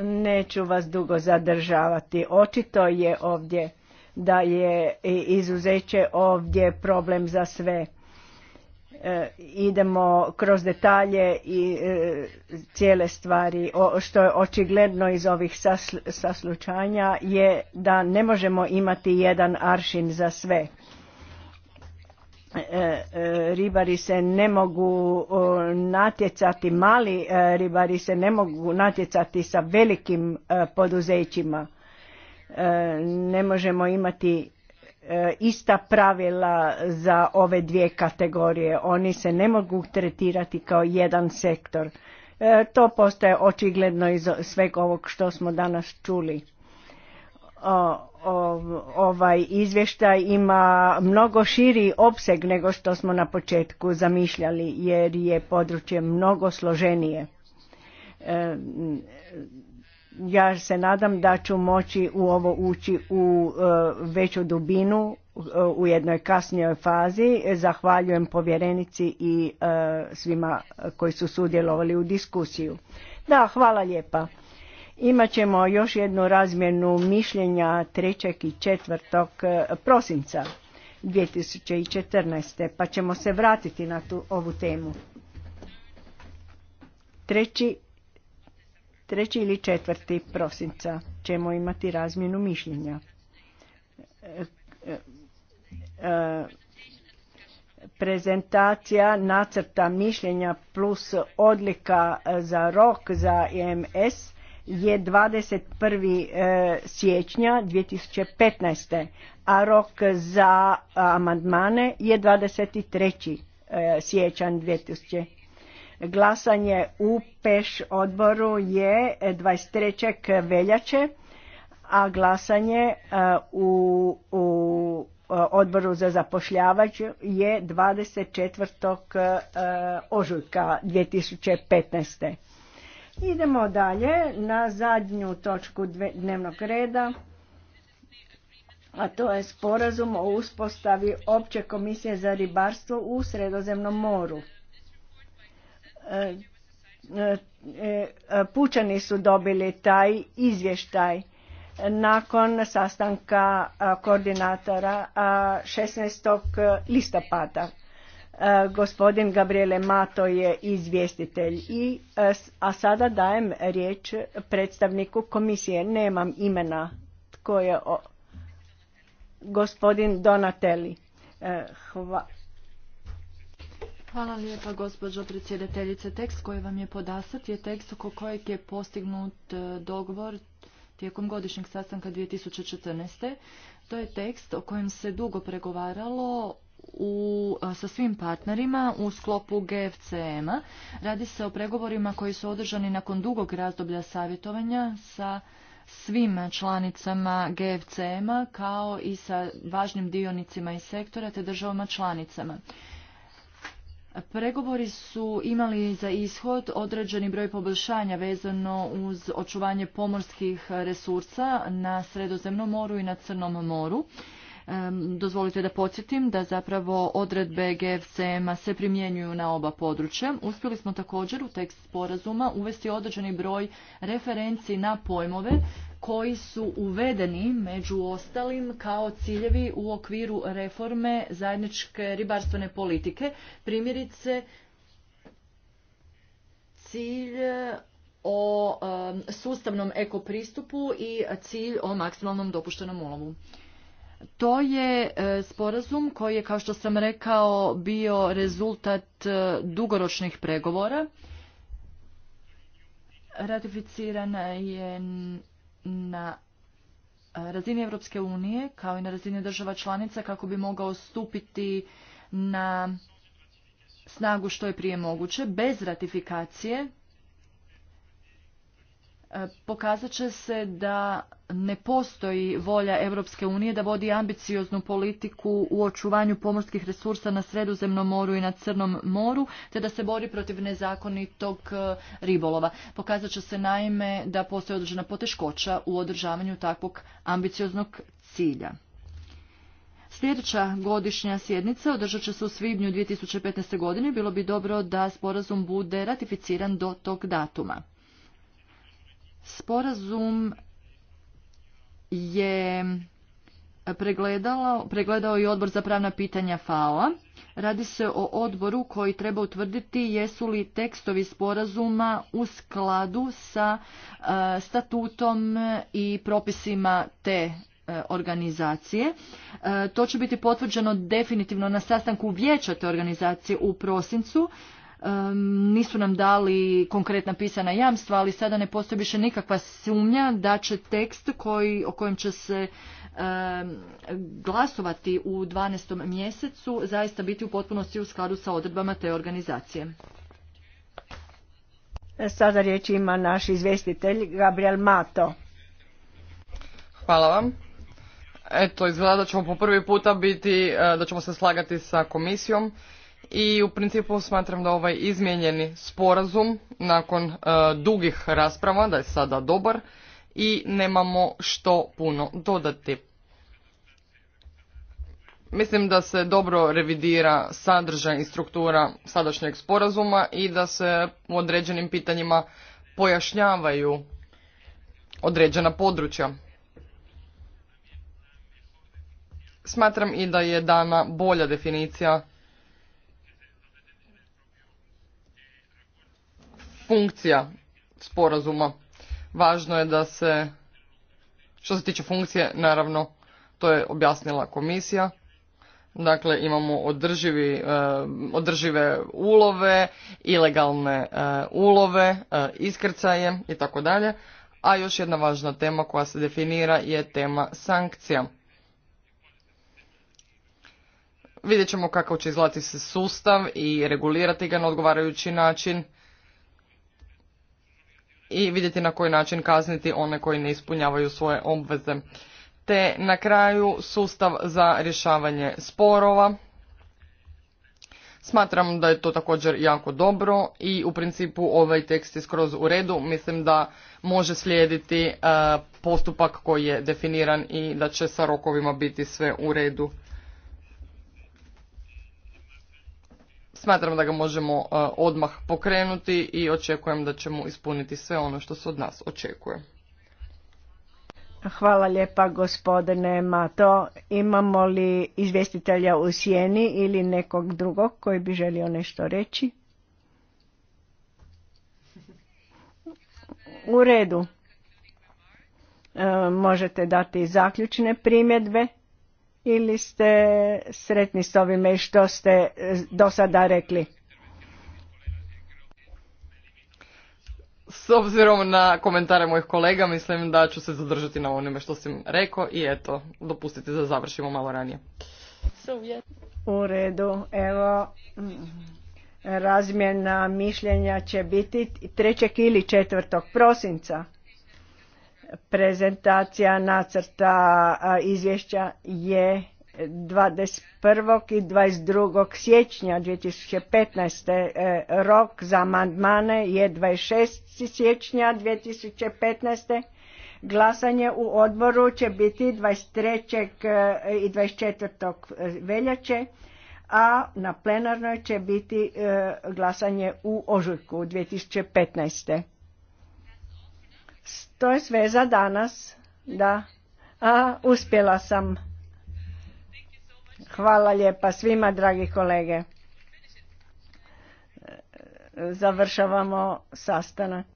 Neću vas dugo zadržavati. Očito je ovdje da je izuzeće ovdje problem za sve. E, idemo kroz detalje i e, cijele stvari. O, što je očigledno iz ovih sasl, saslučanja je da ne možemo imati jedan aršin za sve. E, e, ribari se ne mogu natjecati, mali e, ribari se ne mogu natjecati sa velikim poduzećima. Ne možemo imati ista pravila za ove dvije kategorije. Oni se ne mogu tretirati kao jedan sektor. To postaje očigledno iz sveg ovog što smo danas čuli ovaj izvještaj ima mnogo širi opseg nego što smo na početku zamišljali jer je područje mnogo složenije. E, ja se nadam da ću moći u ovo ući u e, veću dubinu e, u jednoj kasnijoj fazi. Zahvaljujem povjerenici i svima koji su sudjelovali u diskusiju. Da, hvala lijepa. Imat ćemo još jednu razmjenu mišljenja 3. i 4. E, prosinca 2014. pa ćemo se vratiti na tu, ovu temu. 3. ili 4. prosinca ćemo imati razmjenu mišljenja. E, e, prezentacija nacrta mišljenja plus odlika za rok za IMS je 21. E, siječnja 2015. a rok za e, amandmane je 23. sječan 2000. Glasanje u peš odboru je 23. veljače, a glasanje e, u, u odboru za zapošljavač je 24. ožujka 2015. Idemo dalje na zadnju točku dnevnog reda, a to je sporazum o uspostavi Opće komisije za ribarstvo u Sredozemnom moru. E, e, e, pučani su dobili taj izvještaj nakon sastanka koordinatora 16. listopada. E, gospodin Gabriele Mato je izvjestitelj, i, e, a sada dajem riječ predstavniku komisije. Nemam imena tko je o... gospodin Donatelli. E, Hvala lijepa gospođo predsjedateljice. Tekst koji vam je podasat je tekst oko kojeg je postignut dogovor tijekom godišnjeg sastanka 2014. To je tekst o kojem se dugo pregovaralo u, sa svim partnerima u sklopu GFCM-a. Radi se o pregovorima koji su održani nakon dugog razdoblja savjetovanja sa svim članicama GFCM-a kao i sa važnim dionicima iz sektora te državama članicama. Pregovori su imali za ishod određeni broj poboljšanja vezano uz očuvanje pomorskih resursa na Sredozemnom moru i na Crnom moru Dozvolite da podsjetim da zapravo odredbe GFCM-a se primjenjuju na oba područja. Uspjeli smo također u tekst sporazuma uvesti određeni broj referenci na pojmove koji su uvedeni među ostalim kao ciljevi u okviru reforme zajedničke ribarstvene politike. Primjerice cilj e, o sustavnom ekopristupu i cilj o maksimalnom dopuštenom ulovu. To je e, sporazum koji je, kao što sam rekao, bio rezultat e, dugoročnih pregovora. Ratificirana je na razini Evropske unije kao i na razini država članica kako bi mogao stupiti na snagu što je prije moguće. Bez ratifikacije E, pokazat će se da ne postoji volja Europske unije da vodi ambicioznu politiku u očuvanju pomorskih resursa na Sredozemnom moru i na Crnom moru, te da se bori protiv nezakonitog e, ribolova. Pokazat će se naime da postoji određena poteškoća u održavanju takvog ambicioznog cilja. Sljedeća godišnja sjednica održat će se u svibnju 2015. godine. Bilo bi dobro da sporazum bude ratificiran do tog datuma. Sporazum je pregledao i odbor za pravna pitanja FAO-a. Radi se o odboru koji treba utvrditi jesu li tekstovi sporazuma u skladu sa e, statutom i propisima te e, organizacije. E, to će biti potvrđeno definitivno na sastanku vijeća te organizacije u prosincu nisu nam dali konkretna pisana jamstva, ali sada ne postoji više nikakva sumnja da će tekst koji, o kojem će se glasovati u 12. mjesecu zaista biti u potpunosti u skladu sa odredbama te organizacije. E, sada riječ ima naš izvjestitelj Gabriel Mato. Hvala vam. Eto, izgleda da ćemo po prvi puta biti, e, da ćemo se slagati sa komisijom i u principu smatram da ovaj izmijenjeni sporazum nakon e, dugih rasprava da je sada dobar i nemamo što puno dodati. Mislim da se dobro revidira sadržaj i struktura sadašnjeg sporazuma i da se u određenim pitanjima pojašnjavaju određena područja. Smatram i da je dana bolja definicija funkcija sporazuma. Važno je da se, što se tiče funkcije, naravno, to je objasnila komisija. Dakle, imamo održivi, e, održive ulove, ilegalne e, ulove, e, iskrcaje i tako dalje. A još jedna važna tema koja se definira je tema sankcija. Vidjet ćemo kako će izlati se sustav i regulirati ga na odgovarajući način i vidjeti na koji način kazniti one koji ne ispunjavaju svoje obveze. Te na kraju sustav za rješavanje sporova. Smatram da je to također jako dobro i u principu ovaj tekst je skroz u redu. Mislim da može slijediti e, postupak koji je definiran i da će sa rokovima biti sve u redu. Smatram da ga možemo e, odmah pokrenuti i očekujem da ćemo ispuniti sve ono što se od nas očekuje. Hvala lijepa gospodine Mato. Imamo li izvjestitelja u sjeni ili nekog drugog koji bi želio nešto reći? U redu. E, možete dati zaključne primjedbe ili ste sretni s ovime što ste e, do sada rekli? S obzirom na komentare mojih kolega, mislim da ću se zadržati na onome što sam rekao i eto, dopustite da završimo malo ranije. U redu, evo, mm, razmjena mišljenja će biti 3. ili 4. prosinca. Prezentacija nacrta izvješća je 21. i 22. siječnja 2015. E, rok za amandmane je 26. siječnja 2015. Glasanje u odboru će biti 23. E, i 24. E, veljače, a na plenarnoj će biti glasanje u ožujku 2015. To je sve za danas. Da. A, uspjela sam. Hvala lijepa svima, dragi kolege. Završavamo sastanak.